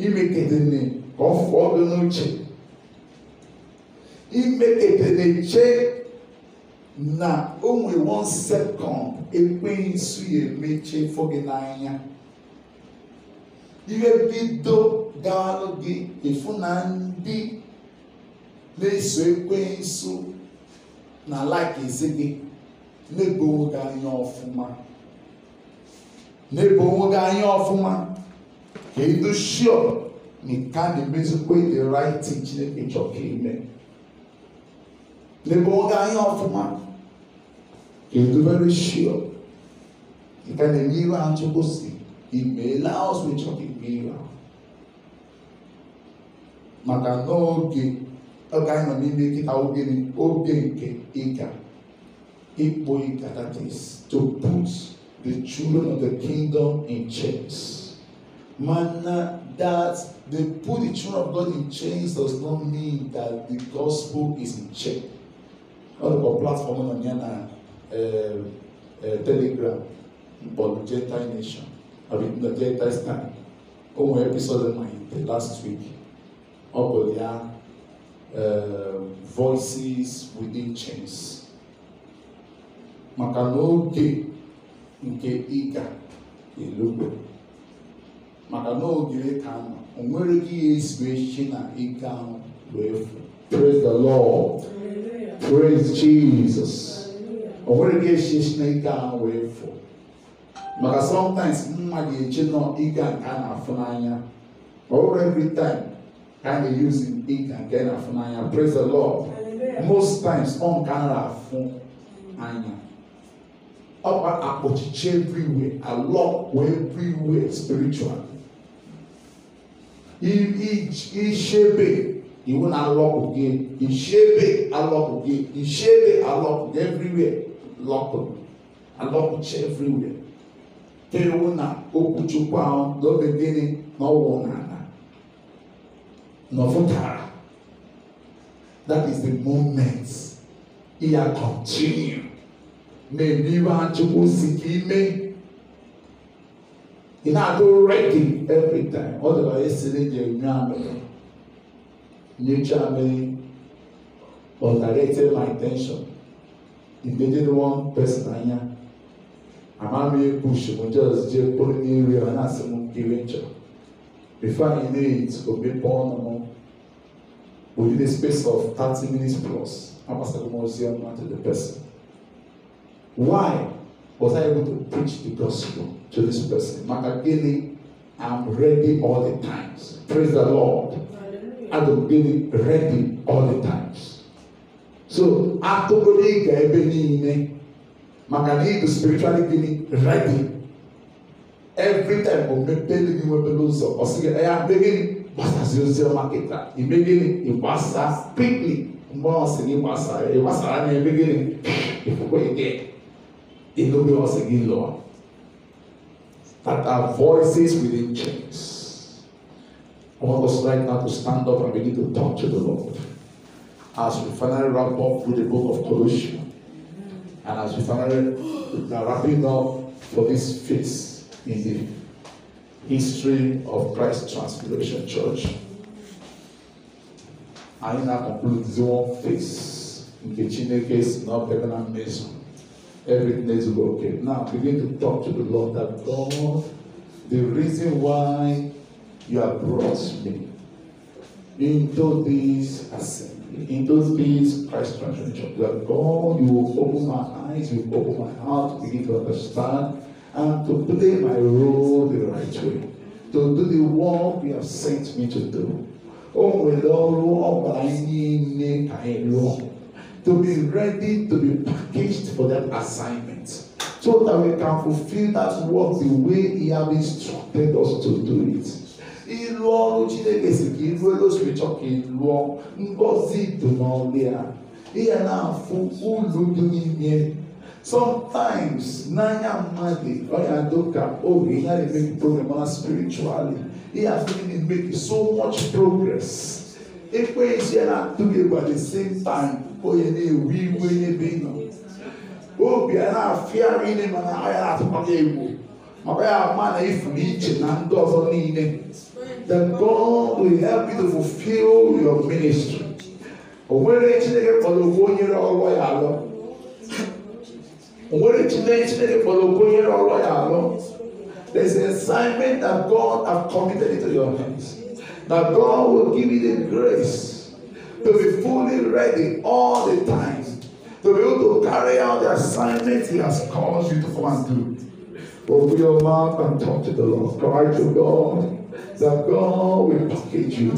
imeketene ka ọ fụọ gị n'uche imeketene na o nwere one second ekweghị nsu ya emechi fọ gị n'anya ihe bido gaalụ gị ịfụ na ndị na-eso ekweghị nsu na laik ezi gị na-ebo onwe gị anya ọfụma na-ebo onwe gị anya ọfụma Kedu sure na nke a na-emezikwa the right thing Chineke chọrọ ka ime n'ebe ọ ga anya ọfụma kedu very sure nke a na-eme ihe ahụ Chukwu si imeela ọsọ ịchọrọ ka ime ihe ahụ maka n'oge oge anyị nọ n'ime nkịta oge oge nke ịga ịkpụ ịga that is to put the children of the kingdom in checks manner that they put the children of God in chains does not mean that the gospel is in check. ọlọpàá platform náà ní àná telegram pọlù gentile nation àbí gentile stand ohun episode náà yìí the last week ọpọlọ ya um, voices within chains maka n'oge nke ịga elugbe. maka na ogiri ka nọ o nwere ike ihe esi wee chi na ike ahụ wee fu praise the lord praise jesus o nwere ike esi na ike ahụ wee fu maka sometimes mma ga-eche nọ ike a a na-afụ n'anya ọ every time ka a na-eyuzi ike nke a na-afụ n'anya praise the lord most times ọ nke a na-afụ anya ọkpa akpọchiche everywhere alọ wee everywhere spiritually He shebe. He won't unlock again He shebe unlock again He shebe unlock everywhere lock unlock everywhere terewo na okwu chukwu ahụ n'oge gịnị na ọwụ n'ala n'ọfụtara that is the moment ya continue na-eme ihe a chukwu si ka ime in ado ready every time ọdọ la yẹ sẹ ne jẹ nyu amẹ nature amẹ but I directed my attention immediately one person anya ama mi push mo just jẹ kpọrọ ní area ọ náà sẹ mo kiri nkyẹn before I know it obi pọn na mo within a space of thirty minutes plus abasa mo zi ọmọ to the person why was I able to preach the gospel to this person? Makagili, I'm ready all the times. Praise the Lord. I'm really ready all the times. So, akokole ga ebe niile maka na ịbụ spiritually gịnị ready every time o mepere gị nwebere ụzọ ọ sị gị ya mee gịnị gbasazi ozi ọma kịta ime gịnị ịgbasa quickly mgbe ọ sị gị gbasa ịgbasara na ebe gịnị ịfụkwa ike It will be us again, Lord, that our voices within chains. I want us right now to stand up and begin to talk to the Lord as we finally wrap up with the book of Colossians. And as we finally are wrapping up for this feast in the history of Christ Transfiguration Church, conclude this one diziwo in the Chineke si n'ọbịa na mmezu everything is okay. Now begin to talk to the Lord that God, the reason why you have brought me into this assembly, into this Christ transformation, that God, you will open my eyes, you will open my heart, begin to understand, and to play my role the right way, to do the work you have sent me to do. Oh, my Lord, I oh, I my Lord, to be ready to be packaged for that assignment so that we can fulfill that work the way He has instructed us to do it. Ịlụ ọrụ Chineke si ka iru elu osirichọ ka ịlụọ ngọzi dụmọlụ ya ihe na-afụ ulu dị n'ime sometimes n'anya mmadụ ọ ga-adụ ka oge ihe na-emeki spiritually He has been making so much progress If we na-atụ gị egwu at the same time onye na oh, a then God will help you to fulfill your ministry o nwere Chineke kpọrọ onye ọrụ ya alụ o there's an assignment that God have committed into your hands that God will give you the grace to be fully ready all the times, to be able to carry out the assignment He has called you to come and do. Open your mouth and talk to the Lord. Cry to God that God will package you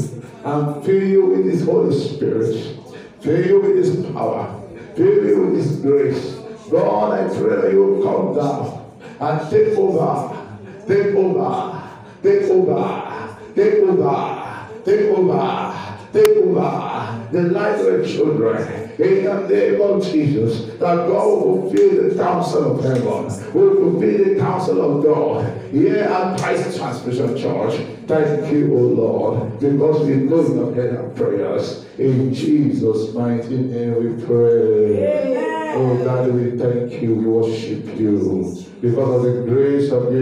and fill you with His Holy Spirit, fill you with His power, fill you with His grace. God, I pray that you will come down and take over, take over, take over, take over, take over take over the light of the children in the name of Jesus, that God will fulfill the counsel of heaven, will fulfill the counsel of God. Here at Christ Transmission Church, thank you, O Lord, because we know you have heard our prayers. In Jesus' mighty name we pray. Amen. Oh, God, we thank you, we worship you, because of the grace of you.